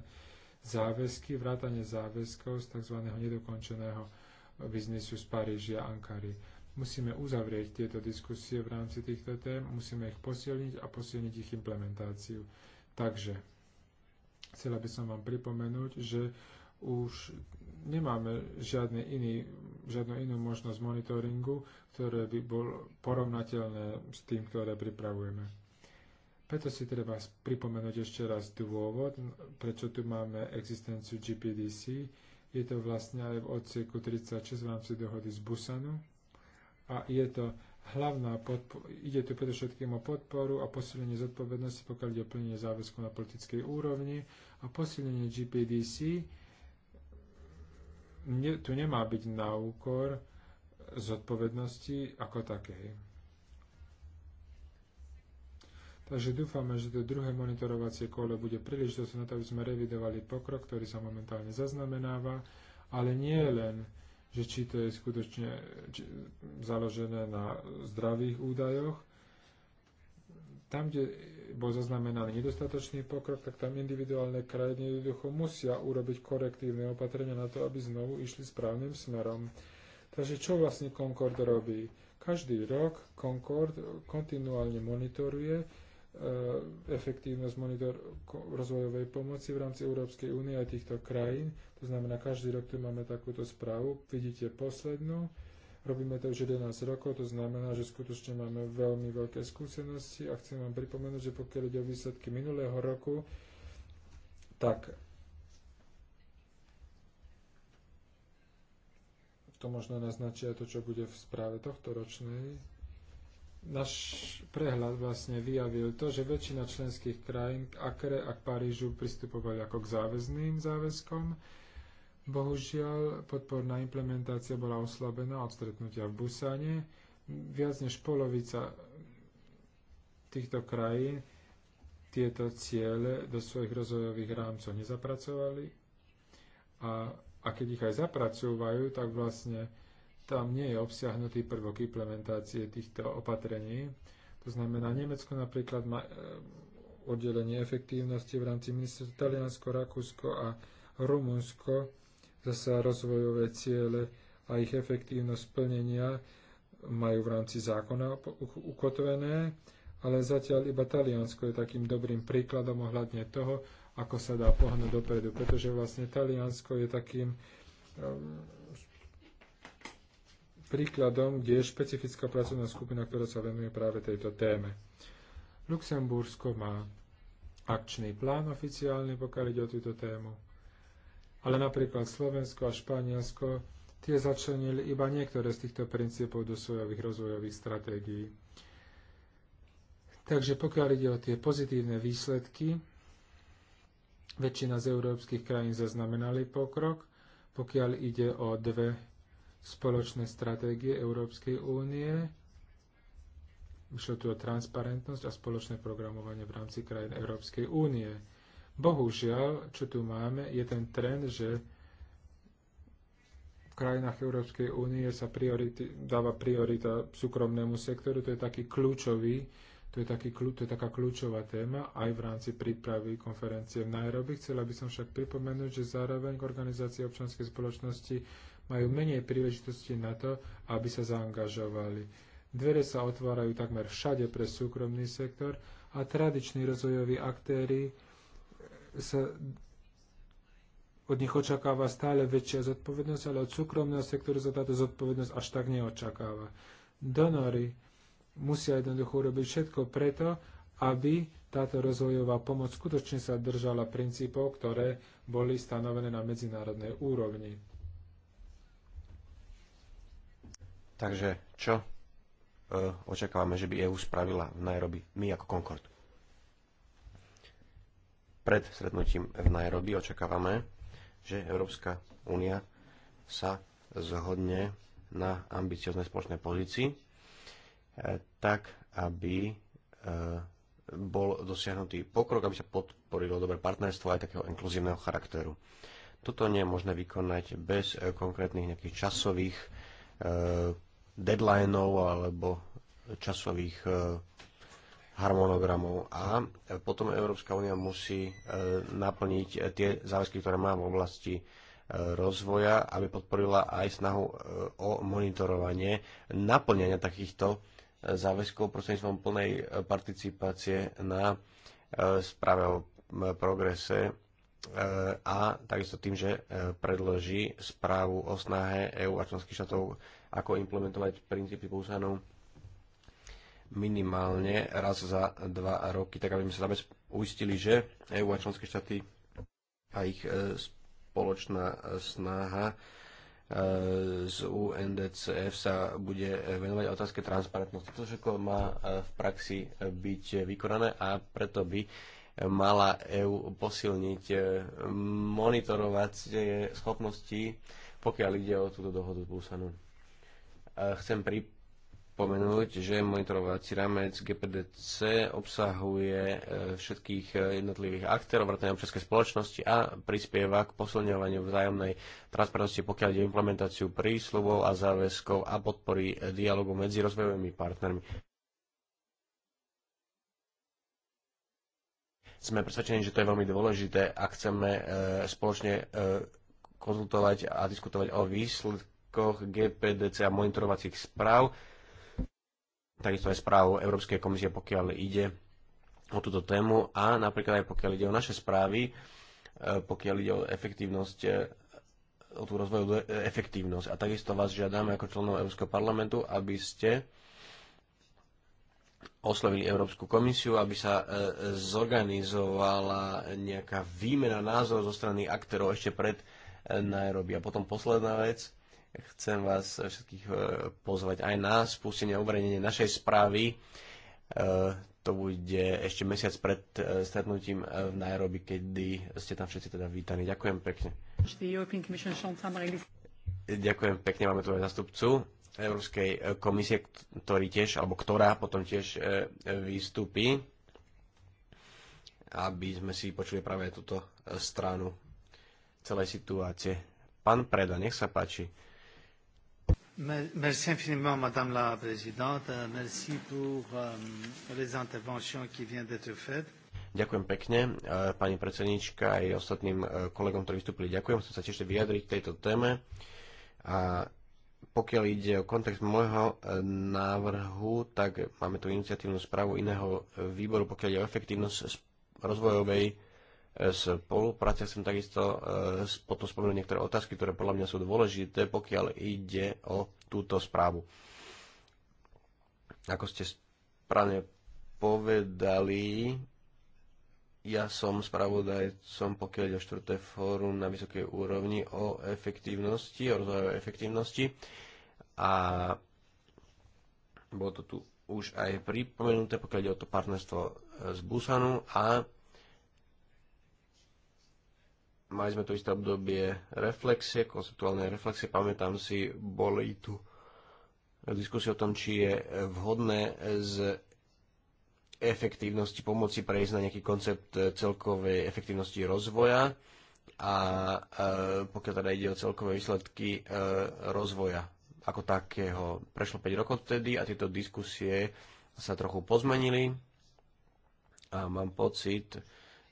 záväzky, vrátanie záväzkov z tzv. nedokončeného biznisu z Paríži a Ankary. Musíme uzavrieť tieto diskusie v rámci týchto tém, musíme ich posilniť a posilniť ich implementáciu. Takže chcela by som vám pripomenúť, že už nemáme žiadny iný žiadnu inú možnosť monitoringu, ktoré by bolo porovnateľné s tým, ktoré pripravujeme. Preto si treba pripomenúť ešte raz dôvod, prečo tu máme existenciu GPDC. Je to vlastne aj v odsieku 36 v rámci dohody z Busanu. A je to hlavná podpo- ide tu predovšetkým o podporu a posilnenie zodpovednosti, pokiaľ ide o plnenie záväzku na politickej úrovni a posilnenie GPDC ne, tu nemá byť na úkor zodpovednosti ako takej. Takže dúfame, že to druhé monitorovacie kolo bude dosť na to, aby sme revidovali pokrok, ktorý sa momentálne zaznamenáva, ale nie len, že či to je skutočne či, založené na zdravých údajoch. Tam, kde bol zaznamenaný nedostatočný pokrok, tak tam individuálne krajiny jednoducho musia urobiť korektívne opatrenia na to, aby znovu išli správnym smerom. Takže čo vlastne Concord robí? Každý rok Concord kontinuálne monitoruje e, efektívnosť monitor rozvojovej pomoci v rámci Európskej únie a týchto krajín. To znamená, každý rok tu máme takúto správu. Vidíte poslednú Robíme to už 11 rokov, to znamená, že skutočne máme veľmi veľké skúsenosti a chcem vám pripomenúť, že pokiaľ ide o výsledky minulého roku, tak to možno naznačí aj to, čo bude v správe tohto ročnej. Náš prehľad vlastne vyjavil to, že väčšina členských krajín k Akre a k Parížu pristupovali ako k záväzným záväzkom Bohužiaľ, podporná implementácia bola oslabená od stretnutia v Busane. Viac než polovica týchto krajín tieto ciele do svojich rozvojových rámcov nezapracovali. A, a keď ich aj zapracúvajú, tak vlastne tam nie je obsiahnutý prvok implementácie týchto opatrení. To znamená, Nemecko napríklad má e, oddelenie efektívnosti v rámci ministerstva Taliansko, Rakúsko a Rumunsko Zasa rozvojové ciele a ich efektívnosť plnenia majú v rámci zákona ukotvené, ale zatiaľ iba Taliansko je takým dobrým príkladom ohľadne toho, ako sa dá pohnúť dopredu, pretože vlastne Taliansko je takým um, príkladom, kde je špecifická pracovná skupina, ktorá sa venuje práve tejto téme. Luxembursko má akčný plán oficiálny, pokiaľ ide o túto tému ale napríklad Slovensko a Španielsko tie začlenili iba niektoré z týchto princípov do svojových rozvojových stratégií. Takže pokiaľ ide o tie pozitívne výsledky, väčšina z európskych krajín zaznamenali pokrok, pokiaľ ide o dve spoločné stratégie Európskej únie, išlo tu o transparentnosť a spoločné programovanie v rámci krajín Európskej únie. Bohužiaľ, čo tu máme, je ten trend, že v krajinách Európskej únie sa priority, dáva priorita súkromnému sektoru. To je taký kľúčový, to je, taký, to je taká kľúčová téma aj v rámci prípravy konferencie v Nairobi. Chcela by som však pripomenúť, že zároveň organizácie občianskej spoločnosti majú menej príležitosti na to, aby sa zaangažovali. Dvere sa otvárajú takmer všade pre súkromný sektor a tradiční rozvojoví aktéry sa od nich očakáva stále väčšia zodpovednosť, ale od súkromného sektoru sa táto zodpovednosť až tak neočakáva. Donory musia jednoducho urobiť všetko preto, aby táto rozvojová pomoc skutočne sa držala princípov, ktoré boli stanovené na medzinárodnej úrovni. Takže čo e, očakávame, že by EU spravila v Nairobi, my ako Concord? pred stretnutím v Nairobi očakávame, že Európska únia sa zhodne na ambicioznej spoločnej pozícii, e, tak aby e, bol dosiahnutý pokrok, aby sa podporilo dobré partnerstvo aj takého inkluzívneho charakteru. Toto nie je možné vykonať bez e, konkrétnych nejakých časových deadlineov alebo časových harmonogramov a e, potom Európska únia musí e, naplniť e, tie záväzky, ktoré má v oblasti rozvoja, aby podporila aj snahu o monitorovanie naplňania takýchto záväzkov prostredníctvom plnej participácie na správe o progrese a takisto tým, že predloží správu o snahe EÚ a členských štátov, ako implementovať princípy Busanu minimálne raz za dva roky, tak aby sme sa uistili, že EU a členské štáty a ich e, spoločná snaha e, z UNDCF sa bude venovať otázke transparentnosti. To všetko má e, v praxi byť vykonané a preto by mala EÚ posilniť monitorovacie schopnosti, pokiaľ ide o túto dohodu z Busanu. Chcem pripomínať, spomenúť, že monitorovací rámec GPDC obsahuje e, všetkých e, jednotlivých aktérov, vrátane občianskej spoločnosti a prispieva k posilňovaniu vzájomnej transparentnosti, pokiaľ ide implementáciu prísľubov a záväzkov a podpory e, dialogu medzi rozvojovými partnermi. Sme presvedčení, že to je veľmi dôležité, ak chceme spoločne konzultovať a diskutovať o výsledkoch GPDC a monitorovacích správ, takisto aj správu Európskej komisie, pokiaľ ide o túto tému a napríklad aj pokiaľ ide o naše správy, e, pokiaľ ide o efektívnosť e, o tú rozvoju e, efektívnosť. A takisto vás žiadame ako členov Európskeho parlamentu, aby ste oslovili Európsku komisiu, aby sa zorganizovala nejaká výmena názorov zo strany aktérov ešte pred Nairobi. A potom posledná vec, Chcem vás všetkých e, pozvať aj na spustenie a uverejnenie našej správy. E, to bude ešte mesiac pred e, stretnutím v Nairobi, kedy ste tam všetci teda vítaní. Ďakujem pekne. Ďakujem pekne, máme tu aj zastupcu Európskej komisie, ktorý tiež, alebo ktorá potom tiež vystúpi, aby sme si počuli práve túto stranu celej situácie. Pán Preda, nech sa páči. Merci infiniment, Madame la Présidente. Euh, merci pour euh, les interventions qui viennent d'être faites. Ďakujem pekne, pani predsednička aj ostatným e, kolegom, ktorí vystúpili. Ďakujem, chcem sa tiež vyjadriť k tejto téme. A pokiaľ ide o kontext môjho e, návrhu, tak máme tu iniciatívnu správu iného e, výboru, pokiaľ ide o efektívnosť rozvojovej spolupráce. Chcem takisto e, potom spomenúť niektoré otázky, ktoré podľa mňa sú dôležité, pokiaľ ide o túto správu. Ako ste správne povedali, ja som spravodajcom, pokiaľ ide o 4. fórum na vysokej úrovni o efektívnosti, o rozvojovej efektívnosti. A bolo to tu už aj pripomenuté, pokiaľ ide o to partnerstvo z Busanu a Mali sme tu isté obdobie reflexie, konceptuálnej reflexie. Pamätám si, boli tu diskusie o tom, či je vhodné z efektívnosti pomoci prejsť na nejaký koncept celkovej efektívnosti rozvoja a e, pokiaľ teda ide o celkové výsledky e, rozvoja ako takého. Prešlo 5 rokov vtedy a tieto diskusie sa trochu pozmenili a mám pocit,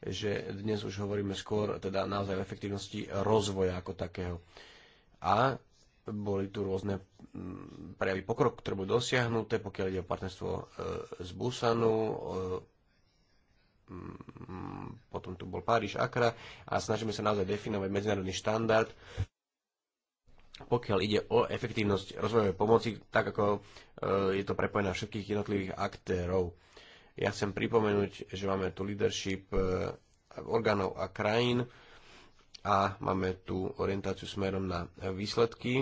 že dnes už hovoríme skôr teda naozaj o efektívnosti rozvoja ako takého. A boli tu rôzne mm, prejavy pokrok, ktoré budú dosiahnuté, pokiaľ ide o partnerstvo z e, Busanu, e, mm, potom tu bol Páriž, Akra a snažíme sa naozaj definovať medzinárodný štandard, pokiaľ ide o efektívnosť rozvojovej pomoci, tak ako e, je to prepojené na všetkých jednotlivých aktérov ja chcem pripomenúť, že máme tu leadership e, orgánov a krajín a máme tu orientáciu smerom na výsledky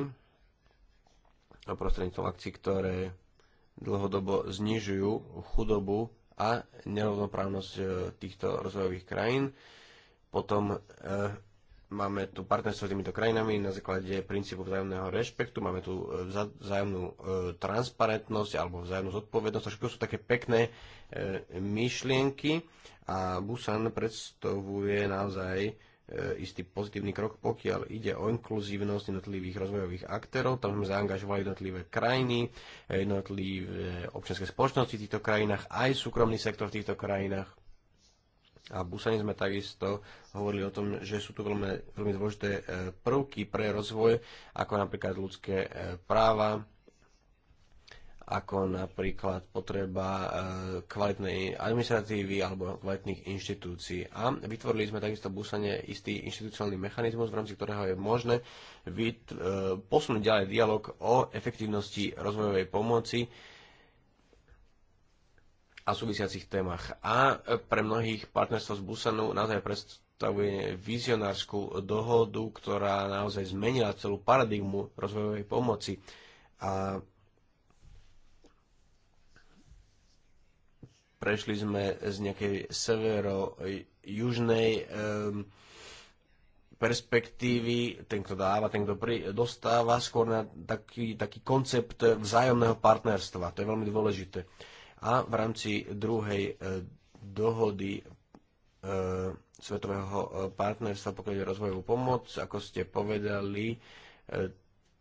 a prostredníctvom akcií, ktoré dlhodobo znižujú chudobu a nerovnoprávnosť e, týchto rozvojových krajín. Potom e, Máme tu partnerstvo s týmito krajinami na základe princípu vzájomného rešpektu, máme tu e, vzájomnú e, transparentnosť alebo vzájomnú zodpovednosť. To všetko sú také pekné e, myšlienky a Busan predstavuje naozaj istý pozitívny krok, pokiaľ ide o inkluzívnosť jednotlivých rozvojových aktérov. Tam sme zaangažovali jednotlivé krajiny, jednotlivé občianske spoločnosti v týchto krajinách, aj súkromný sektor v týchto krajinách a v Busane sme takisto hovorili o tom, že sú tu veľmi, veľmi dôležité e, prvky pre rozvoj, ako napríklad ľudské e, práva, ako napríklad potreba e, kvalitnej administratívy alebo kvalitných inštitúcií. A vytvorili sme takisto v Busane istý inštitúciálny mechanizmus, v rámci ktorého je možné posunúť ďalej dialog o efektívnosti rozvojovej pomoci, a súvisiacich témach. A pre mnohých partnerstvo z Busanu naozaj predstavuje vizionárskú dohodu, ktorá naozaj zmenila celú paradigmu rozvojovej pomoci. A prešli sme z nejakej severo-južnej um, perspektívy, ten, kto dáva, ten, kto pri, dostáva, skôr na taký, taký koncept vzájomného partnerstva. To je veľmi dôležité. Uh, a v rámci druhej e, dohody e, svetového e, partnerstva, pokiaľ je rozvojovú pomoc, ako ste povedali,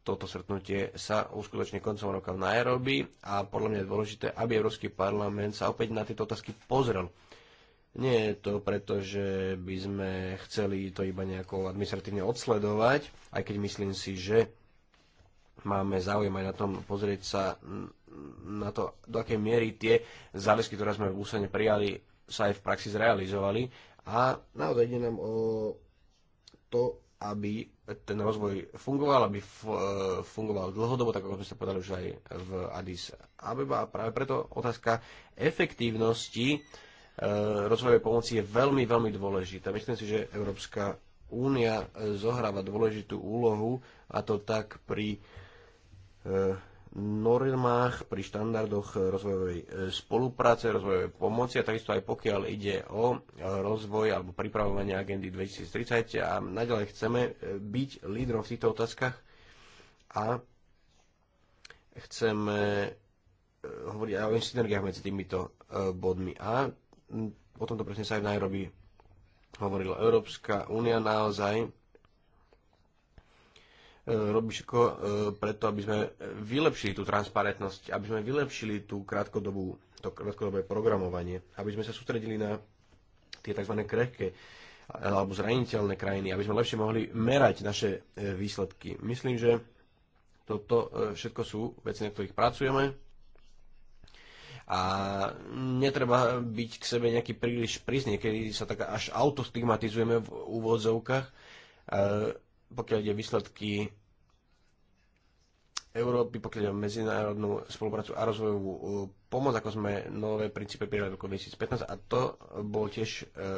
toto stretnutie sa uskutoční koncom roka v Nairobi a podľa mňa je dôležité, aby Európsky parlament sa opäť na tieto otázky pozrel. Nie je to preto, že by sme chceli to iba nejako administratívne odsledovať, aj keď myslím si, že máme záujem aj na tom pozrieť sa na to, do akej miery tie záväzky, ktoré sme v úsene prijali, sa aj v praxi zrealizovali. A naozaj ide nám o to, aby ten rozvoj fungoval, aby e, fungoval dlhodobo, tak ako sme sa povedali už aj v Addis Abeba. A práve preto otázka efektívnosti e, rozvojovej pomoci je veľmi, veľmi dôležitá. Myslím si, že Európska únia zohráva dôležitú úlohu a to tak pri normách, pri štandardoch rozvojovej e, spolupráce, rozvojovej pomoci a takisto aj pokiaľ ide o e, rozvoj alebo pripravovanie agendy 2030 a naďalej chceme e, byť lídrom v týchto otázkach a chceme hovoriť aj o synergiách medzi týmito bodmi a o tomto presne sa aj v Nairobi hovorila Európska únia naozaj E, robí všetko e, preto, aby sme vylepšili tú transparentnosť, aby sme vylepšili tú krátkodobú, to krátkodobé programovanie, aby sme sa sústredili na tie tzv. krehké alebo zraniteľné krajiny, aby sme lepšie mohli merať naše e, výsledky. Myslím, že toto všetko sú veci, na ktorých pracujeme a netreba byť k sebe nejaký príliš prísny, keď sa tak až autostigmatizujeme v úvodzovkách pokiaľ ide výsledky Európy, pokiaľ ide medzinárodnú spoluprácu a rozvojovú e, pomoc, ako sme nové princípe prijali v roku 2015 a to bol tiež e, e,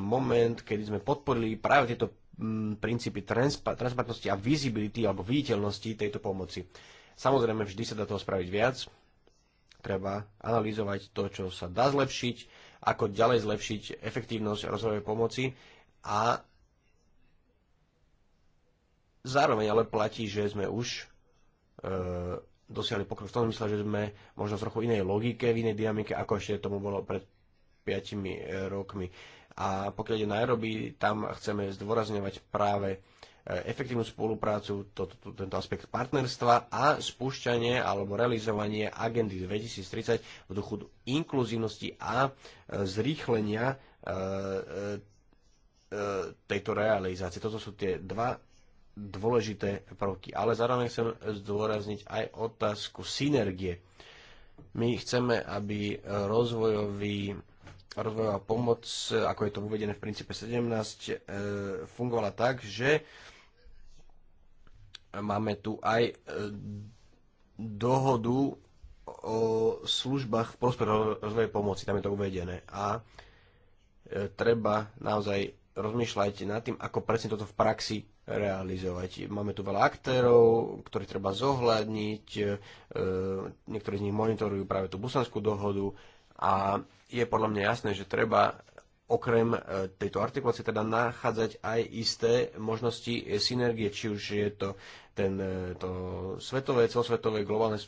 moment, kedy sme podporili práve tieto mm, princípy transparentnosti a visibility alebo viditeľnosti tejto pomoci. Samozrejme, vždy sa dá toho spraviť viac. Treba analyzovať to, čo sa dá zlepšiť, ako ďalej zlepšiť efektívnosť rozvojovej pomoci a Zároveň ale platí, že sme už e, dosiahli pokrok v tom zmysle, že sme možno v trochu inej logike, v inej dynamike, ako ešte tomu bolo pred 5 e, rokmi. A pokiaľ je Nairobi, tam chceme zdôrazňovať práve e, efektívnu spoluprácu, to, to, tento aspekt partnerstva a spúšťanie alebo realizovanie agendy 2030 v duchu inkluzívnosti a e, zrýchlenia e, e, tejto realizácie. Toto sú tie dva dôležité prvky. Ale zároveň chcem zdôrazniť aj otázku synergie. My chceme, aby rozvojový, rozvojová pomoc, ako je to uvedené v princípe 17, e, fungovala tak, že máme tu aj e, dohodu o službách v prospech rozvoje pomoci, tam je to uvedené. A e, treba naozaj rozmýšľať nad tým, ako presne toto v praxi realizovať. Máme tu veľa aktérov, ktorí treba zohľadniť, e, niektorí z nich monitorujú práve tú busanskú dohodu a je podľa mňa jasné, že treba okrem e, tejto artikulácie teda nachádzať aj isté možnosti synergie, či už je to ten, e, to svetové, celosvetové globálne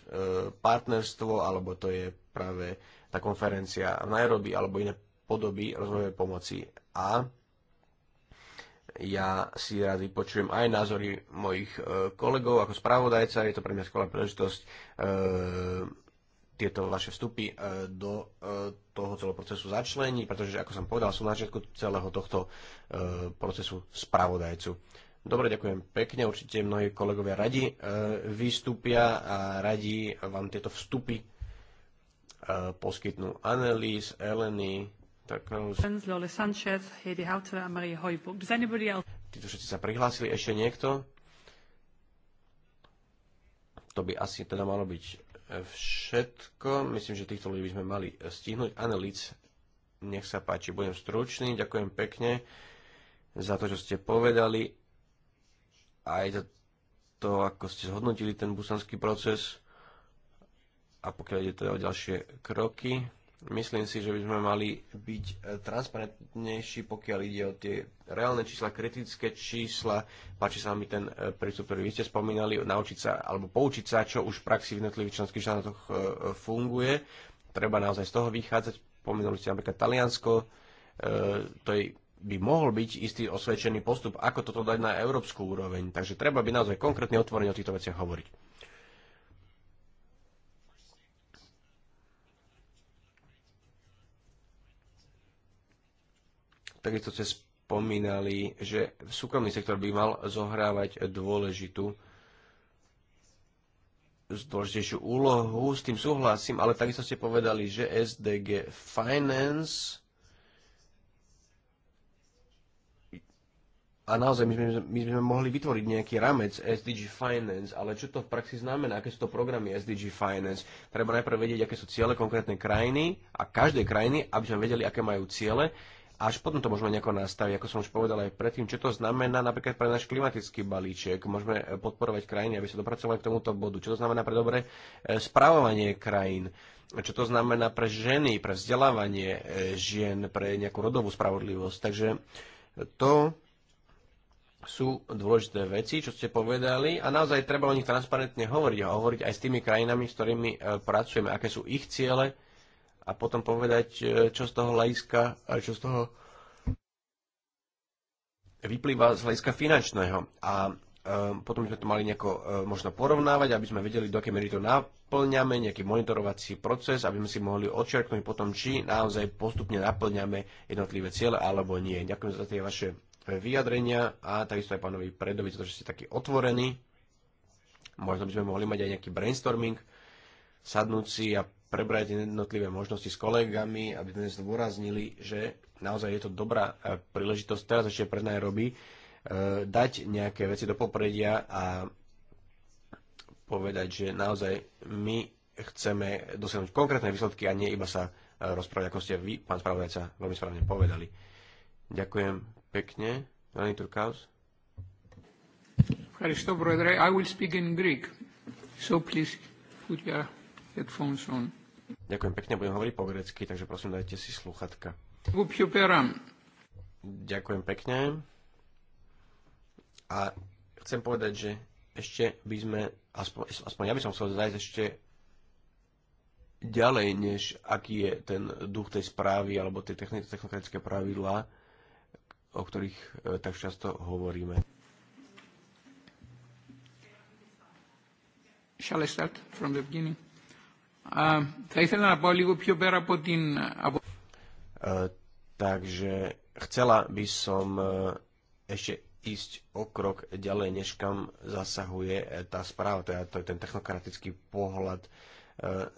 partnerstvo, alebo to je práve tá konferencia v Nairobi, alebo iné podoby rozvojovej pomoci. A ja si rád vypočujem aj názory mojich e, kolegov ako spravodajca. Je to pre mňa skvelá príležitosť e, tieto vaše vstupy e, do toho celého procesu začlení, pretože, ako som povedal, som na začiatku celého tohto procesu spravodajcu. Dobre, ďakujem pekne. Určite mnohí kolegovia radi vystúpia a radi vám tieto vstupy poskytnú Annelies, Eleny, Títo všetci sa prihlásili. Ešte niekto? To by asi teda malo byť e, všetko. Myslím, že týchto ľudí by sme mali stihnúť. Annelic, nech sa páči, budem stručný. Ďakujem pekne za to, čo ste povedali. Aj za to, ako ste zhodnotili ten busanský proces a pokiaľ ide teda o ďalšie kroky Myslím si, že by sme mali byť e, transparentnejší, pokiaľ ide o tie reálne čísla, kritické čísla. Páči sa mi ten e, prístup, ktorý vy ste spomínali, naučiť sa alebo poučiť sa, čo už v praxi v jednotlivých členských štátoch e, funguje. Treba naozaj z toho vychádzať. Pomenuli ste napríklad Taliansko, to je by mohol byť istý osvedčený postup, ako toto dať na európsku úroveň. Takže treba by naozaj konkrétne otvorene o týchto veciach hovoriť. takisto ste spomínali, že súkromný sektor by mal zohrávať dôležitú dôležitejšiu úlohu, s tým súhlasím, ale takisto ste povedali, že SDG Finance a naozaj my sme, my sme mohli vytvoriť nejaký ramec SDG Finance, ale čo to v praxi znamená, aké sú to programy SDG Finance? Treba najprv vedieť, aké sú ciele konkrétnej krajiny a každej krajiny, aby sme vedeli, aké majú ciele až potom to môžeme nejako nastaviť, ako som už povedal aj predtým, čo to znamená napríklad pre náš klimatický balíček. Môžeme e, podporovať krajiny, aby sa dopracovali k tomuto bodu. Čo to znamená pre dobré e, správovanie krajín. Čo to znamená pre ženy, pre vzdelávanie e, žien, pre nejakú rodovú spravodlivosť. Takže to sú dôležité veci, čo ste povedali a naozaj treba o nich transparentne hovoriť a hovoriť aj s tými krajinami, s ktorými pracujeme, aké sú ich ciele, a potom povedať, e, čo z toho hľadiska a e, čo z toho vyplýva z hľadiska finančného. A e, potom sme to mali nejako možno porovnávať, aby sme vedeli, do akej miery to naplňame, nejaký monitorovací proces, aby sme si mohli odčiarknúť potom, či naozaj postupne naplňame jednotlivé ciele alebo nie. Ďakujem za tie vaše vyjadrenia a takisto aj pánovi Predovi za to, že ste taký otvorení. Možno by sme mohli mať aj nejaký brainstorming, sadnúť si a prebrať jednotlivé možnosti s kolegami, aby sme zdôraznili, že naozaj je to dobrá e, príležitosť teraz ešte pred Nairobi e, dať nejaké veci do popredia a povedať, že naozaj my chceme dosiahnuť konkrétne výsledky a nie iba sa e, rozprávať, ako ste vy, pán spravodajca, veľmi správne povedali. Ďakujem pekne. Rani Turkaus. I will speak in Greek, so please put your headphones on. Ďakujem pekne, budem hovoriť po grecky, takže prosím, dajte si sluchatka. Ďakujem pekne. A chcem povedať, že ešte by sme, aspoň, aspoň ja by som chcel zájsť ešte ďalej, než aký je ten duch tej správy alebo tie technokratické pravidlá, o ktorých e, tak často hovoríme. Shall I start from the beginning? θα ήθελα να πάω λίγο πιο πέρα από την... takže chcela by som e, ešte ísť o krok ďalej, než kam zasahuje e, tá správa, teda to je ten technokratický pohľad e,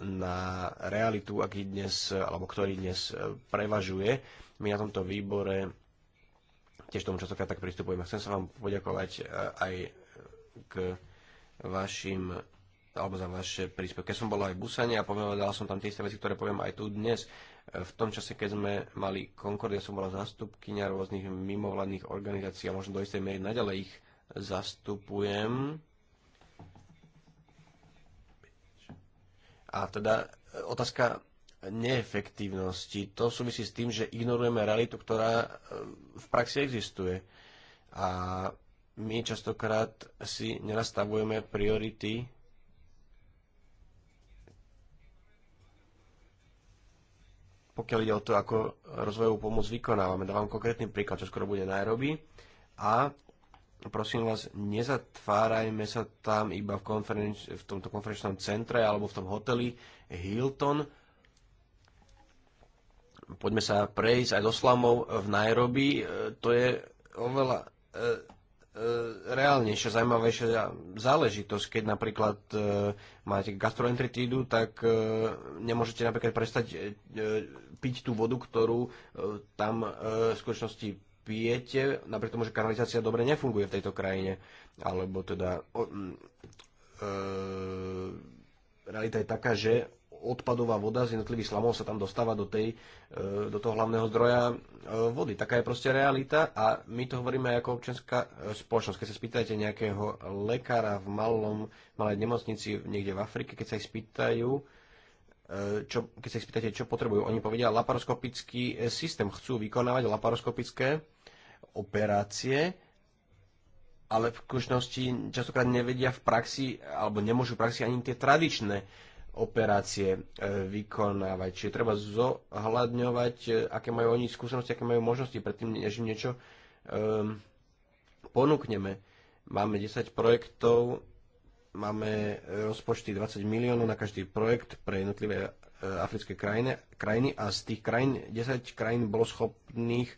na realitu, aký dnes, alebo ktorý dnes prevažuje. My na tomto výbore tiež tomu častokrát tak pristupujeme. Chcem sa vám poďakovať aj k vašim alebo za vaše príspevky. Keď som bol aj v Busane a povedal som tam tie isté veci, ktoré poviem aj tu dnes. E, v tom čase, keď sme mali Concordia, som bola zástupkynia rôznych mimovládnych organizácií a možno do istej miery naďalej ich zastupujem. A teda e, otázka neefektívnosti. To súvisí s tým, že ignorujeme realitu, ktorá e, v praxi existuje. A my častokrát si nenastavujeme priority pokiaľ ide o to, ako rozvojovú pomoc vykonávame. Dávam konkrétny príklad, čo skoro bude Nairobi. A prosím vás, nezatvárajme sa tam iba v, konferenč- v tomto konferenčnom centre alebo v tom hoteli Hilton. Poďme sa prejsť aj do slamov v Nairobi. E, to je oveľa e, E, reálnejšia, zaujímavejšia záležitosť. Keď napríklad e, máte gastroentritídu, tak e, nemôžete napríklad prestať e, e, piť tú vodu, ktorú e, tam e, v skutočnosti pijete, napriek tomu, že kanalizácia dobre nefunguje v tejto krajine. Alebo teda o, e, realita je taká, že odpadová voda z jednotlivých slamov sa tam dostáva do, tej, e, do toho hlavného zdroja e, vody. Taká je proste realita a my to hovoríme ako občianská e, spoločnosť. Keď sa spýtajte nejakého lekára v malom, malej nemocnici niekde v Afrike, keď sa ich spýtajú, čo, keď sa ich spýtate, čo potrebujú, oni povedia laparoskopický systém. Chcú vykonávať laparoskopické operácie, ale v skutočnosti častokrát nevedia v praxi, alebo nemôžu v praxi ani tie tradičné operácie e, vykonávať. Čiže treba zohľadňovať, e, aké majú oni skúsenosti, aké majú možnosti predtým, než im niečo um, ponúkneme. Máme 10 projektov, máme rozpočty 20 miliónov na každý projekt pre jednotlivé e, africké krajine, krajiny a z tých krajín 10 krajín bolo schopných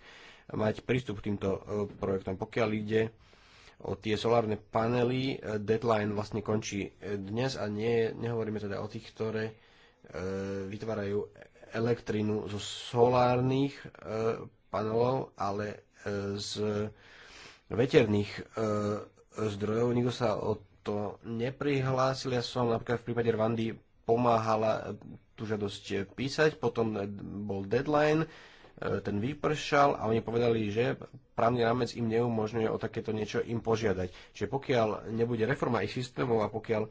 mať prístup k týmto projektom. Pokiaľ ide o tie solárne panely. E, deadline vlastne končí e, dnes a nie, nehovoríme teda o tých, ktoré e, vytvárajú elektrínu zo solárnych e, panelov, ale e, z veterných e, zdrojov. Nikto sa o to neprihlásil. Ja som napríklad v prípade Rwandy pomáhala tú žiadosť písať, potom e, bol deadline, E, ten vypršal a oni povedali, že právny rámec im neumožňuje o takéto niečo im požiadať. Čiže pokiaľ nebude reforma ich systémov a pokiaľ e,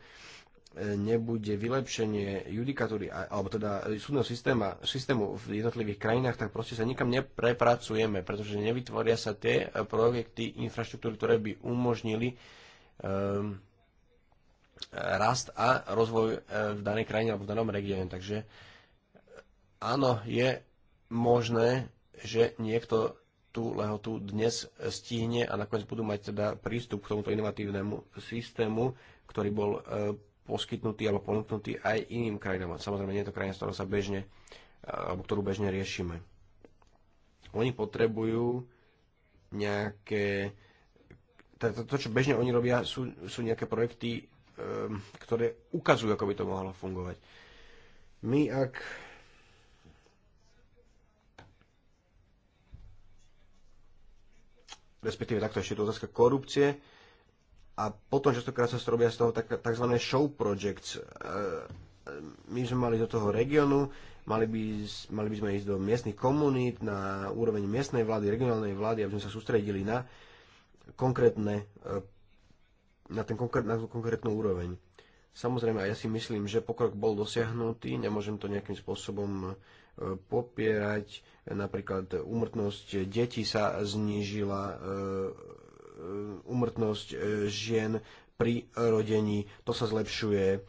nebude vylepšenie judikatúry, alebo teda súdneho systéma, systému v jednotlivých krajinách, tak proste sa nikam neprepracujeme, pretože nevytvoria sa tie projekty infraštruktúry, ktoré by umožnili um, rast a rozvoj e, v danej krajine alebo v danom regióne. Takže áno, je možné, že niekto tú lehotu dnes stihne a nakoniec budú mať teda prístup k tomuto inovatívnemu systému, ktorý bol e, poskytnutý alebo ponúknutý aj iným krajinám. Samozrejme, nie je to krajina, z ktorou sa bežne, e, alebo ktorú bežne riešime. Oni potrebujú nejaké... To, to čo bežne oni robia, sú, sú nejaké projekty, e, ktoré ukazujú, ako by to mohlo fungovať. My, ak respektíve takto ešte je to otázka korupcie, a potom častokrát sa robia z toho tak, tzv. show projects. E, e, my sme mali do toho regiónu, mali by, mali by sme ísť do miestnych komunít, na úroveň miestnej vlády, regionálnej vlády, aby sme sa sústredili na konkrétne e, na, ten konkrét, na tú konkrétnu úroveň. Samozrejme, ja si myslím, že pokrok bol dosiahnutý, nemôžem to nejakým spôsobom popierať. Napríklad úmrtnosť detí sa znížila, e, e, úmrtnosť e, žien pri rodení, to sa zlepšuje,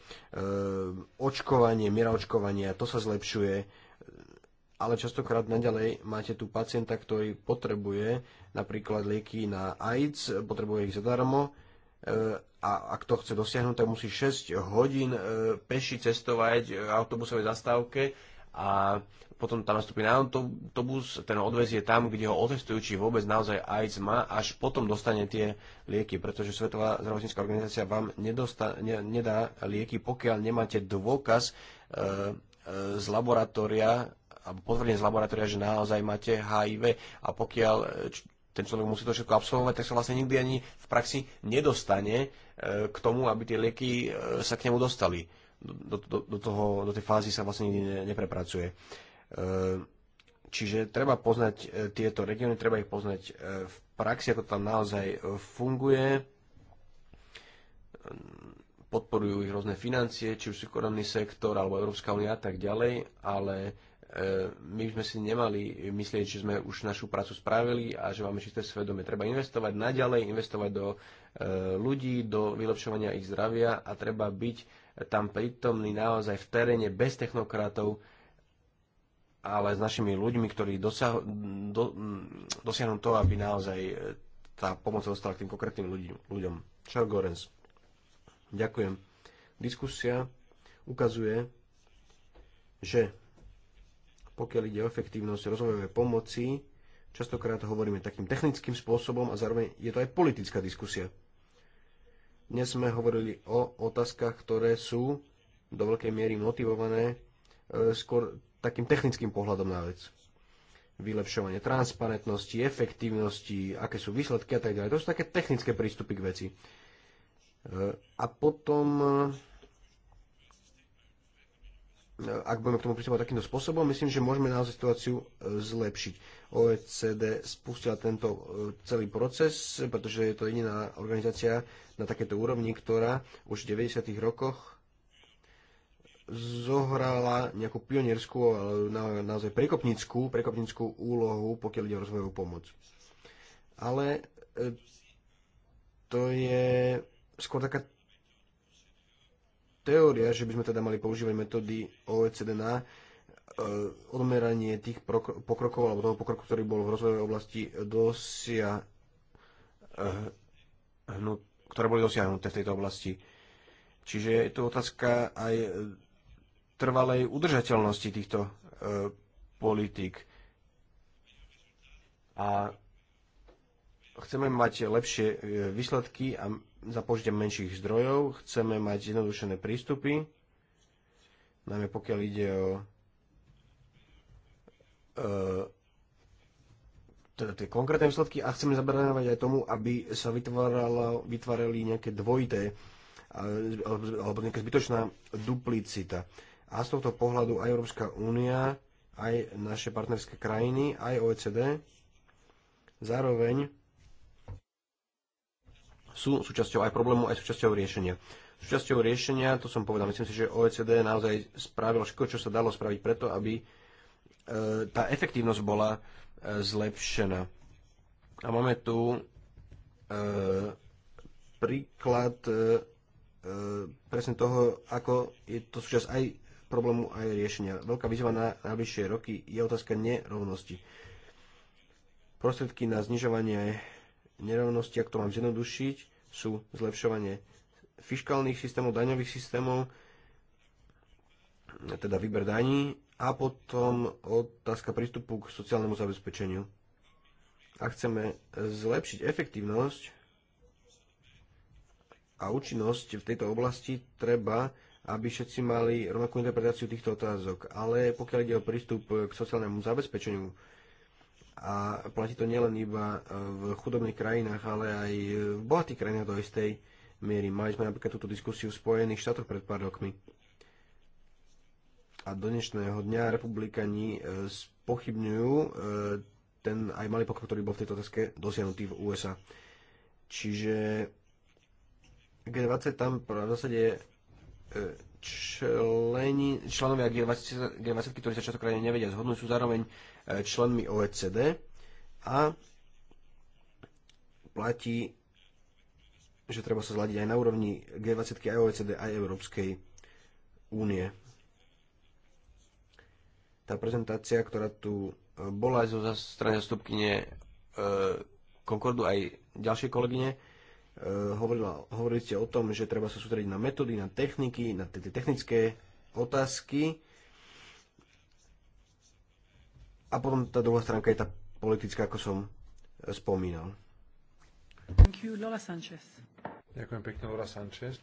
očkovanie, miera očkovania, to sa zlepšuje, ale častokrát naďalej máte tu pacienta, ktorý potrebuje napríklad lieky na AIDS, potrebuje ich zadarmo, a ak to chce dosiahnuť, tak musí 6 hodín peši cestovať v autobusovej zastávke a potom tam nastúpi na autobus, ten odvezie tam, kde ho otestujú, či vôbec naozaj AIDS má, až potom dostane tie lieky, pretože Svetová zdravotnícká organizácia vám nedosta- ne- nedá lieky, pokiaľ nemáte dôkaz e, e, z laboratória, alebo potvrdenie z laboratória, že naozaj máte HIV a pokiaľ ten človek musí to všetko absolvovať, tak sa vlastne nikdy ani v praxi nedostane e, k tomu, aby tie lieky e, sa k nemu dostali do, do, do, toho, do tej fázy sa vlastne nikdy ne, neprepracuje. E, čiže treba poznať e, tieto regióny, treba ich poznať e, v praxi, ako to tam naozaj funguje. Podporujú ich rôzne financie, či už súkromný sektor, alebo Európska únia a tak ďalej, ale my sme si nemali myslieť, že sme už našu prácu spravili a že máme čisté svedomie. Treba investovať naďalej, investovať do ľudí, do vylepšovania ich zdravia a treba byť tam prítomní naozaj v teréne bez technokratov, ale s našimi ľuďmi, ktorí dosah, do, dosiahnu to, aby naozaj e, tá pomoc dostala k tým konkrétnym ľuďom. Charles Gorens. Ďakujem. Diskusia ukazuje, že pokiaľ ide o efektívnosť rozvojovej pomoci, častokrát hovoríme takým technickým spôsobom a zároveň je to aj politická diskusia. Dnes sme hovorili o otázkach, ktoré sú do veľkej miery motivované e, skôr takým technickým pohľadom na vec. Vylepšovanie transparentnosti, efektívnosti, aké sú výsledky a tak ďalej. To sú také technické prístupy k veci. E, a potom, e, ak budeme k tomu pristupovať takýmto spôsobom, myslím, že môžeme naozaj situáciu zlepšiť. OECD spustila tento e, celý proces, pretože je to jediná organizácia na takéto úrovni, ktorá už v 90. rokoch zohrala nejakú pionierskú, ale naozaj prekopnickú, prekopnickú úlohu, pokiaľ ide o rozvojovú pomoc. Ale e, to je skôr taká teória, že by sme teda mali používať metódy OECD na E, odmeranie tých pokrokov alebo toho pokroku, ktorý bol v rozvojovej oblasti dosia, e, ktoré boli dosiahnuté v tejto oblasti. Čiže je to otázka aj trvalej udržateľnosti týchto e, politik. A chceme mať lepšie výsledky a za použitie menších zdrojov, chceme mať zjednodušené prístupy, najmä pokiaľ ide o E, teda tie konkrétne výsledky a chceme zabraňovať aj tomu, aby sa vytvárali nejaké dvojité e, alebo nejaká zbytočná duplicita. A z tohto pohľadu aj Európska únia, aj naše partnerské krajiny, aj OECD zároveň sú súčasťou aj problému, aj súčasťou riešenia. Súčasťou riešenia, to som povedal, myslím si, že OECD naozaj spravilo všetko, čo sa dalo spraviť preto, aby E, tá efektívnosť bola e, zlepšená. A máme tu e, príklad presne toho, ako je to súčasť aj problému, aj riešenia. Veľká výzva na najbližšie roky je otázka nerovnosti. Prostredky na znižovanie nerovnosti, ak to mám zjednodušiť, sú zlepšovanie fiskálnych systémov, daňových systémov, teda výber daní a potom otázka prístupu k sociálnemu zabezpečeniu. Ak chceme zlepšiť efektívnosť a účinnosť v tejto oblasti, treba, aby všetci mali rovnakú interpretáciu týchto otázok. Ale pokiaľ ide o prístup k sociálnemu zabezpečeniu, a platí to nielen iba v chudobných krajinách, ale aj v bohatých krajinách do istej miery. Mali sme napríklad túto diskusiu v Spojených štátoch pred pár rokmi a do dnešného dňa republikani e, spochybňujú e, ten aj malý pokrok, ktorý bol v tejto otázke dosiahnutý v USA. Čiže G20 tam v zásade e, členi, členovia G20, G20, ktorí sa častokrát nevedia zhodnúť, sú zároveň členmi OECD a platí, že treba sa zladiť aj na úrovni G20 aj OECD aj Európskej únie tá prezentácia, ktorá tu e, bola aj zo strany zastupkyne e, Concordu, aj ďalšie kolegyne, e, hovorila, hovorili ste o tom, že treba sa sústrediť na metódy, na techniky, na tie technické otázky. A potom tá druhá stránka je tá politická, ako som spomínal. Thank you, Lola Sanchez. Ďakujem pekne, Lola Sanchez.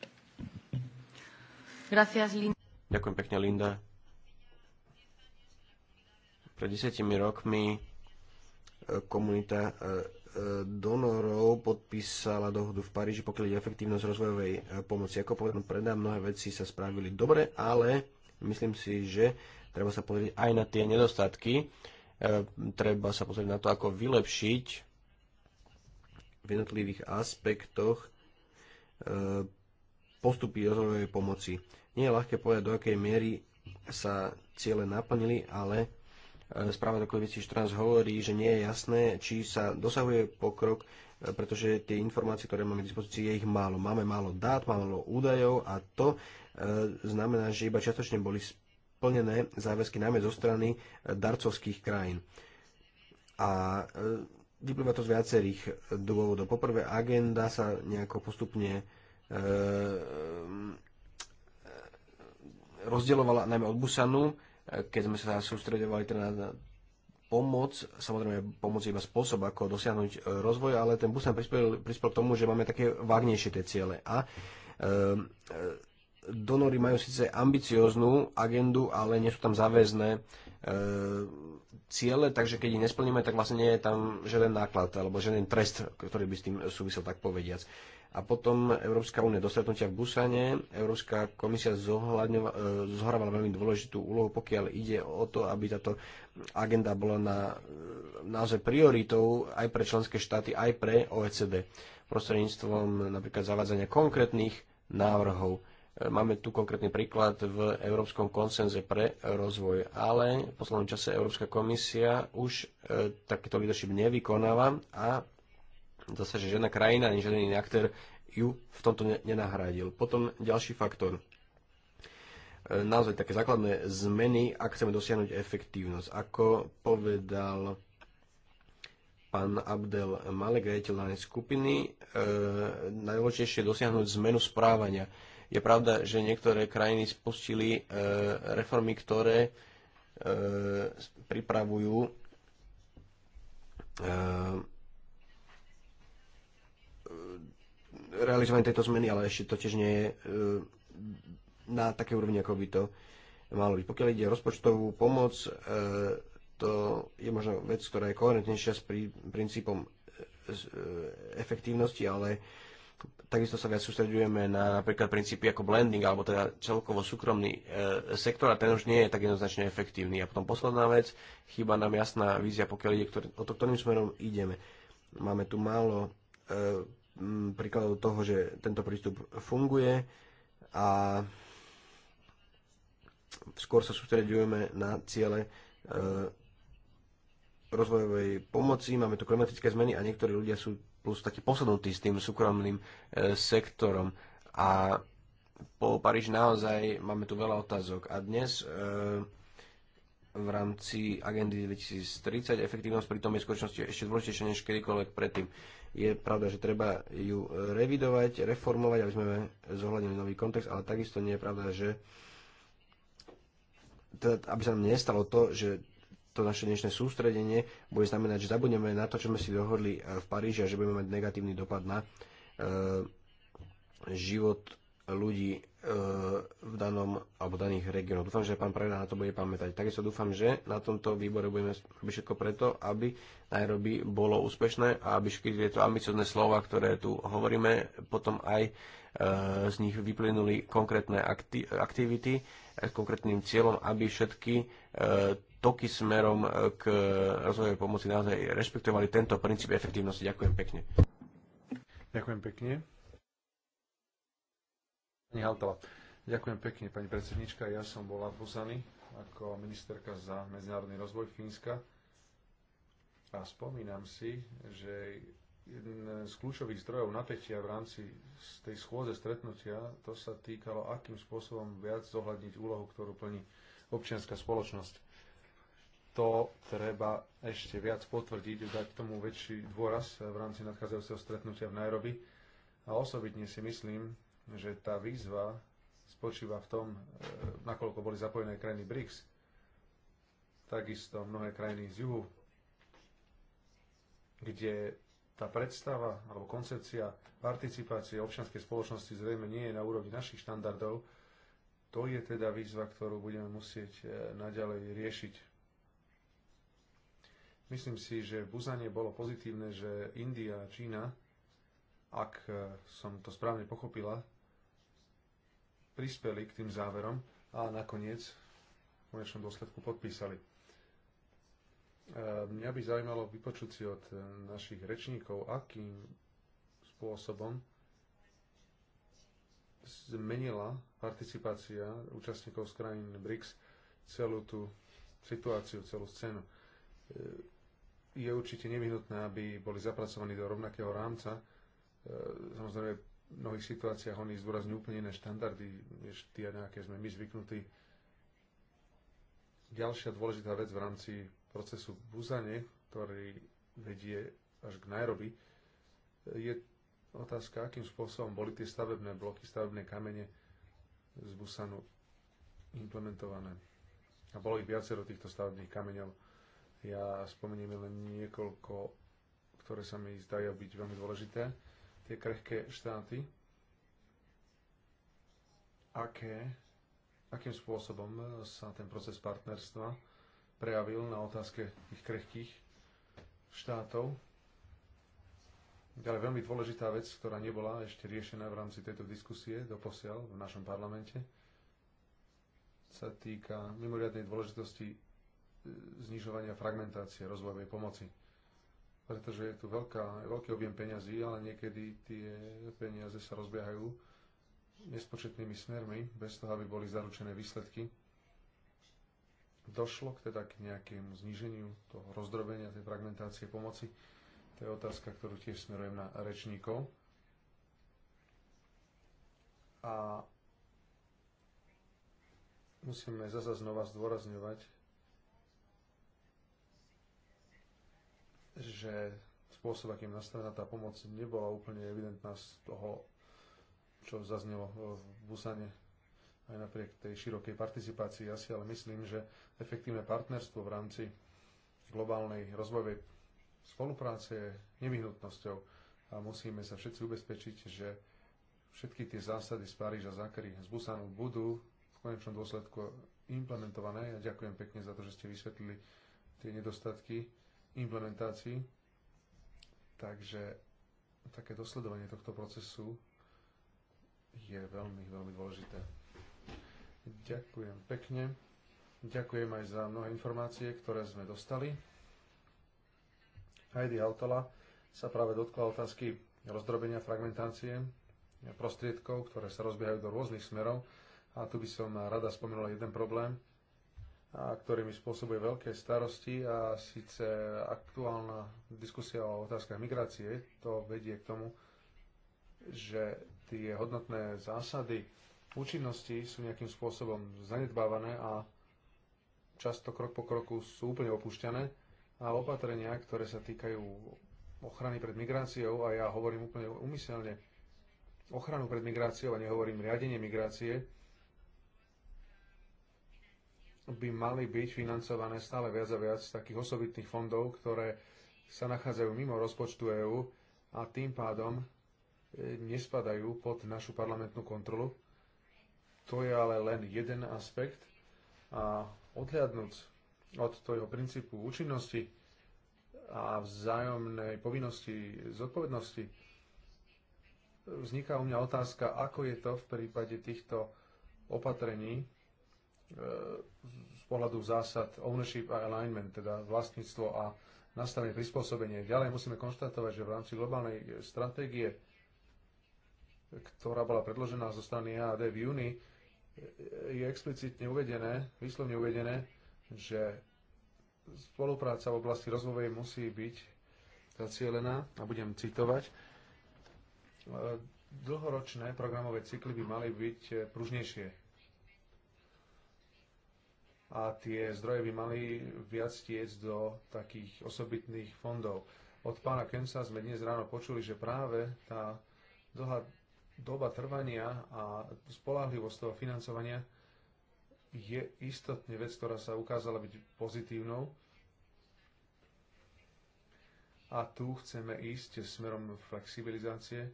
Gracias, Linda. Ďakujem pekne, Linda. Pred desiatimi rokmi e, komunita e, e, donorov podpísala dohodu v Paríži, pokiaľ ide efektívnosť rozvojovej pomoci. Ako povedal predám, mnohé veci sa spravili dobre, ale myslím si, že treba sa pozrieť aj na tie nedostatky. Treba sa pozrieť na to, ako vylepšiť v jednotlivých aspektoch postupy rozvojovej pomoci. Nie je ľahké povedať, do akej miery sa ciele naplnili, ale správa do 14 hovorí, že nie je jasné, či sa dosahuje pokrok, pretože tie informácie, ktoré máme k dispozícii, je ich málo. Máme málo dát, málo údajov a to e, znamená, že iba čiastočne boli splnené záväzky najmä zo strany e, darcovských krajín. A e, vyplýva to z viacerých dôvodov. Poprvé, agenda sa nejako postupne rozdielovala najmä od Busanu, keď sme sa sústredovali teda na pomoc, samozrejme pomoc je iba spôsob, ako dosiahnuť e, rozvoj, ale ten nám prispel, prispel k tomu, že máme také vágnejšie tie ciele. A e, e, donory majú síce ambicióznu agendu, ale nie sú tam záväzné e, ciele, takže keď ich nesplníme, tak vlastne nie je tam žiaden náklad alebo žiaden trest, ktorý by s tým súvisel, tak povediac. A potom Európska únia, dostretnutia v Busane, Európska komisia e, zohrávala veľmi dôležitú úlohu, pokiaľ ide o to, aby táto agenda bola na, e, naozaj prioritou aj pre členské štáty, aj pre OECD prostredníctvom napríklad zavádzania konkrétnych návrhov Máme tu konkrétny príklad v Európskom konsenze pre rozvoj, ale v poslednom čase Európska komisia už e, takýto leadership nevykonáva a zase, že žiadna krajina ani žiadny iný aktér ju v tomto nenahradil. Potom ďalší faktor. E, naozaj také základné zmeny, ak chceme dosiahnuť efektívnosť. Ako povedal pán Abdel Malek, riaditeľ skupiny, e, najdôležitejšie je dosiahnuť zmenu správania je pravda, že niektoré krajiny spustili e, reformy, ktoré e, pripravujú e, realizovanie tejto zmeny, ale ešte to tiež nie je na také úrovni, ako by to malo byť. Pokiaľ ide o rozpočtovú pomoc, to je možno vec, ktorá je koherentnejšia s princípom efektívnosti, ale Takisto sa viac sústredujeme na napríklad princípy ako blending, alebo teda celkovo súkromný e, sektor a ten už nie je tak jednoznačne efektívny. A potom posledná vec, chýba nám jasná vízia, pokiaľ ide, ktorý, o to, ktorým smerom ideme. Máme tu málo e, m, príkladov toho, že tento prístup funguje a skôr sa sústredujeme na ciele e, rozvojovej pomoci, máme tu klimatické zmeny a niektorí ľudia sú plus taký posadnutý s tým súkromným e, sektorom. A po Paríži naozaj máme tu veľa otázok. A dnes e, v rámci agendy 2030 efektívnosť pri tom je skutočnosti ešte dôležitejšia než kedykoľvek predtým. Je pravda, že treba ju e, revidovať, reformovať, aby sme zohľadnili nový kontext, ale takisto nie je pravda, že teda, aby sa nám nestalo to, že to naše dnešné sústredenie bude znamenať, že zabudneme na to, čo sme si dohodli e, v Paríži a že budeme mať negatívny dopad na uh, život ľudí e, v danom alebo daných regiónoch. Dúfam, že pán Preda na to bude pamätať. Takisto dúfam, že na tomto výbore budeme robiť všetko preto, aby Nairobi bolo úspešné a aby všetky tieto ambiciozne slova, ktoré tu hovoríme, potom aj e, z nich vyplynuli konkrétne aktivity s konkrétnym cieľom, aby všetky e, toky smerom e, k e, rozvojovej pomoci naozaj rešpektovali tento princíp efektívnosti. Ďakujem pekne. Ďakujem pekne. Pani Haltala. Ďakujem pekne, pani predsednička. Ja som bola v ako ministerka za medzinárodný rozvoj Fínska a spomínam si, že jeden z kľúčových zdrojov napätia v rámci tej schôze stretnutia, to sa týkalo, akým spôsobom viac zohľadniť úlohu, ktorú plní občianská spoločnosť to treba ešte viac potvrdiť, dať tomu väčší dôraz v rámci nadchádzajúceho stretnutia v Nairobi. A osobitne si myslím, že tá výzva spočíva v tom, e, nakoľko boli zapojené krajiny BRICS, takisto mnohé krajiny z juhu, kde tá predstava alebo koncepcia participácie občianskej spoločnosti zrejme nie je na úrovni našich štandardov. To je teda výzva, ktorú budeme musieť e, naďalej riešiť Myslím si, že v Buzane bolo pozitívne, že India a Čína, ak e, som to správne pochopila, prispeli k tým záverom a nakoniec v konečnom dôsledku podpísali. E, mňa by zaujímalo vypočuť si od e, našich rečníkov, akým spôsobom zmenila participácia účastníkov z krajín BRICS celú tú situáciu, celú scénu je určite nevyhnutné, aby boli zapracovaní do rovnakého rámca. E, samozrejme, v mnohých situáciách oni zdôrazňujú úplne iné štandardy, než tie, na aké sme my zvyknutí. Ďalšia dôležitá vec v rámci procesu Buzane, ktorý vedie až k Nairobi, je otázka, akým spôsobom boli tie stavebné bloky, stavebné kamene z Busanu implementované. A bolo ich viacero týchto stavebných kameňov. Ja spomeniem len niekoľko, ktoré sa mi zdajú byť veľmi dôležité. Tie krehké štáty, aké, akým spôsobom sa ten proces partnerstva prejavil na otázke tých krehkých štátov. Ďalej veľmi dôležitá vec, ktorá nebola ešte riešená v rámci tejto diskusie doposiaľ v našom parlamente, sa týka mimoriadnej dôležitosti znižovania fragmentácie rozvojovej pomoci. Pretože je tu veľká, veľký objem peňazí, ale niekedy tie peniaze sa rozbiehajú nespočetnými smermi, bez toho, aby boli zaručené výsledky. Došlo k teda k nejakému zníženiu toho rozdrobenia, tej fragmentácie pomoci. To je otázka, ktorú tiež smerujem na rečníkov. A musíme zase znova zdôrazňovať že spôsob, akým nastavená tá pomoc nebola úplne evidentná z toho, čo zaznelo v Busane, aj napriek tej širokej participácii. Ja si ale myslím, že efektívne partnerstvo v rámci globálnej rozvojovej spolupráce je nevyhnutnosťou a musíme sa všetci ubezpečiť, že všetky tie zásady z Paríža, z z Busanu budú v konečnom dôsledku implementované. Ja ďakujem pekne za to, že ste vysvetlili tie nedostatky implementácii. Takže také dosledovanie tohto procesu je veľmi, veľmi dôležité. Ďakujem pekne. Ďakujem aj za mnohé informácie, ktoré sme dostali. Heidi Hautala sa práve dotkla otázky rozdrobenia fragmentácie prostriedkov, ktoré sa rozbiehajú do rôznych smerov. A tu by som rada spomenula jeden problém, a ktorý mi spôsobuje veľké starosti a síce aktuálna diskusia o otázkach migrácie to vedie k tomu, že tie hodnotné zásady účinnosti sú nejakým spôsobom zanedbávané a často krok po kroku sú úplne opúšťané a opatrenia, ktoré sa týkajú ochrany pred migráciou, a ja hovorím úplne umyselne ochranu pred migráciou a nehovorím riadenie migrácie, by mali byť financované stále viac a viac takých osobitných fondov, ktoré sa nachádzajú mimo rozpočtu EÚ a tým pádom e, nespadajú pod našu parlamentnú kontrolu. To je ale len jeden aspekt a odhľadnúc od toho princípu účinnosti a vzájomnej povinnosti zodpovednosti, vzniká u mňa otázka, ako je to v prípade týchto opatrení z pohľadu zásad ownership a alignment, teda vlastníctvo a nastavenie prispôsobenie. Ďalej musíme konštatovať, že v rámci globálnej stratégie, ktorá bola predložená zo strany EAD v júni, je explicitne uvedené, výslovne uvedené, že spolupráca v oblasti rozvoje musí byť zacielená, a budem citovať, e, dlhoročné programové cykly by mali byť e, pružnejšie, a tie zdroje by mali viac tiec do takých osobitných fondov. Od pána Kemsa sme dnes ráno počuli, že práve tá dlhá doba trvania a spolahlivosť toho financovania je istotne vec, ktorá sa ukázala byť pozitívnou. A tu chceme ísť smerom flexibilizácie.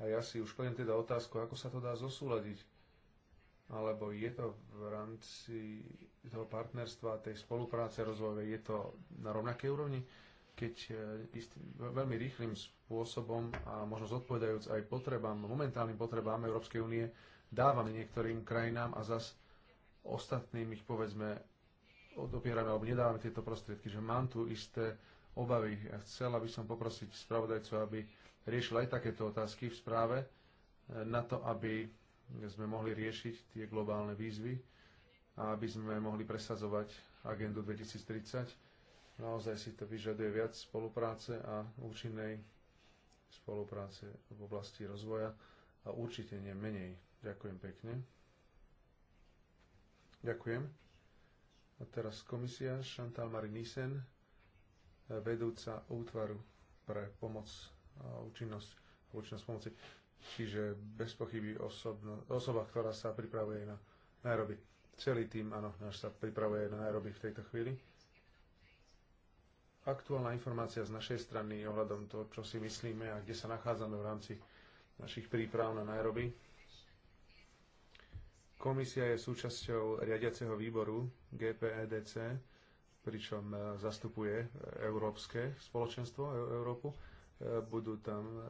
A ja si už poviem teda otázku, ako sa to dá zosúľadiť alebo je to v rámci toho partnerstva, tej spolupráce rozvojovej, je to na rovnakej úrovni, keď e, istý, veľmi rýchlým spôsobom a možno zodpovedajúc aj potrebám, momentálnym potrebám Európskej únie, dávame niektorým krajinám a zas ostatným ich povedzme odopierame alebo nedávame tieto prostriedky, že mám tu isté obavy. Ja chcela by som poprosiť spravodajcu, aby riešil aj takéto otázky v správe e, na to, aby sme mohli riešiť tie globálne výzvy a aby sme mohli presadzovať agendu 2030. Naozaj si to vyžaduje viac spolupráce a účinnej spolupráce v oblasti rozvoja a určite nie menej. Ďakujem pekne. Ďakujem. A teraz komisia Chantal Nissen, vedúca útvaru pre pomoc a účinnosť, účinnosť pomoci. Čiže bez pochyby osobno, osoba, ktorá sa pripravuje na Nairobi. Celý tým, áno, náš sa pripravuje na Nairobi v tejto chvíli. Aktuálna informácia z našej strany ohľadom toho, čo si myslíme a kde sa nachádzame v rámci našich príprav na Nairobi. Komisia je súčasťou riadiaceho výboru GPEDC, pričom e, zastupuje e, Európske spoločenstvo, e, Európu E, budú tam e,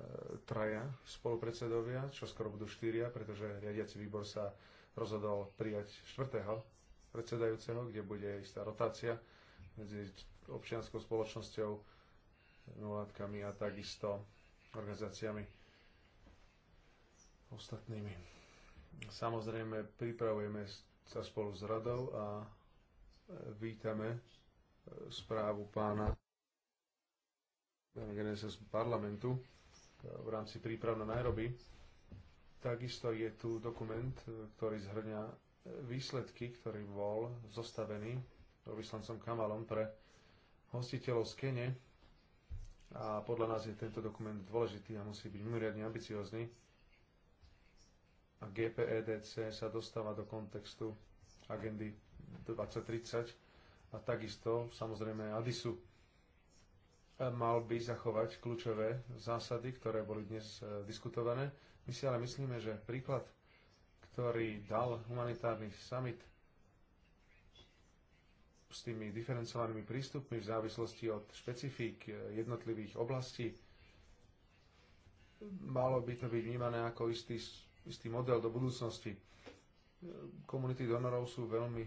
traja spolupredsedovia, čo skoro budú štyria, pretože riadiaci výbor sa rozhodol prijať štvrtého predsedajúceho, kde bude istá rotácia medzi občianskou spoločnosťou, novátkami a takisto organizáciami ostatnými. Samozrejme, pripravujeme sa spolu s radou a e, vítame správu pána Genesis parlamentu v rámci príprav na Nairobi. Takisto je tu dokument, e, ktorý zhrňa e, výsledky, ktorý bol zostavený vyslancom Kamalom pre hostiteľov z Kene. A podľa nás je tento dokument dôležitý a musí byť mimoriadne ambiciózny. A GPEDC sa dostáva do kontextu agendy 2030 a takisto samozrejme Adisu E, mal by zachovať kľúčové zásady, ktoré boli dnes e, diskutované. My si ale myslíme, že príklad, ktorý dal humanitárny summit s tými diferencovanými prístupmi v závislosti od špecifík e, jednotlivých oblastí, malo by to byť vnímané ako istý, istý model do budúcnosti. Komunity donorov sú veľmi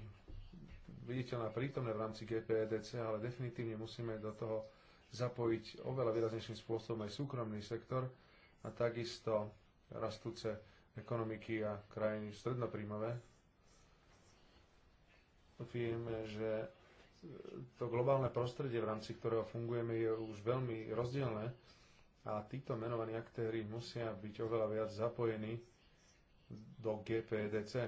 viditeľné a prítomné v rámci GPEDC, ale definitívne musíme do toho zapojiť oveľa výraznejším spôsobom aj súkromný sektor a takisto rastúce ekonomiky a krajiny strednopríjmové. Vieme, že to globálne prostredie, v rámci ktorého fungujeme, je už veľmi rozdielne a títo menovaní aktéry musia byť oveľa viac zapojení do GPDC. E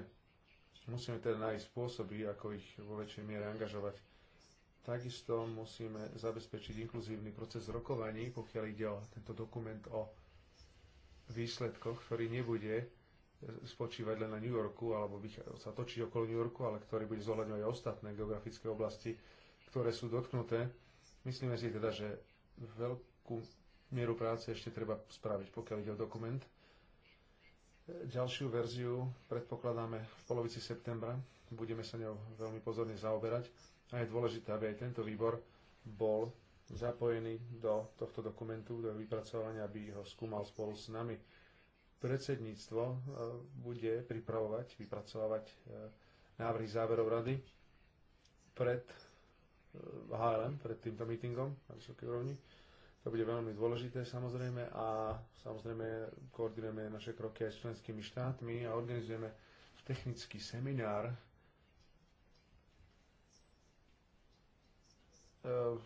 Musíme teda nájsť spôsoby, ako ich vo väčšej miere angažovať. Takisto musíme zabezpečiť inkluzívny proces rokovaní, pokiaľ ide o tento dokument o výsledkoch, ktorý nebude spočívať len na New Yorku alebo sa točiť okolo New Yorku, ale ktorý bude zohľadňovať aj ostatné geografické oblasti, ktoré sú dotknuté. Myslíme si teda, že veľkú mieru práce ešte treba spraviť, pokiaľ ide o dokument. Ďalšiu verziu predpokladáme v polovici septembra. Budeme sa ňou veľmi pozorne zaoberať a je dôležité, aby aj tento výbor bol zapojený do tohto dokumentu, do vypracovania, aby ho skúmal spolu s nami. Predsedníctvo e, bude pripravovať, vypracovať e, návrhy záverov rady pred e, HLM, pred týmto mítingom na vysokej úrovni. To bude veľmi dôležité samozrejme a samozrejme koordinujeme naše kroky aj s členskými štátmi a organizujeme technický seminár Eh,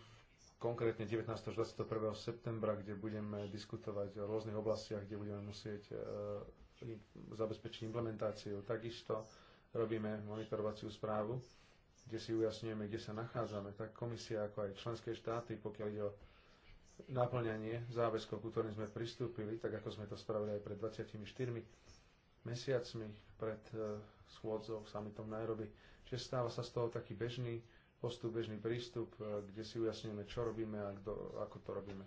konkrétne 19. až 21. septembra, kde budeme diskutovať o rôznych oblastiach, kde budeme musieť eh, zabezpečiť implementáciu. Takisto robíme monitorovaciu správu, kde si ujasňujeme, kde sa nachádzame. Tak komisia, ako aj členské štáty, pokiaľ ide o naplňanie záväzkov, ku ktorým sme pristúpili, tak ako sme to spravili aj pred 24 mesiacmi pred eh, schôdzou samitom Nairobi. Čiže stáva sa z toho taký bežný postup, bežný prístup, e, kde si ujasňujeme, čo robíme a kdo, ako to robíme.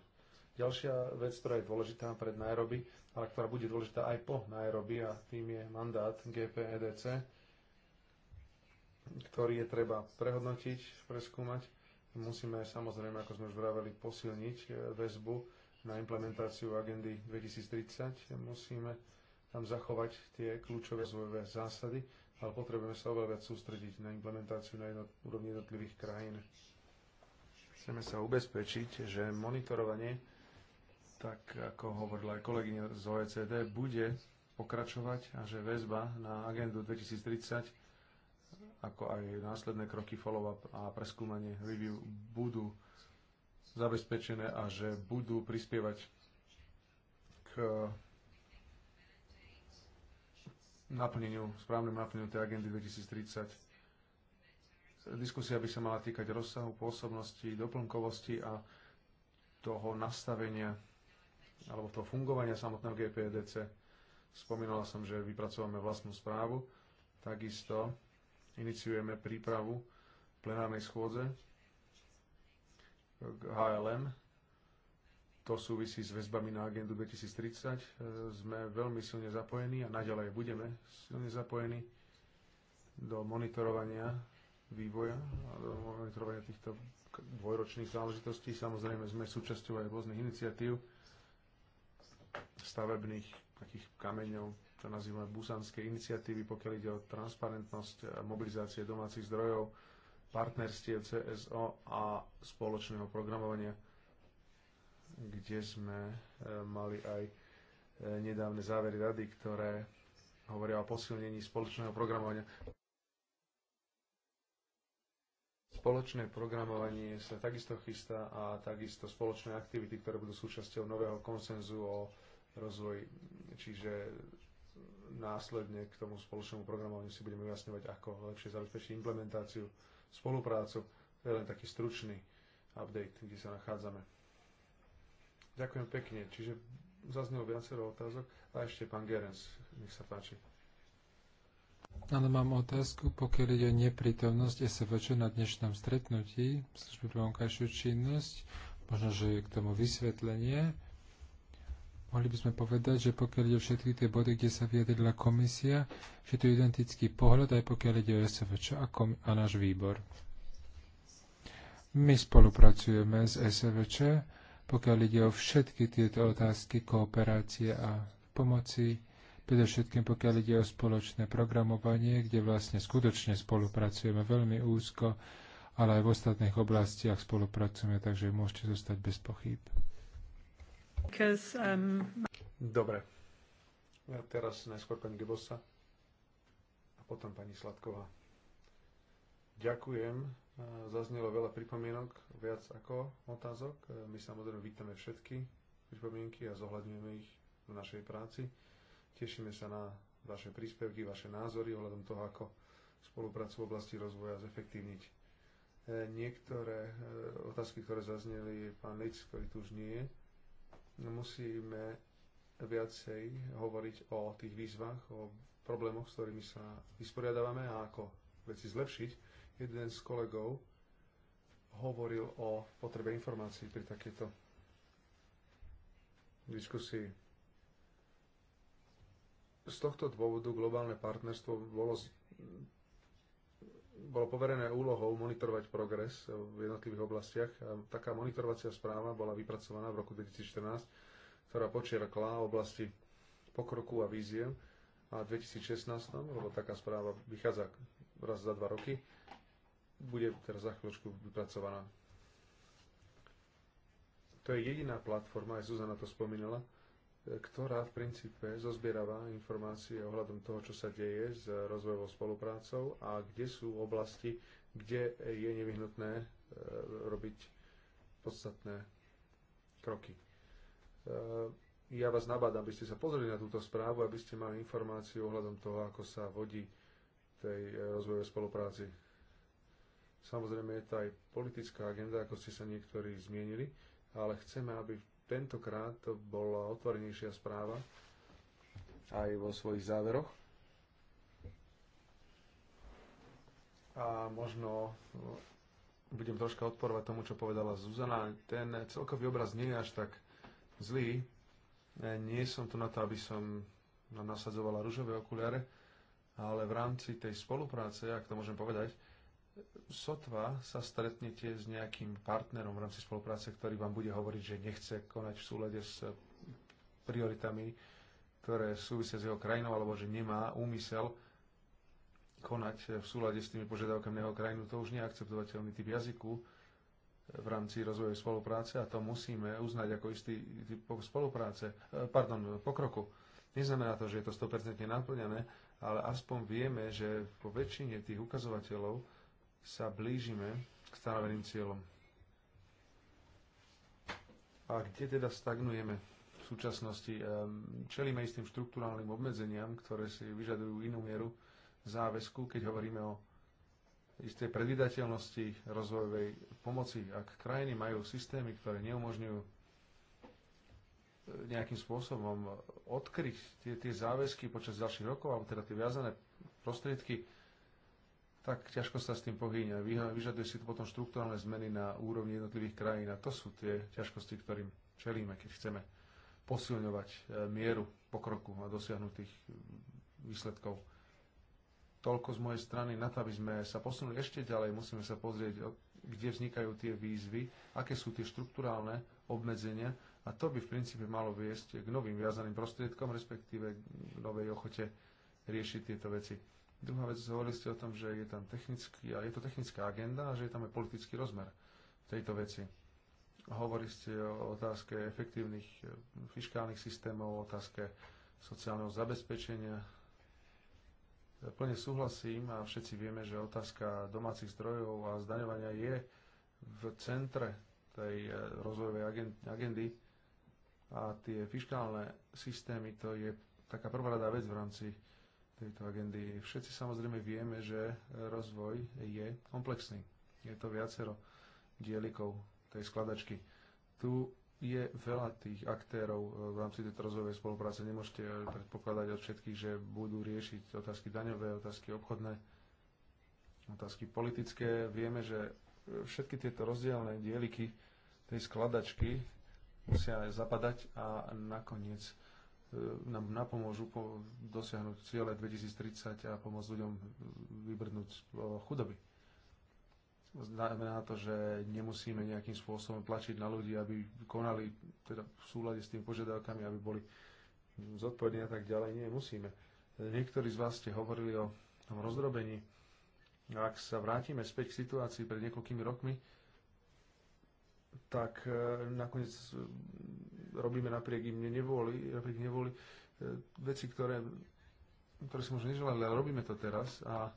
Ďalšia vec, ktorá je dôležitá pred Nairobi, ale ktorá bude dôležitá aj po Nairobi a tým je mandát GPEDC, ktorý je treba prehodnotiť, preskúmať. Musíme samozrejme, ako sme už vraveli, posilniť e, väzbu na implementáciu agendy 2030. Musíme tam zachovať tie kľúčové zvojové zásady ale potrebujeme sa oveľa viac sústrediť na implementáciu na jednot, úrovni jednotlivých krajín. Chceme sa ubezpečiť, že monitorovanie, tak ako hovorila aj kolegyňa z OECD, bude pokračovať a že väzba na agendu 2030, ako aj následné kroky follow-up a preskúmanie review budú zabezpečené a že budú prispievať k naplneniu, správnemu naplneniu tej agendy 2030. Diskusia by sa mala týkať rozsahu pôsobnosti, doplnkovosti a toho nastavenia alebo toho fungovania samotného GPDC. E Spomínala som, že vypracovame vlastnú správu. Takisto iniciujeme prípravu plenárnej schôdze k HLM to súvisí s väzbami na agendu 2030. E, sme veľmi silne zapojení a naďalej budeme silne zapojení do monitorovania vývoja a do monitorovania týchto dvojročných záležitostí. Samozrejme sme súčasťou aj rôznych iniciatív stavebných takých kameňov, čo nazývame busanské iniciatívy, pokiaľ ide o transparentnosť mobilizácie domácich zdrojov, partnerstiev CSO a spoločného programovania kde sme e, mali aj e, nedávne závery rady, ktoré hovoria o posilnení spoločného programovania. Spoločné programovanie sa takisto chystá a takisto spoločné aktivity, ktoré budú súčasťou nového konsenzu o rozvoji. Čiže následne k tomu spoločnému programovaniu si budeme ujasňovať, ako lepšie zabezpečiť implementáciu, spoluprácu. To je len taký stručný update, kde sa nachádzame. Ďakujem pekne. Čiže zaznelo viacero otázok. A ešte pán Gerens, nech sa páči. Áno, mám otázku, pokiaľ ide o neprítomnosť SVČ na dnešnom stretnutí, služby pre vonkajšiu činnosť, možno, že je k tomu vysvetlenie. Mohli by sme povedať, že pokiaľ ide o všetky tie body, kde sa vyjadrila komisia, že to je identický pohľad, aj pokiaľ ide o SVČ a, kom- a náš výbor. My spolupracujeme s SVČ, pokiaľ ide o všetky tieto otázky kooperácie a pomoci, predovšetkým pokiaľ ide o spoločné programovanie, kde vlastne skutočne spolupracujeme veľmi úzko, ale aj v ostatných oblastiach spolupracujeme, takže môžete zostať bez pochyb. Um... Dobre. Ja teraz najskôr pani Gebosa a potom pani Sladková. Ďakujem Zaznelo veľa pripomienok, viac ako otázok. E, my samozrejme vítame všetky pripomienky a zohľadňujeme ich v našej práci. Tešíme sa na vaše príspevky, vaše názory ohľadom toho, ako spoluprácu v oblasti rozvoja zefektívniť. E, niektoré e, otázky, ktoré zazneli, pán Lic, ktorý tu už nie je, musíme viacej hovoriť o tých výzvach, o problémoch, s ktorými sa vysporiadávame a ako veci zlepšiť. Jeden z kolegov hovoril o potrebe informácií pri takejto diskusii. Z tohto dôvodu globálne partnerstvo bolo, bolo poverené úlohou monitorovať progres v jednotlivých oblastiach. Taká monitorovacia správa bola vypracovaná v roku 2014, ktorá počierkla oblasti pokroku a vízie a v 2016, lebo taká správa vychádza raz za dva roky, bude teraz za chvíľočku vypracovaná. To je jediná platforma, aj Zuzana to spomínala, e, ktorá v princípe zozbierava informácie ohľadom toho, čo sa deje s rozvojovou spoluprácou a kde sú oblasti, kde je nevyhnutné e, robiť podstatné kroky. E, ja vás nabádam, aby ste sa pozreli na túto správu, aby ste mali informáciu ohľadom toho, ako sa vodí tej rozvojovej spolupráci Samozrejme je to aj politická agenda, ako ste sa niektorí zmienili, ale chceme, aby tentokrát to bola otvorenejšia správa aj vo svojich záveroch. A možno no, budem troška odporovať tomu, čo povedala Zuzana. Ten celkový obraz nie je až tak zlý. E, nie som tu na to, aby som nasadzovala rúžové okuliare, ale v rámci tej spolupráce, ak to môžem povedať, sotva sa stretnete s nejakým partnerom v rámci spolupráce, ktorý vám bude hovoriť, že nechce konať v súlade s prioritami, ktoré súvisia s jeho krajinou, alebo že nemá úmysel konať v súlade s tými požiadavkami jeho krajinu, to už nie je akceptovateľný typ jazyku v rámci rozvojovej spolupráce a to musíme uznať ako istý typ spolupráce, eh, pardon, pokroku. Neznamená to, že je to 100% naplňané, ale aspoň vieme, že po väčšine tých ukazovateľov sa blížime k stanoveným cieľom. A kde teda stagnujeme v súčasnosti? Ehm, čelíme istým štruktúrálnym obmedzeniam, ktoré si vyžadujú inú mieru záväzku, keď hovoríme o istej predvydateľnosti rozvojovej pomoci. Ak krajiny majú systémy, ktoré neumožňujú e, nejakým spôsobom odkryť tie, tie záväzky počas ďalších rokov, alebo teda tie viazané prostriedky, tak ťažko sa s tým pohyňa. Vyžaduje si to potom štruktúrne zmeny na úrovni jednotlivých krajín a to sú tie ťažkosti, ktorým čelíme, keď chceme posilňovať e, mieru pokroku a dosiahnutých mm, výsledkov. Toľko z mojej strany. Na to, aby sme sa posunuli ešte ďalej, musíme sa pozrieť, kde vznikajú tie výzvy, aké sú tie štruktúrálne obmedzenia a to by v princípe malo viesť k novým viazaným prostriedkom, respektíve k novej ochote riešiť tieto veci Druhá vec, hovorili ste o tom, že je tam technický, a je to technická agenda a že je tam aj politický rozmer v tejto veci. Hovorili ste o otázke efektívnych e, fiskálnych systémov, o otázke sociálneho zabezpečenia. Ja plne súhlasím a všetci vieme, že otázka domácich zdrojov a zdaňovania je v centre tej e, rozvojovej agendy a tie fiskálne systémy, to je taká prvá rada vec v rámci tejto agendy. Všetci samozrejme vieme, že rozvoj je komplexný. Je to viacero dielikov tej skladačky. Tu je veľa tých aktérov eh, v rámci tejto rozvojovej spolupráce. Nemôžete eh, predpokladať od všetkých, že budú riešiť otázky daňové, otázky obchodné, otázky politické. Vieme, že eh, všetky tieto rozdielne dieliky tej skladačky musia zapadať a nakoniec E, nám napomôžu po dosiahnuť ciele 2030 a pomôcť ľuďom vybrnúť e, chudoby. Znamená to, že nemusíme nejakým spôsobom tlačiť na ľudí, aby konali teda v súlade s tými požiadavkami, aby boli zodpovední a tak ďalej. Nie, musíme. Niektorí z vás ste hovorili o tom rozdrobení. Ak sa vrátime späť k situácii pred niekoľkými rokmi, tak e, nakoniec robíme napriek im nevôli, napriek nevôli e, veci, ktoré, ktoré si možno neželali, ale robíme to teraz a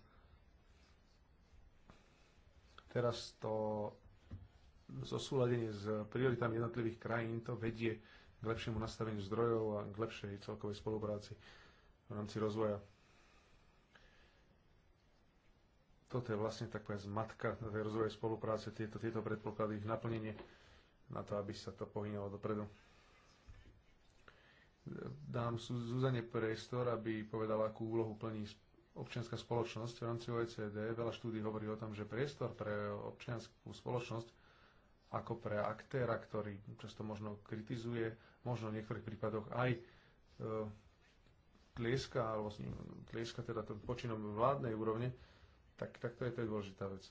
teraz to zosúladenie s prioritami jednotlivých krajín to vedie k lepšiemu nastaveniu zdrojov a k lepšej celkovej spolupráci v rámci rozvoja. Toto je vlastne taká matka tej rozvojovej spolupráce, tieto, tieto predpoklady, ich naplnenie na to, aby sa to pohynalo dopredu dám Zuzane priestor, aby povedala, akú úlohu plní občianská spoločnosť v rámci OECD. Veľa štúdí hovorí o tom, že priestor pre občianskú spoločnosť ako pre aktéra, ktorý často možno kritizuje, možno v niektorých prípadoch aj e, tlieska, alebo tlieska teda to počinom vládnej úrovne, tak, tak to je, to je dôležitá vec.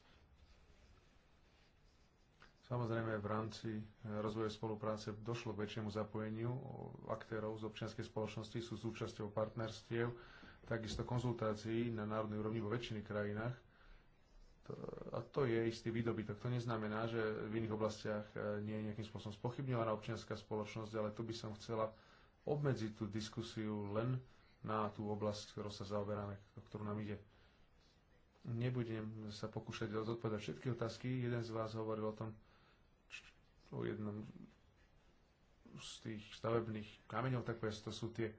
Samozrejme, v rámci eh, rozvoja spolupráce došlo k väčšiemu zapojeniu aktérov z občianskej spoločnosti, sú súčasťou partnerstiev, takisto konzultácií na národnej úrovni vo väčšine krajinách. A to je istý výdobytok. To neznamená, že v iných oblastiach eh, nie je nejakým spôsobom spochybňovaná občianská spoločnosť, ale tu by som chcela obmedziť tú diskusiu len na tú oblasť, ktorou sa zaoberáme, o ktorú nám ide. Nebudem sa pokúšať odpovedať všetky otázky. Jeden z vás hovoril o tom, o jednom z tých stavebných kameňov, tak povedz, to sú tie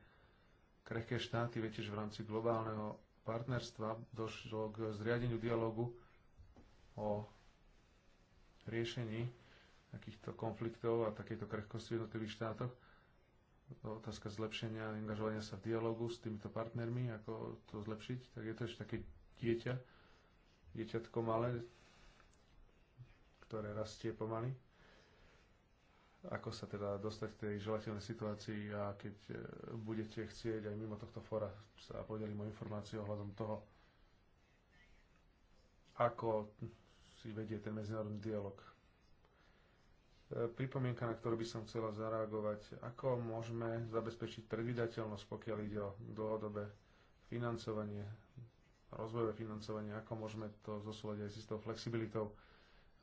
krehké štáty, viete, že v rámci globálneho partnerstva došlo k zriadeniu dialogu o riešení takýchto konfliktov a takejto krehkosti v jednotlivých štátoch. Otázka zlepšenia, angažovania sa v dialogu s týmito partnermi, ako to zlepšiť, tak je to ešte také dieťa, dieťatko malé, ktoré rastie pomaly ako sa teda dostať k tej želateľnej situácii a keď e, budete chcieť aj mimo tohto fóra sa podelím o informácie ohľadom toho, ako si vedie ten medzinárodný dialog. E, pripomienka, na ktorú by som chcela zareagovať, ako môžeme zabezpečiť predvydateľnosť, pokiaľ ide o dlhodobé financovanie, rozvojové financovanie, ako môžeme to zosúľať aj s istou flexibilitou,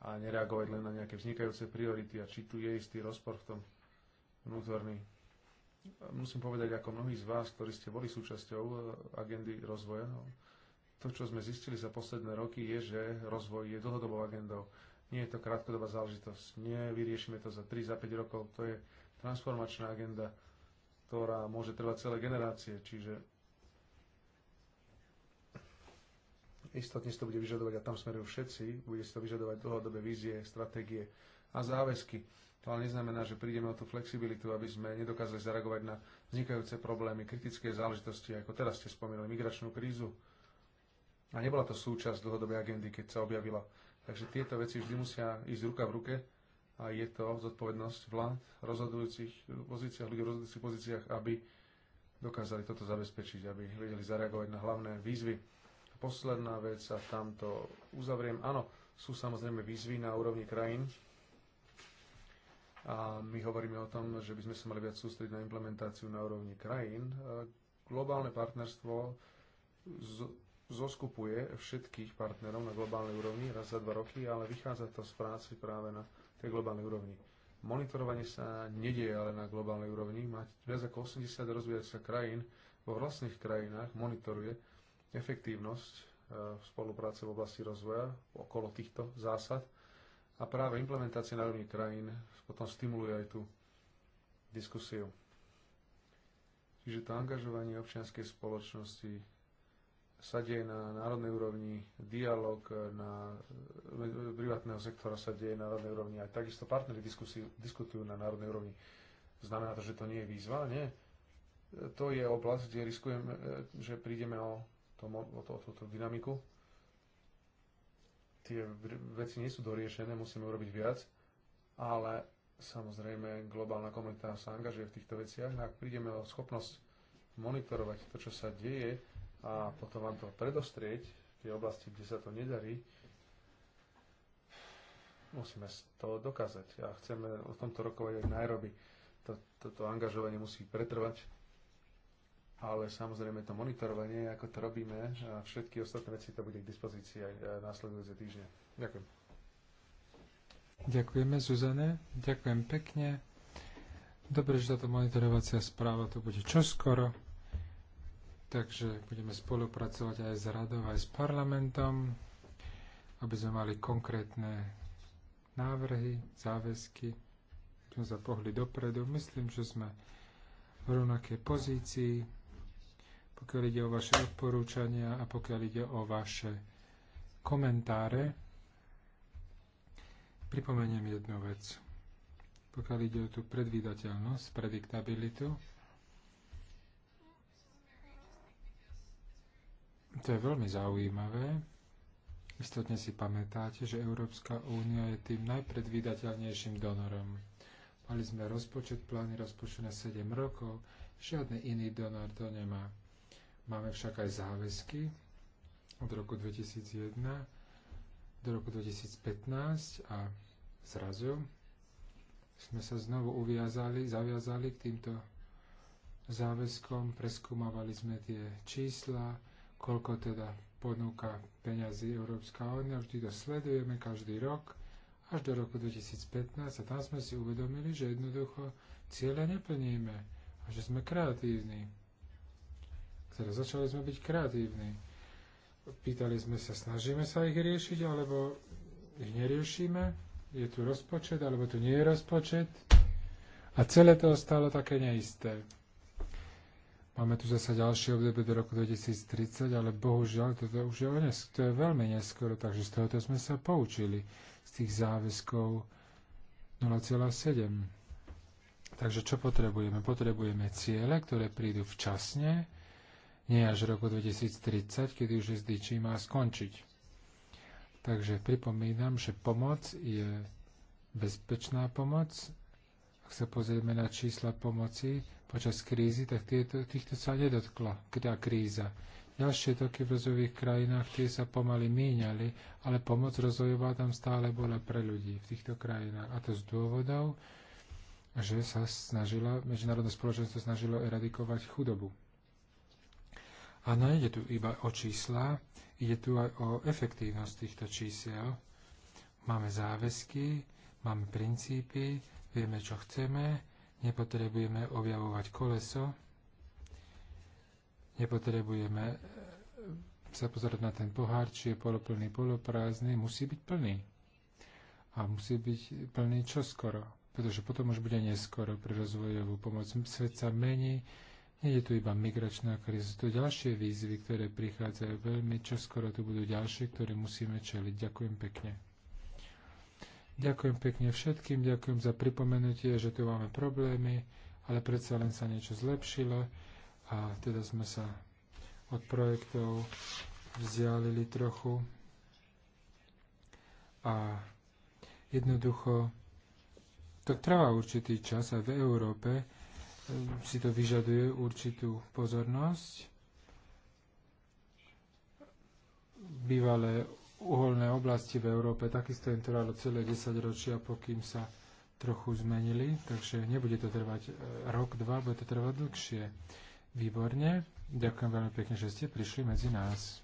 a nereagovať len na nejaké vznikajúce priority a či tu je istý rozpor v tom vnútorný. Musím povedať, ako mnohí z vás, ktorí ste boli súčasťou e, agendy rozvoja, no, to, čo sme zistili za posledné roky, je, že rozvoj je dlhodobou agendou. Nie je to krátkodobá záležitosť. Nevyriešime to za 3, za 5 rokov. To je transformačná agenda, ktorá môže trvať celé generácie. Čiže Istotne si to bude vyžadovať, a tam smerujú všetci, bude si to vyžadovať dlhodobé vízie, stratégie a záväzky. To ale neznamená, že prídeme o tú flexibilitu, aby sme nedokázali zareagovať na vznikajúce problémy, kritické záležitosti, ako teraz ste spomínali migračnú krízu. A nebola to súčasť dlhodobej agendy, keď sa objavila. Takže tieto veci vždy musia ísť ruka v ruke a je to zodpovednosť vlád, rozhodujúcich pozíciách, ľudí v rozhodujúcich pozíciách, aby dokázali toto zabezpečiť, aby vedeli zareagovať na hlavné výzvy posledná vec a tamto uzavriem. Áno, sú samozrejme výzvy na úrovni krajín a my hovoríme o tom, že by sme sa mali viac sústrediť na implementáciu na úrovni krajín. Globálne partnerstvo zoskupuje všetkých partnerov na globálnej úrovni raz za dva roky, ale vychádza to z práci práve na tej globálnej úrovni. Monitorovanie sa nedieje ale na globálnej úrovni. Mať viac ako 80 rozvíjajúcich sa krajín vo vlastných krajinách monitoruje efektívnosť e, spolupráce v oblasti rozvoja okolo týchto zásad a práve implementácia národných krajín potom stimuluje aj tú diskusiu. Čiže to angažovanie občianskej spoločnosti sa deje na národnej úrovni, dialog na e, privátneho sektora sa deje na národnej úrovni a takisto partnery diskutujú na národnej úrovni. Znamená to, že to nie je výzva? Nie. E, to je oblasť, kde riskujeme, že prídeme o túto dynamiku. Tie veci nie sú doriešené, musíme urobiť viac, ale samozrejme globálna komunita sa angažuje v týchto veciach no ak prídeme o schopnosť monitorovať to, čo sa deje a potom vám to predostrieť, v tie oblasti, kde sa to nedarí, musíme to dokázať a chceme o tomto rokovať aj Nairobi. Toto angažovanie musí pretrvať ale samozrejme to monitorovanie, ako to robíme a všetky ostatné veci, to bude k dispozícii aj e, následujúce týždne. Ďakujem. Ďakujeme, Zuzane. Ďakujem pekne. Dobre, že táto monitorovacia správa tu bude čoskoro, takže budeme spolupracovať aj s radou, aj s parlamentom, aby sme mali konkrétne návrhy, záväzky, aby sme sa pohli dopredu. Myslím, že sme v rovnakej pozícii pokiaľ ide o vaše odporúčania a pokiaľ ide o vaše komentáre. Pripomeniem jednu vec. Pokiaľ ide o tú predvídateľnosť, prediktabilitu, to je veľmi zaujímavé. Istotne si pamätáte, že Európska únia je tým najpredvídateľnejším donorom. Mali sme rozpočet, plány rozpočet na 7 rokov, žiadny iný donor to nemá Máme však aj záväzky od roku 2001 do roku 2015 a zrazu sme sa znovu uviazali, zaviazali k týmto záväzkom, preskúmavali sme tie čísla, koľko teda ponúka peňazí Európska únia, vždy to sledujeme každý rok až do roku 2015 a tam sme si uvedomili, že jednoducho ciele neplníme a že sme kreatívni Teraz Začali sme byť kreatívni. Pýtali sme sa, snažíme sa ich riešiť, alebo ich neriešime? Je tu rozpočet, alebo tu nie je rozpočet? A celé to stalo také neisté. Máme tu zase ďalšie obdobie do roku 2030, ale bohužiaľ toto už je, to je veľmi neskoro, takže z tohoto sme sa poučili, z tých záväzkov 0,7. Takže čo potrebujeme? Potrebujeme ciele, ktoré prídu včasne, nie až roku 2030, kedy už SDG má skončiť. Takže pripomínam, že pomoc je bezpečná pomoc. Ak sa pozrieme na čísla pomoci počas krízy, tak tieto, týchto sa nedotkla tá kríza. Ďalšie toky v rozvojových krajinách tie sa pomaly míňali, ale pomoc rozvojová tam stále bola pre ľudí v týchto krajinách. A to z dôvodov, že sa snažila, medzinárodné spoločenstvo snažilo eradikovať chudobu. A no, nejde tu iba o čísla, ide tu aj o efektívnosť týchto čísel. Máme záväzky, máme princípy, vieme, čo chceme, nepotrebujeme objavovať koleso, nepotrebujeme eh, sa pozerať na ten pohár, či je poloplný, poloprázdny, musí byť plný. A musí byť plný čoskoro, pretože potom už bude neskoro pre rozvojovú pomoc. Svet sa mení, nie je tu iba migračná kríza, sú tu ďalšie výzvy, ktoré prichádzajú veľmi čoskoro, tu budú ďalšie, ktoré musíme čeliť. Ďakujem pekne. Ďakujem pekne všetkým, ďakujem za pripomenutie, že tu máme problémy, ale predsa len sa niečo zlepšilo a teda sme sa od projektov vzdialili trochu a jednoducho to trvá určitý čas aj v Európe, si to vyžaduje určitú pozornosť. Bývalé uholné oblasti v Európe takisto im trvalo celé 10 ročia, pokým sa trochu zmenili, takže nebude to trvať e, rok, dva, bude to trvať dlhšie. Výborne, ďakujem veľmi pekne, že ste prišli medzi nás.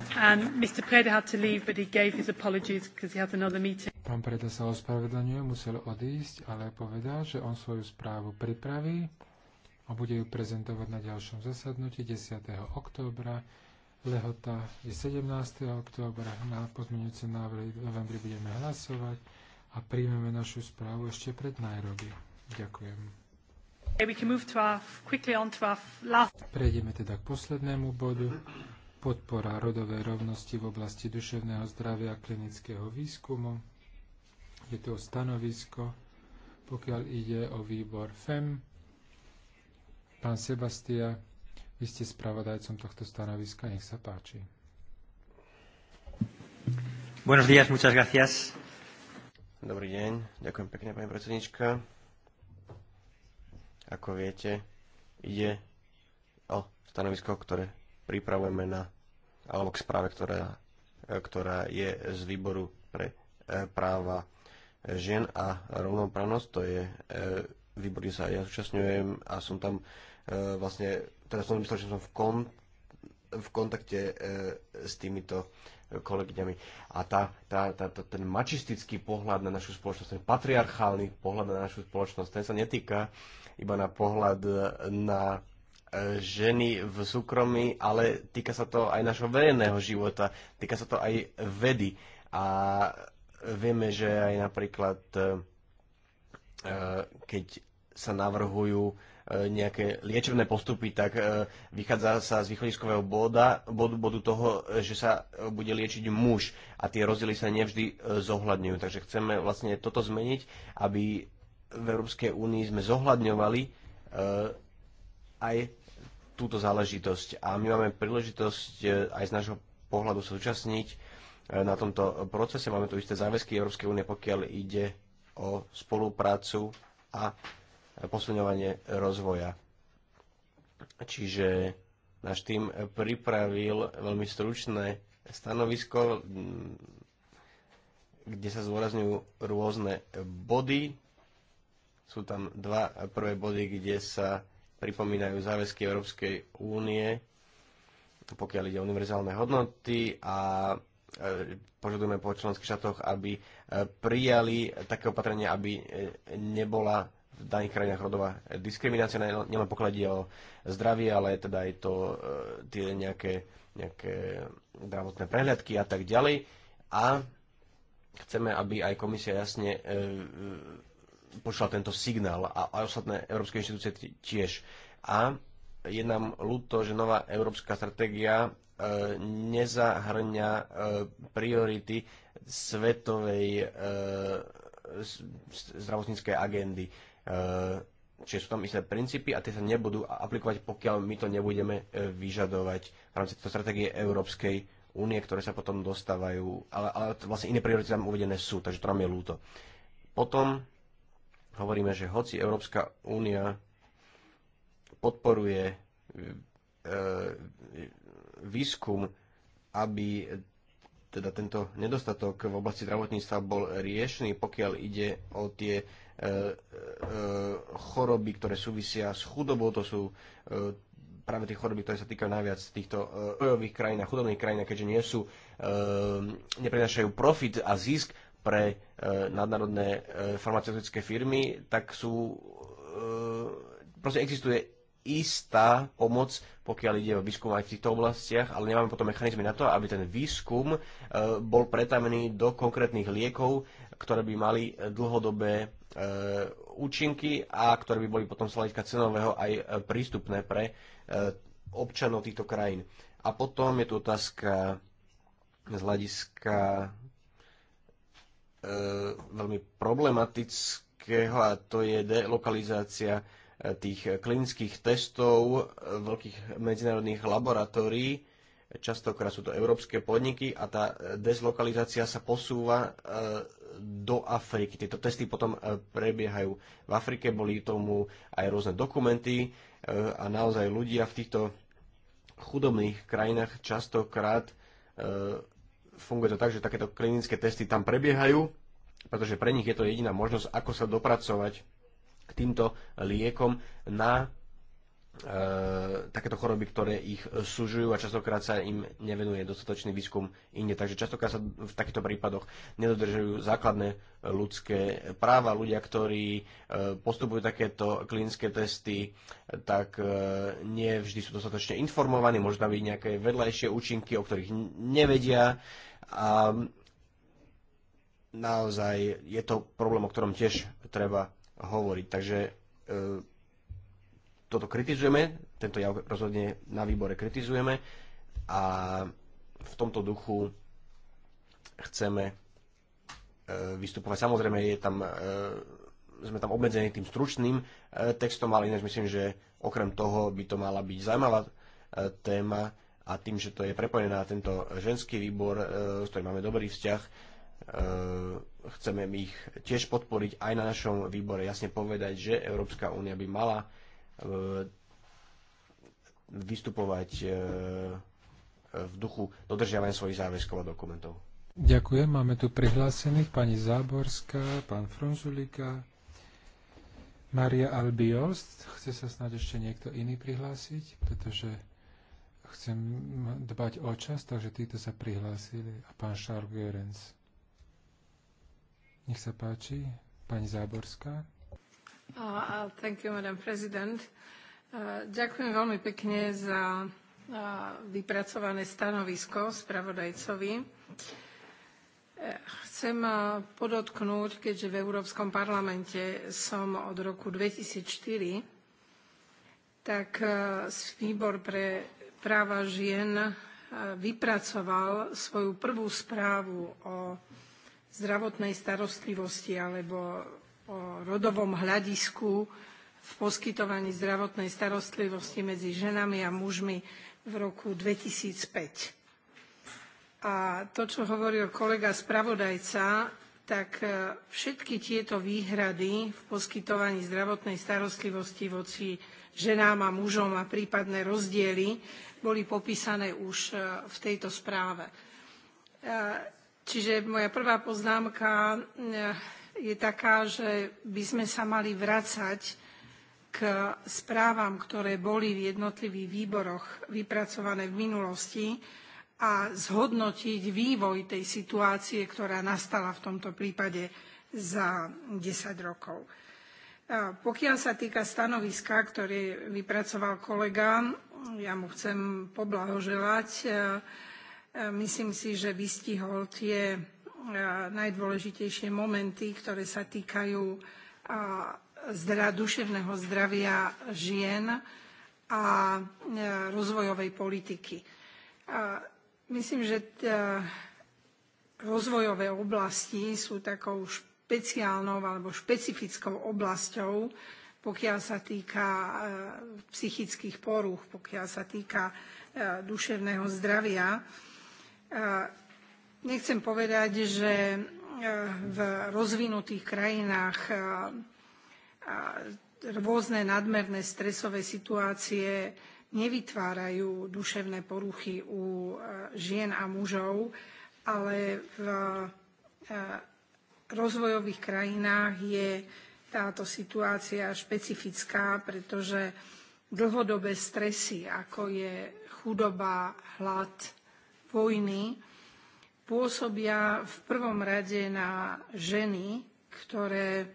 Um, leave, Pán Preda sa ospravedlňuje, musel odísť, ale povedal, že on svoju správu pripraví a bude ju prezentovať na ďalšom zasadnutí 10. októbra. Lehota je 17. októbra, na pozmeňujúce návrhy v novembri budeme hlasovať a príjmeme našu správu ešte pred Nairobi. Ďakujem. Prejdeme teda k poslednému bodu podpora rodovej rovnosti v oblasti duševného zdravia a klinického výskumu. Je to stanovisko, pokiaľ ide o výbor FEM. Pán Sebastia, vy ste spravodajcom tohto stanoviska, nech sa páči. Buenos días, muchas gracias. Dobrý deň, ďakujem pekne, pani predsednička. Ako viete, ide o stanovisko, ktoré pripravujeme na, alebo k správe, ktorá, e, ktorá je z výboru pre e, práva žien a rovnoprávnosť. To je e, výbor, kde sa ja zúčastňujem a som tam vlastne, teraz som myslel, že som v, kon, v kontakte s týmito kolegyňami. A tá, tá, tá, tá, ten mačistický pohľad na našu spoločnosť, ten patriarchálny pohľad na našu spoločnosť, ten sa netýka iba na pohľad na ženy v súkromí, ale týka sa to aj našho verejného života, týka sa to aj vedy. A vieme, že aj napríklad, e, e, keď sa navrhujú e, nejaké liečebné postupy, tak vychádza sa z východiskového boda, bodu, bodu toho, že sa bude liečiť muž a tie rozdiely sa nevždy zohľadňujú. Takže chceme vlastne toto zmeniť, aby v Európskej únii sme zohľadňovali aj túto záležitosť. A my máme príležitosť e, aj z nášho pohľadu sa zúčastniť e, na tomto procese. Máme tu isté záväzky Európskej únie, pokiaľ ide o spoluprácu a posunovanie rozvoja. Čiže náš tým pripravil veľmi stručné stanovisko, mm, kde sa zdôrazňujú rôzne body. Sú tam dva prvé body, kde sa pripomínajú záväzky Európskej únie, pokiaľ ide o univerzálne hodnoty a e, požadujeme po členských štátoch, aby e, prijali také opatrenia, aby e, nebola v daných krajinách rodová diskriminácia, nielen pokladí o zdravie, ale teda aj to, tie nejaké, nejaké zdravotné prehľadky a tak ďalej. A chceme, aby aj komisia jasne pošla tento signál a, aj ostatné európske inštitúcie tiež. A je nám ľúto, že nová európska stratégia e, nezahrňa e, priority svetovej e, zdravotníckej agendy. E, čiže sú tam isté princípy a tie sa nebudú aplikovať, pokiaľ my to nebudeme e, vyžadovať v rámci tejto stratégie Európskej únie, ktoré sa potom dostávajú, ale, ale vlastne iné priority tam uvedené sú, takže to nám je ľúto. Potom hovoríme, že hoci Európska únia podporuje e, e, výskum, aby teda tento nedostatok v oblasti zdravotníctva bol riešený, pokiaľ ide o tie e, choroby, ktoré súvisia s chudobou, to sú práve tie choroby, ktoré sa týkajú najviac týchto ojových krajín a chudobných krajín, keďže nie sú, neprenášajú profit a zisk pre e, nadnárodné e, farmaceutické firmy, tak sú, e, proste existuje istá pomoc, pokiaľ ide o výskum aj v týchto oblastiach, ale nemáme potom mechanizmy na to, aby ten výskum bol pretavený do konkrétnych liekov, ktoré by mali dlhodobé účinky a ktoré by boli potom z hľadiska cenového aj prístupné pre občanov týchto krajín. A potom je tu otázka z hľadiska E, veľmi problematického a to je delokalizácia e, tých klinických testov e, veľkých medzinárodných laboratórií. Častokrát sú to európske podniky a tá dezlokalizácia sa posúva do Afriky. Tieto testy potom prebiehajú v Afrike, boli tomu aj rôzne dokumenty a naozaj ľudia v týchto chudobných krajinách častokrát funguje to tak, že takéto klinické testy tam prebiehajú, pretože pre nich je to jediná možnosť, ako sa dopracovať k týmto liekom na e, takéto choroby, ktoré ich súžujú a častokrát sa im nevenuje dostatočný výskum inde. Takže častokrát sa v takýchto prípadoch nedodržujú základné ľudské práva. Ľudia, ktorí e, postupujú takéto klinické testy, tak e, nie vždy sú dostatočne informovaní, možno byť nejaké vedľajšie účinky, o ktorých nevedia. E, a naozaj je to problém, o ktorom tiež treba hovoriť. Takže e, toto kritizujeme, tento ja rozhodne na výbore kritizujeme a v tomto duchu chceme e, vystupovať. Samozrejme, je tam, e, sme tam obmedzení tým stručným e, textom, ale ináč myslím, že okrem toho by to mala byť zaujímavá e, téma, a tým, že to je prepojené na tento ženský výbor, e, s ktorým máme dobrý vzťah, e, chceme ich tiež podporiť aj na našom výbore, jasne povedať, že Európska únia by mala e, vystupovať v duchu dodržiavania svojich záväzkov a dokumentov. Ďakujem. Máme tu prihlásených pani Záborská, pán Fronzulika, Maria Albiost. Chce sa snáď ešte niekto iný prihlásiť, pretože chcem dbať o čas, takže títo sa prihlásili. A pán Charles Görens. Nech sa páči, pani Záborská. Uh, thank you, madam president. Uh, ďakujem veľmi pekne za uh, vypracované stanovisko spravodajcovi. E, chcem podotknúť, keďže v Európskom parlamente som od roku 2004, tak e, výbor pre práva žien eh, vypracoval svoju prvú správu o zdravotnej starostlivosti alebo o rodovom hľadisku v poskytovaní zdravotnej starostlivosti medzi ženami a mužmi v roku 2005. A to, čo hovoril kolega spravodajca, tak eh, všetky tieto výhrady v poskytovaní zdravotnej starostlivosti voči ženám a mužom a prípadné rozdiely boli popísané už e, v tejto správe. E, čiže moja prvá poznámka e, je taká, že by sme sa mali vracať k správam, ktoré boli v jednotlivých výboroch vypracované v minulosti a zhodnotiť vývoj tej situácie, ktorá nastala v tomto prípade za 10 rokov pokiaľ sa týka stanoviska, ktoré vypracoval kolega, ja mu chcem poblahoželať. E, e, myslím si, že vystihol tie e, najdôležitejšie momenty, ktoré sa týkajú duševného zdravia žien a rozvojovej politiky. Myslím, že rozvojové oblasti sú takou špeciálnou alebo špecifickou oblasťou, pokiaľ sa týka e, psychických porúch, pokiaľ sa týka e, duševného zdravia. E, nechcem povedať, že v rozvinutých krajinách rôzne nadmerné stresové situácie nevytvárajú duševné poruchy u žien a mužov, ale v rozvojových krajinách je táto situácia špecifická, pretože dlhodobé stresy, ako je chudoba, hlad, vojny, pôsobia v prvom rade na ženy, ktoré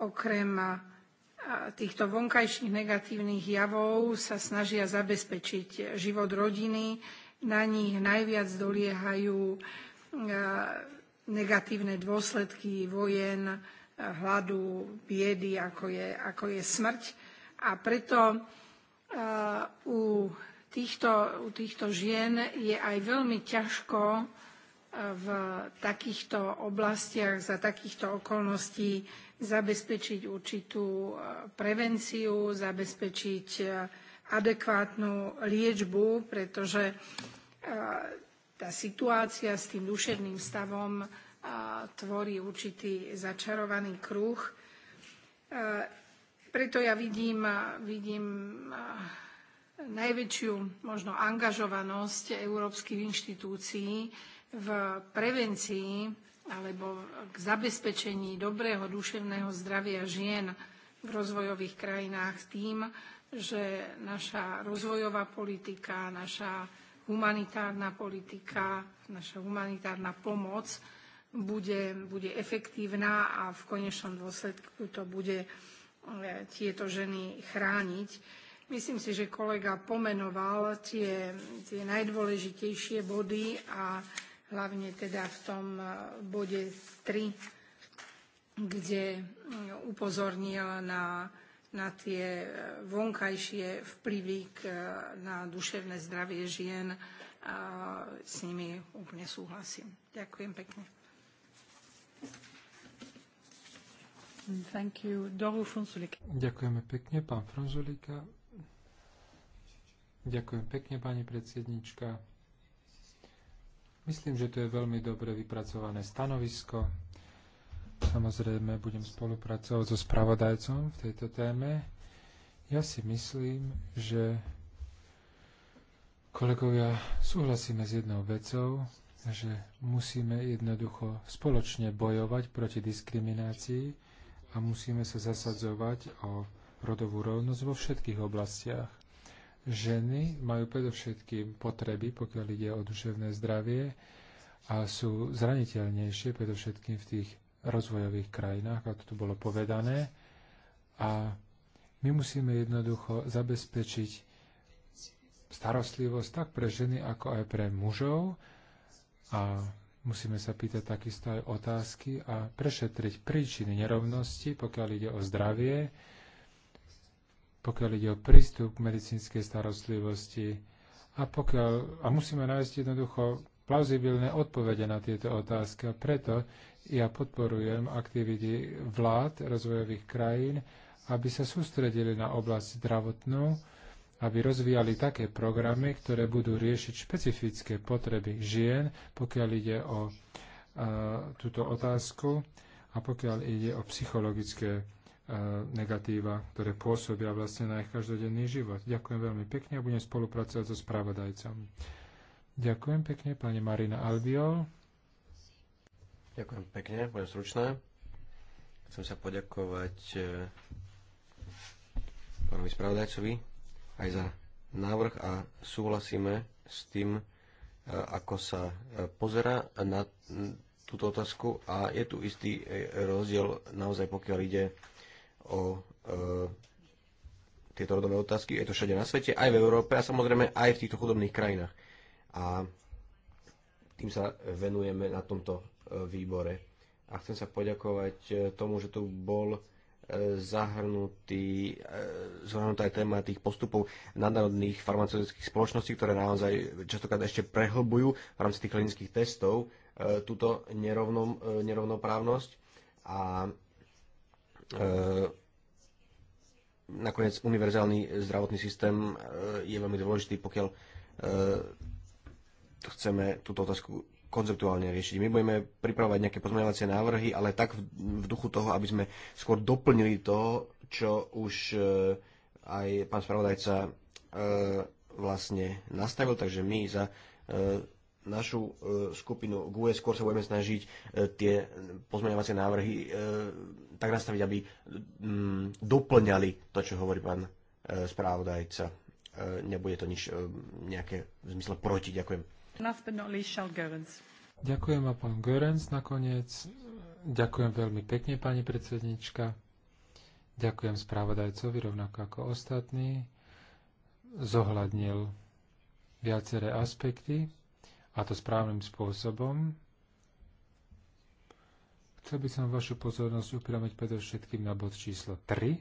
okrem týchto vonkajších negatívnych javov sa snažia zabezpečiť život rodiny. Na nich najviac doliehajú negatívne dôsledky vojen, hladu, biedy, ako je, ako je smrť. A preto e, u týchto, u týchto žien je aj veľmi ťažko e, v takýchto oblastiach za takýchto okolností zabezpečiť určitú e, prevenciu, zabezpečiť adekvátnu liečbu, pretože tá situácia s tým duševným stavom tvorí určitý začarovaný kruh. E, preto ja vidím, vidím e, najväčšiu možno angažovanosť európskych inštitúcií v prevencii alebo k zabezpečení dobrého duševného zdravia žien v rozvojových krajinách tým, že naša rozvojová politika, naša humanitárna politika, naša humanitárna pomoc bude, bude efektívna a v konečnom dôsledku to bude e, tieto ženy chrániť. Myslím si, že kolega pomenoval tie, tie najdôležitejšie body a hlavne teda v tom e, bode 3, kde upozornil na na tie e, vonkajšie vplyvy e, na duševné zdravie žien a s nimi úplne súhlasím. Ďakujem pekne. Thank you. Ďakujeme pekne, pán Franzulika. Ďakujem pekne, pani predsednička. Myslím, že to je veľmi dobre vypracované stanovisko. Samozrejme, budem spolupracovať so spravodajcom v tejto téme. Ja si myslím, že kolegovia súhlasíme s jednou vecou, že musíme jednoducho spoločne bojovať proti diskriminácii a musíme sa zasadzovať o rodovú rovnosť vo všetkých oblastiach. Ženy majú predovšetkým potreby, pokiaľ ide o duševné zdravie, a sú zraniteľnejšie, predovšetkým v tých rozvojových krajinách, ako tu bolo povedané. A my musíme jednoducho zabezpečiť starostlivosť tak pre ženy, ako aj pre mužov. A musíme sa pýtať takisto aj otázky a prešetriť príčiny nerovnosti, pokiaľ ide o zdravie, pokiaľ ide o prístup k medicínskej starostlivosti a, pokiaľ, a musíme nájsť jednoducho plauzibilné odpovede na tieto otázky a preto ja podporujem aktivity vlád rozvojových krajín, aby sa sústredili na oblasť zdravotnú, aby rozvíjali také programy, ktoré budú riešiť špecifické potreby žien, pokiaľ ide o a, e, túto otázku a pokiaľ ide o psychologické a, e, negatíva, ktoré pôsobia vlastne na ich každodenný život. Ďakujem veľmi pekne a budem spolupracovať so spravodajcom. Ďakujem pekne, pani Marina Albiol. Ďakujem pekne, budem stručná. Chcem sa poďakovať e, pánovi spravodajcovi aj za návrh a súhlasíme s tým, e, ako sa e, pozera na túto otázku a je tu istý rozdiel naozaj pokiaľ ide o tieto rodové otázky. Je to všade na svete, aj v Európe a samozrejme aj v týchto chudobných krajinách. A tým sa venujeme na tomto výbore. A chcem sa poďakovať e, tomu, že tu bol e, zahrnutý, e, zahrnutá aj téma tých postupov nadnárodných farmaceutických spoločností, ktoré naozaj častokrát ešte prehlbujú v rámci tých klinických testov túto nerovnom, nerovnoprávnosť. A e, nakoniec univerzálny zdravotný systém je veľmi dôležitý, pokiaľ chceme túto otázku konceptuálne riešiť. My budeme pripravovať nejaké pozmeňovacie návrhy, ale tak v, v duchu toho, aby sme skôr doplnili to, čo už eh, aj pán spravodajca eh, vlastne nastavil, takže my za eh, našu skupinu GUE skôr sa budeme snažiť tie pozmeňovacie návrhy tak nastaviť, aby mm, doplňali to, čo hovorí pán správodajca. Nebude to nič nejaké v zmysle proti. Ďakujem. Ďakujem a pán Görens nakoniec. Ďakujem veľmi pekne, pani predsednička. Ďakujem spravodajcovi, rovnako ako ostatní. Zohľadnil viaceré aspekty, a to správnym spôsobom. Chcel by som vašu pozornosť upriamiť predovšetkým na bod číslo 3,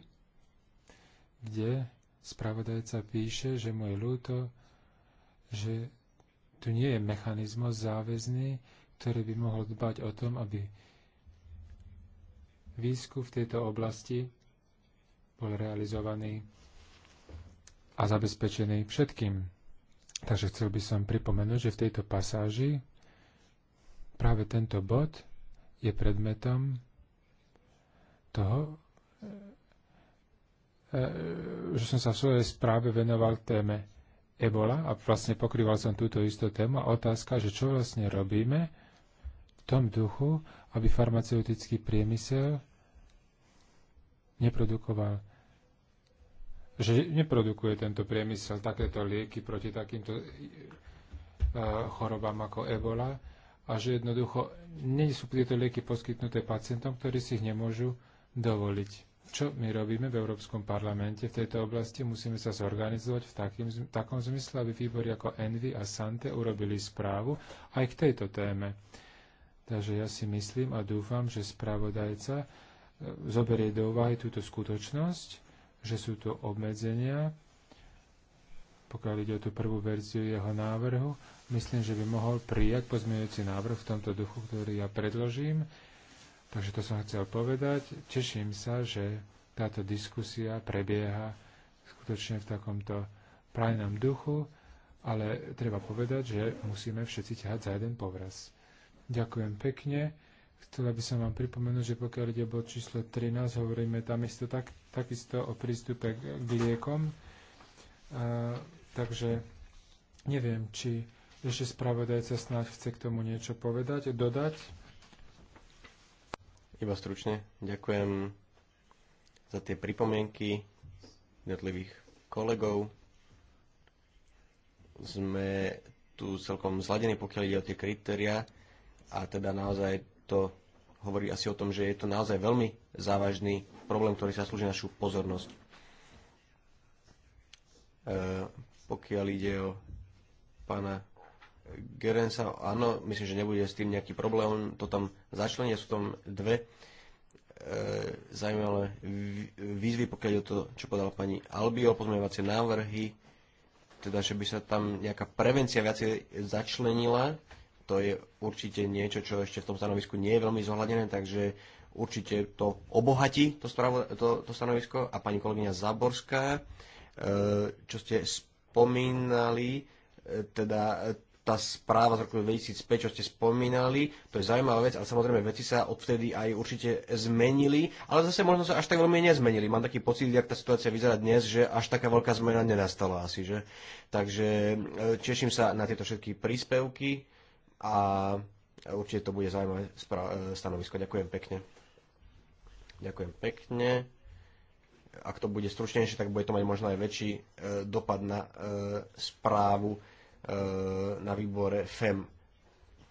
kde spravodajca píše, že mu je ľúto, že tu nie je mechanizmus záväzný, ktorý by mohol dbať o tom, aby výskum v tejto oblasti bol realizovaný a zabezpečený všetkým. Takže chcel by som pripomenúť, že v tejto pasáži práve tento bod je predmetom toho, e, e, že som sa v svojej správe venoval téme ebola a vlastne pokrýval som túto istú tému a otázka, že čo vlastne robíme v tom duchu, aby farmaceutický priemysel neprodukoval že neprodukuje tento priemysel takéto lieky proti takýmto e, chorobám ako ebola a že jednoducho nie sú tieto lieky poskytnuté pacientom, ktorí si ich nemôžu dovoliť čo my robíme v Európskom parlamente v tejto oblasti. Musíme sa zorganizovať v takým, takom zmysle, aby výbory ako Envy a Sante urobili správu aj k tejto téme. Takže ja si myslím a dúfam, že spravodajca e, zoberie do úvahy túto skutočnosť, že sú tu obmedzenia, pokiaľ ide o tú prvú verziu jeho návrhu. Myslím, že by mohol prijať pozmeňujúci návrh v tomto duchu, ktorý ja predložím. Takže to som chcel povedať. Teším sa, že táto diskusia prebieha skutočne v takomto prajnom duchu, ale treba povedať, že musíme všetci ťahať za jeden povraz. Ďakujem pekne. Chcela by som vám pripomenúť, že pokiaľ ide bod číslo 13, hovoríme tam isto tak, takisto o prístupe k liekom. Uh, takže neviem, či ešte spravodajca snáď chce k tomu niečo povedať, dodať. Iba stručne ďakujem za tie pripomienky jednotlivých kolegov. Sme tu celkom zladení, pokiaľ ide o tie kritéria a teda naozaj to hovorí asi o tom, že je to naozaj veľmi závažný problém, ktorý sa slúži našu pozornosť. E, pokiaľ ide o pána Gerensa, áno, myslím, že nebude s tým nejaký problém, to tam začlenie, sú tam dve e, zaujímavé výzvy, pokiaľ je to, čo podala pani Albio, pozmeňovacie návrhy, teda, že by sa tam nejaká prevencia viacej začlenila, to je určite niečo, čo ešte v tom stanovisku nie je veľmi zohľadené, takže určite to obohatí to, spravo, to, to stanovisko. A pani kolegyňa Zaborská, e, čo ste spomínali, e, teda tá správa z roku 2005, čo ste spomínali, to je zaujímavá vec, ale samozrejme veci sa odvtedy aj určite zmenili, ale zase možno sa až tak veľmi nezmenili. Mám taký pocit, jak tá situácia vyzerá dnes, že až taká veľká zmena nenastala asi, že? Takže e, teším sa na tieto všetky príspevky a určite to bude zaujímavé e, stanovisko. Ďakujem pekne. Ďakujem pekne. Ak to bude stručnejšie, tak bude to mať možno aj väčší e, dopad na správu na výbore FEM.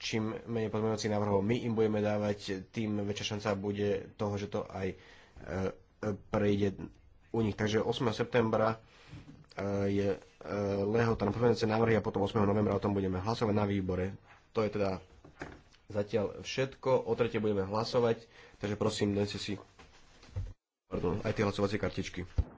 Čím menej pozmeňovacích návrhov my im budeme dávať, tým väčšia šanca bude toho, že to aj e, prejde u nich. Takže 8. septembra e, je e, lehota na pozmeňovacie návrhy a potom 8. novembra o tom budeme hlasovať na výbore. To je teda zatiaľ všetko. O tretie budeme hlasovať, takže prosím, dajte si pardon, aj tie hlasovacie kartičky.